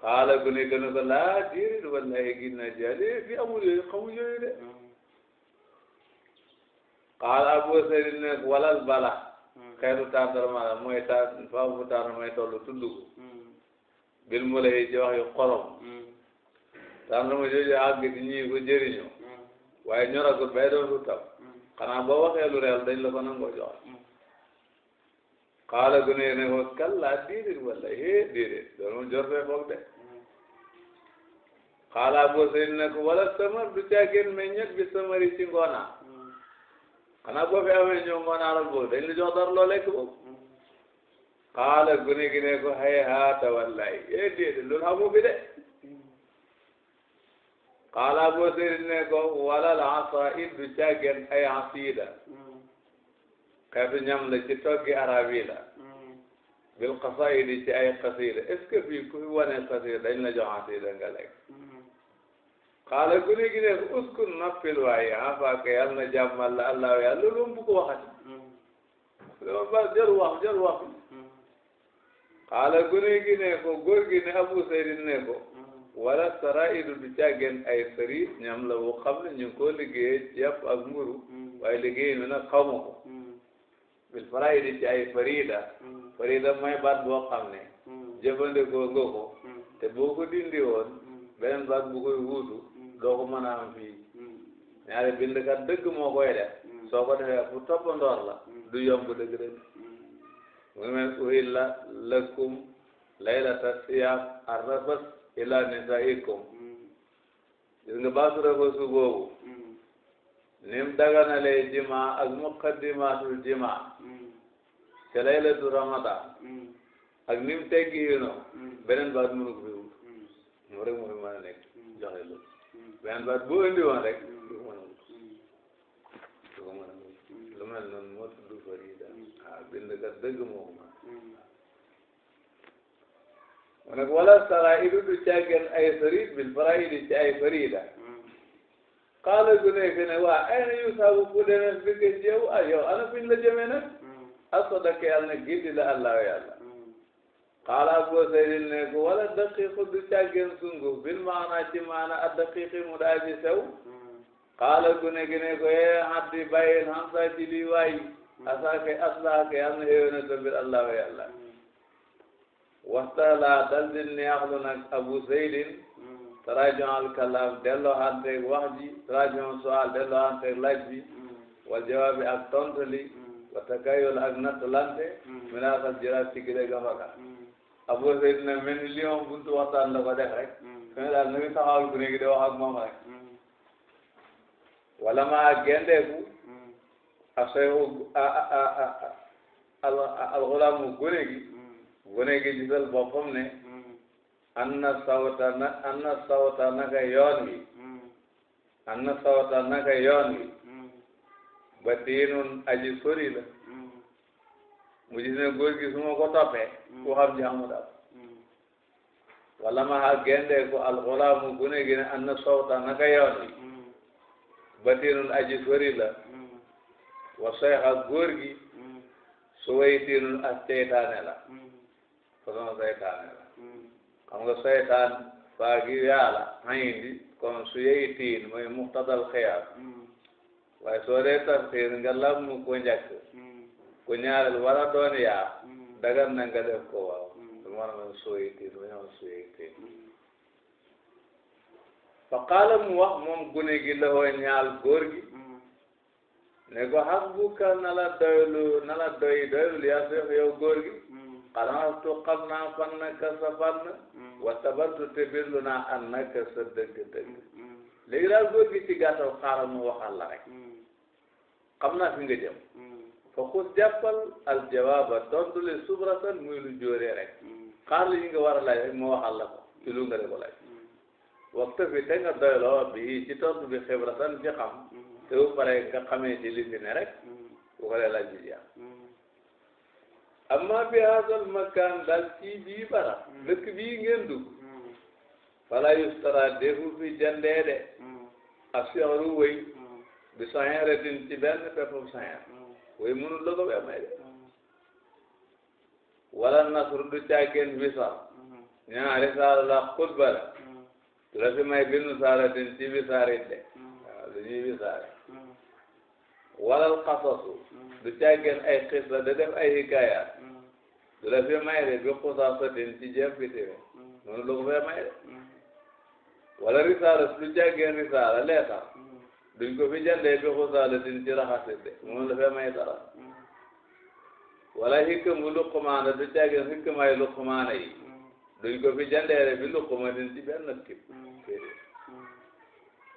xaala gu ne gën a ko laa diirit wallahi gis na jaale fi amul yooyu xamul yooyu de xaala abu sari ne walal bala xeetu tàndarma la mooy tànn faaw mu hmm. bil mu lay ci wax yu tàndama jooju àgg ci ñii ko jëriñoo hmm. waaye ñoragul bay doon lu taw hmm. xanaa boo waxee lu réel dañ la ko nangoo jox hmm. xaala ko kallaa déedéet wala hee eh, déedéet loolu moom jor fee foog de ne ko wala samar du caagin mais bi samari ci ngoonaa xanaa boo fi amee ñëw ngoonaa la boobu dañ la jox dara loo lekk boobu xaala ne ko hay haata wallahi hee eh, déedéet loolu xamu qaala Abu Zayd ne ko walal asaid du caageen ay asida xeetu ñam la ci toggi arab yi la bil qasaidi ay qasida est ce que fii ku fi wane qasida dañ asida nga lekk qaala gune gi ne uskun noppil waaye afaaka yàlla na jàmmal la allah yàlla loolu moom bu ko waxati loolu ba jël wax jël wax qaala gune gi ne ko góor gi ne Abu Zayd ne wala saraidu du càggeen ay sari ñam la xam ne ñu ngi koo liggéeyee yàpp ak mburu mm. waaye liggéey mi nag xamu ko mm. bil faraidi ci ay farida mm. farida may baat boo xam ne jëfandikoo nga ko te boo ko dindi woon beneen baat bu koy wuutu doo ko mën a am fii ñaari bindkat dëgg moo koy soo ko defee fu la du yomb dëgg dëgg mu ngi mel uhilla lakum ilaa nisaikum gis nga baatu rafasu googu nim daganalee jima mm. mm. ak muqaddimatul jima ca laylatu ramadan ak nim teggi yino mm. beneen baat mënu ko fi wut moom rek moo fi mën a nekk joxe loolu beneen baat boo indi woon rek du ko mën a wut du ko mën a wut lu mel noonu moo tudd farida ah bind kat dëgg moo ko mu ne wala saraidu du càggeen ay sarid bil faraidi ci ay farida xaala gu ne fi waa ay yu saabu fu demee bi nga jëw ah yow ana fuñ la jëmee nag hmm. asodaka yàlla gindi la allah yàlla xaala hmm. boo saydil ne ko wala daqiqu du càggeen sunguf bil maana ci maana a daqiqi mu daa ji sew xaala hmm. gu ne ko ee eh, haddi bàyyil hamsa ci lii waay asaake aslaake yàlla na éwéna bil allah yàlla waxtala dal di neexlu nag abu zeydin tarajon mm. alkalam delloo hanteeg wax ji tarajon soal delloo hanteeg laaj bi mm. ak tontali mm. wa takayul ak nattalante minasal jiraat ci gile gafaka abu zeydin ne mel ni li moom buntu waxtaan la ko def rek fi ne daal na ngi taxawal ku nekk di ak moom rek wala maa gendeeku a soy alxulaamu gune gune gi gisal boppam ne hmm. anna sawta na anna sawta naka yoon wi hmm. anna sawta naka yoon wi hmm. ba tiinun aji sori mu gis ne góor gi su ma ko toppee ku xam jaamu daal wala ma ha gendee ko alxulaamu gune gi ne anna sawta naka yoon wi ba tiinun aji sori wa seex ak góor gi su way tiinun as la façon seytaane la xam nga seytaan faa gi yàlla hayndi comme su yey tiin mooy muxtadal xiyaar waaye soo dee tafsir nga lam mu ko ku ñaareel war a doon yaa dagan na nga def ko waaw ma noon soo ma ñoon soo yey tiin fa qaala mu wax moom gi la hoo ñaal góor mm. ne ko xam buka na la doylu na la doy doylu yaa yow góor gi mm. xalaatu xam naa fan naka sa fànn mm. wa sabartu te birlu naa an naka sa dëgg-dëgg mm. léegi daal boo ci gàttal xaaral mu waxal la rek mm. xam naa fi nga jëm fa xus jàppal aljawaaba tontu li subratan muy lu rek xaar li ñu nga war a laaj rek moo waxal la ko ci de ko laaj waxtu bi te nga ci tontu bi xibratan ci xam te bu paree nga xamee rek bu ko dee amma bi haasal makaan daal ci bii barab hmm. dëkk bii ngeen dugg hmm. fala yustara defu fi jandee de hmm. asiyaru wëy bi sañeretin ci benn peppam sañer wëy mënul la ko be may de wala nasru du caageen wisal ñaari saara la xutba la du la fi may benn saaratin ci wisarit de waaw lu ñuy wisaare walal xasasu mm. du caggeen ay xis la da def ay hikaayaat mm. du la fi may de bi xusaasatin ci jeef bi teme mm. noonu la ko fee may de wala risaala du caggeen risaala leetar duñ ko fi jàndee bi xusaasatin ci raxasit de noonu la fee may dara wala hikkamu luqumaana du caggeen hikkamay luqumaana yi duñ ko fi jàndee de bi luqumaatin ci benn kib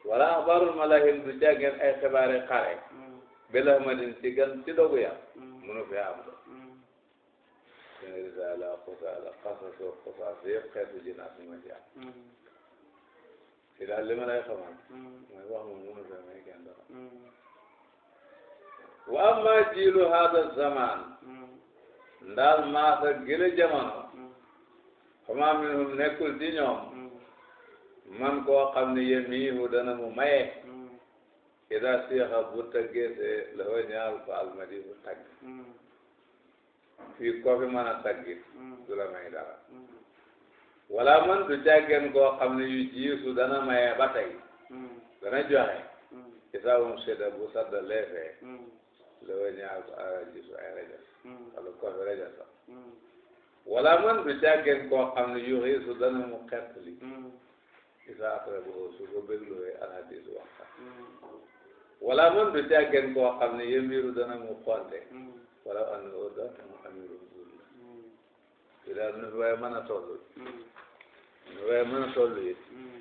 wala axbaarul malahim du caggeen ay xibaari xare bila madin ci gan ci dogu yàpp hmm. munu fi am do seen risaala xusaala xasasoo xusaas ma ci am li ma lay xamal mooy wax moom munu fi may zaman ndaal hmm. maasa gële jamono xamaa hmm. minhum nekkul ci ñoom man koo xam ne yemiihu dana mu maye ida siyaxa bu taggeetee loxo ñaal baal ma di bu tagg fii hmm. koo fi mën a taggit hmm. du la may dara hmm. wala man du jàggeen koo xam ne yu jiisu dana mayee ba tey dana joxe isaawum sedda bu sadda leefee loxo ñaal baal jiisu ay rajas wala wala man du jàggeen koo xam ne yu xiisu dana mu xettali isaa après boo su ko béglooyee alhadis waxtaan wala man du jàggeen koo xam ne yemiru dana mu xonte wala an o data mu amiru bulla yi daal nu fi waaye mën a toll nu fi waaye mën a toll it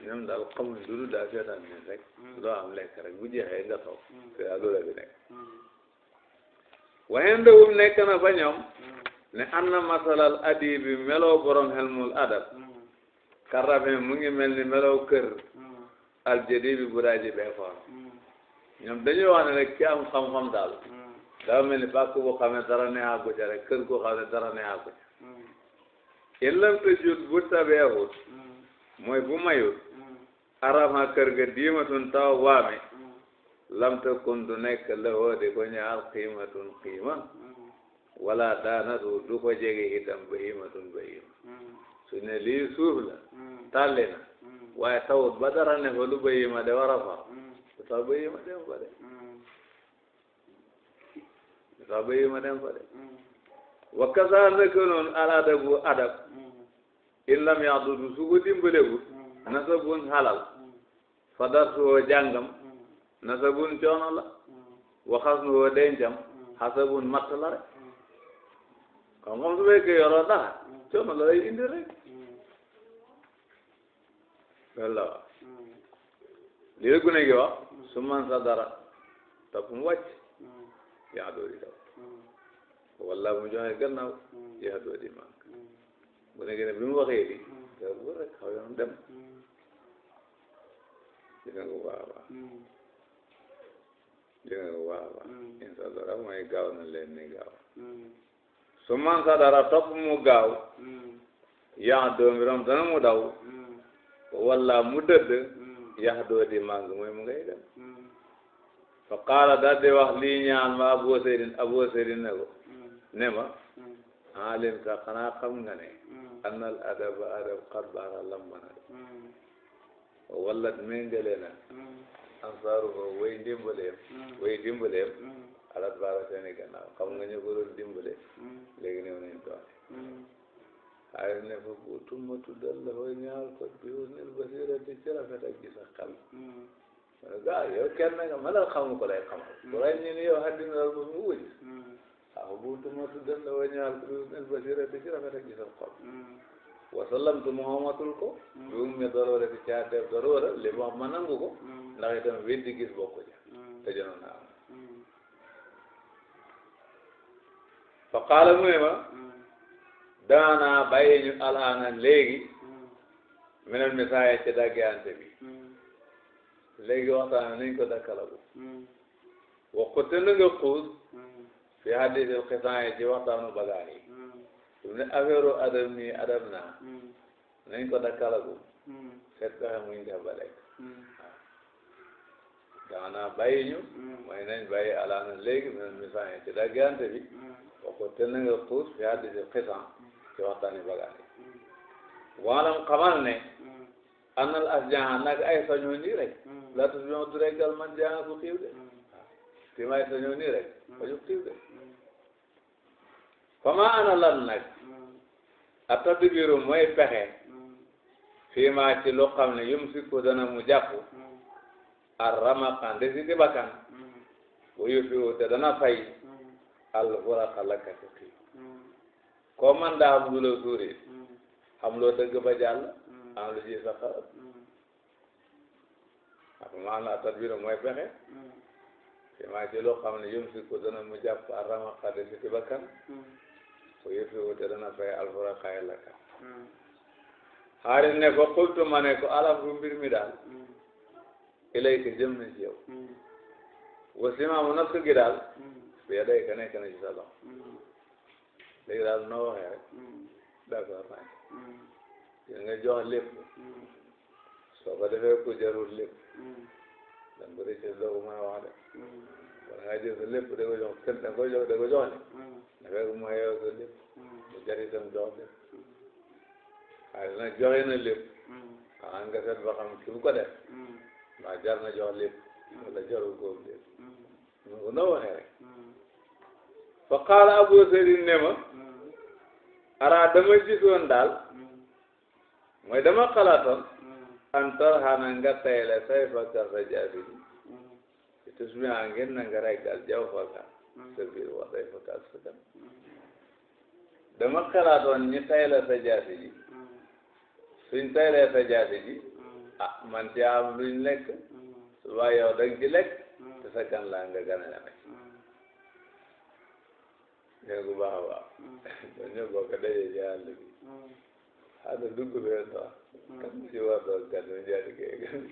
ñoom daal xamuñ dudu daal seetaan leen rek loo am lekk rek bu jeexee nga toog te daal ba ñoom ne am na masalal adi bi meloo borom xelmul adab karrafin mu ngi mel ni melo kër aljadi bi bu daaji bee foor ñoom dañuy wax ne rek ki am daal hmm. dafa ni bàkk hmm. bu xamee dara ne àggu kër gu xamee dara ne in lam te jut bu tabeexut hmm. mooy bu mayut aram ha kër ga diimatun taw waame lam te kun du la hoo ko ñaar qiimatun qiima wala daanatu du ko jege itam bahimatun bahima su ne la tàlli na tawut ba dara fa lu bahima de war a far saaba yi ma dem fa de saaba yi ma dem fa de wa kasa naka noonu al adabu adab in lam yaxdudu su ko dimbalewul nasabun halal fa darsu woo jàngam nasabun coono la wa xasnu woo dencam xasabun matt la rek xam-xam su fekkee yoroo dara coono la lay li la gune gi wax su man dara topp mu wàcc hmm. yaa doo di daw hmm. walla mu joxe gannaaw hmm. yaa doo di màgg gune gi ne bi mu waxee li te bu rek xaw yoon dem dégg nga ko baax a gaaw na gaaw su man dara topp mu gaaw yaa doo mbiram dana mu daw walla mu dëdd yahdoo di màng mooy mu ngay dem hmm. fa qaala daal di wax lii ñaan ma aboo seydin aboo seydin ne ko hmm. ne ma alim hmm. sa xanaa xam nga ne anna al adaba adab xat baara lamba na de wallat méngale na ansaaru ko way ndimbaleem way dimbaleem alat baara seeni gannaaw xam nga ñu ko doon dimbale léegi néew nañ doole xaalis ne fa buutuma tuddal la fooy ñaar ko biir nil basirati ci rafet ak gis ak xel. ah yow kenn nga ma la xamu ko lay xamal. bu hmm. ràññee ni yow àddina la ko mu wuti. Hmm. ah buutuma tuddal la fooy ñaar ko biir nil basirati ci rafet ak gis ak xol. wasallam tu muhammatul ko. lu mu ne def doroora li mu wax nangu ko. ndax itam weddi gis bokku te jënoon naa am. fa qaala ma. daana bàyyi ñu alaana léegi meneen misaaya ci daggante bi léegi waxtaan nañ ko dakkalagu waxu te na nga xuus fi hadisil xisaan yi ci waxtaanu bagaan yi su ne affaire u adam nii adam naa nañ ko dakkalagu seet ko xam muñ def ba lekk daana bàyyi ñu mooy nañ bàyyi alaana léegi meneen misaaya ci daggante bi waxu te na nga xuus fi hadisil xisaan ci waxtaani bagaas yi waalam xamal ne anal asjaa nag ay sañoo nii rek la tu ñoo du regal man jaa ku xiiw de ti may sañoo nii rek ko ju xiiw de fama ana lan nag a tadbiru mooy pexe fii maa ci lu ne yum sikku dana mu jàpp ar ramaqa ndesi di bakkan wuyu fi te dana fay al furaqa lakkati xiiw koo man daa am la suuree mm. xam loo dëgg ba jàll mm. am lu ci sa xalaat mm. ak maanaam tadbir mooy pexe ci maa ci loo xam ne yom si ko dana mu jàpp arama xade si bakkan ko yëfi wute dana fay alfura xaye lakkan xaarit ne ko xultu ma ne ko alaf mbir mi daal ilay ka jëm na ci yow wasimaamu nafsu gi daal bi yaday ka nekk na ci sa loxo léegi daal noo waxee rek mm. d'accord mm. jox lépp mm. soo ko defe ku jarul lépp dan bu dee ci doo ko a wax de wala nga jël sa lépp da ko jox kenn da ko jox da jox ne na fekk mu xeew sa lépp mu jar jox lépp jox lépp wala jarul góob lépp abu saydin ne ma ara dama gisoon daal mooy dama xalaatoon an tarhana nga tayle say fakka sa jaabi ji tusbiha ngir na nga reggal jaw fakka mm. sa biir wa say fakka sa kan dama xalaatoon ñi tayle sa jaabi ji mm. suñ taylee sa jaabi ji mm. ah man ci am luñ lekk suba yow dang ci lekk te sa kan laa nga gën a lekk néeg bu baax a baax ñoo mm. ñëw boo ko dajee ci àll bi xaaral mm. dugg mm. kan ci war doon gàddu njaatigee gàddu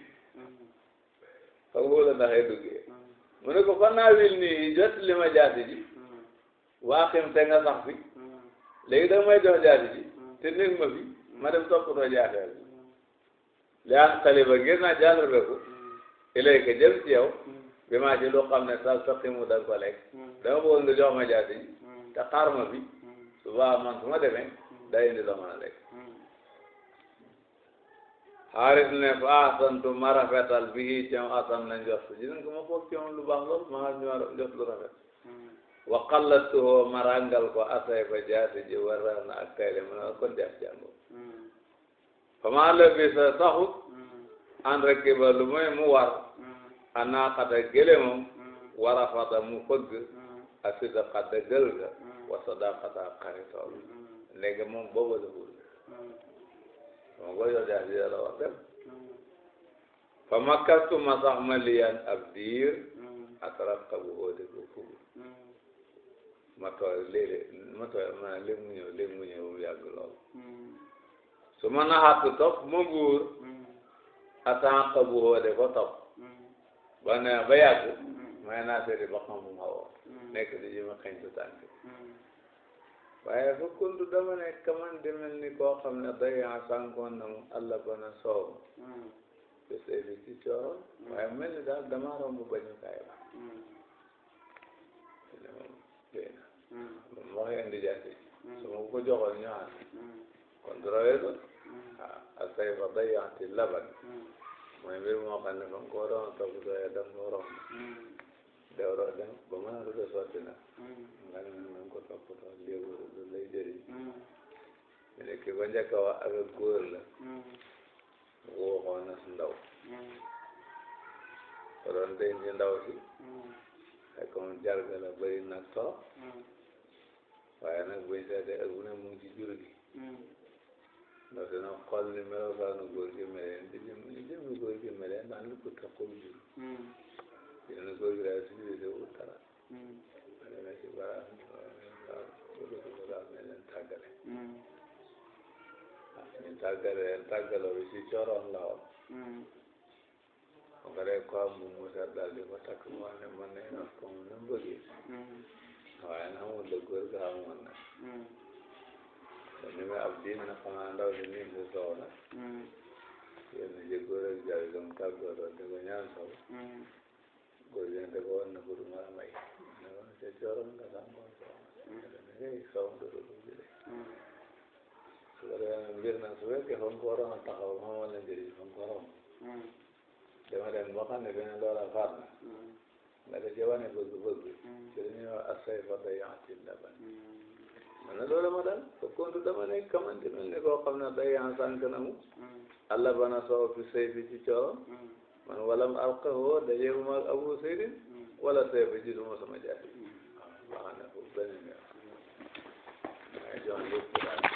xam nga la mu ne ko fan naa wil nii jot li ma jaati ji waaxim te nga sax fi léegi da may jox ji te néeg ma fi ma dem toppatoo jaateel yaa xaliba ngir naa jàllarbeeku ilayka jëm ci yow bi maa ci lu xam ne sa saqimu da nga ko lekk dama bëggoon nga jox ma te ma fi suba man su ma demee la mën a lekk hmm. xaaris ne fa ahsantu ma rafetal bihi ci am ahsan na njort ji ko ma lu baax lool ma ñu ma njort lu rafet hmm. wa qallatuhu ma rangal ko asay ko jaasi ji waral na ak kayle mu ne kon jàpp jàngo hmm. fama labisa saxut an rakiba lu muy mu war anaqata gëlëmam warafata mu fëgg asidaqa dëggal ga hmm. wa sadaqata xaritoom hmm. léegi moom booba la wul hmm. moom ko yor yaa dina la wax dem fa makkastu ma sax ma liyan ab diir ataraqabu oo de ko fugu ma tooy léeg-léeg ma tooy ma léeg mu ñëw léeg mu ñëw yàgg lool su ma naxaatu topp ma buur ataraqabu oo de ko topp ba ne ba yàgg may naa seeti ba xam mu ma hmm. nekk di ji ma xëñ tu waaye fa kuntu dama kaman di ni koo xam ne day a sànkoon na mu allah bana soow hmm. te say bi ci cooroon hmm. waaye mel ni daal dama romb bañukaay ba moom waxee indi jaasi su ma ko joxoon ñu ànd kon du rawee ko ah asay fa day yaati laban mooy mbir moo xam ne fa nga ko waroon a topp doyee daf ko romb ba mën a doon sotti nag mm. nga ne man maa ngi ko toppatoo lii lu lay jëriñ ñu mm. ne ki ko njëkk a wax ak góor la mu mm. ko waxoon na si ndaw ko doon denc ci ndaw si fekk moom jarga la bëri nag trop waaye nag buñ seetee ak bu ne mu ngi ci jur gi ndaw si nag xool ni melokaanu góor gi meleen di jëm ni jëm góor gi meleen naan lu ko taxul jur yeneen góor gi daal civilisé wu dara demee ci baraas daal loolu ko daal ne leen tàggale ah ñu tàggale leen tàggaloo bi ci cooroon la woon bu ko defee ko am bu mu seet daal di ko takk mu wax ne man ne wax ko mu ne mbëggee waaye nag mu la góor ga amoon nag ni ma ab diin na xanaa ndaw ni nii mu soxla yéen a ji góor ak jaay gam tàggaloo di ko ñaan soxla góor gi ne ko woon na ko du ma la may ne ko ca coorom nga sàmmoon soxna ne ngay xaw ma dodo ko jële su ko defee mbir nag su fekkee fa mu ko waroon a taxaw ma ma la njëriñ fa mu ko waroon dama dem ba xam ne beneen loola faat na nga da ci wane bëgg-bëgg ci li ñuy wax asay fa day yaatin laban man na loolu ma dal ko kontu dama ne kamante mel ne koo xam ne day yaan sànk na mu allah bana soo fi sëy fi ci man walam alqahu dajewuma ak abu seydin wala seefa gisuma sama jaay wax na ko benn nga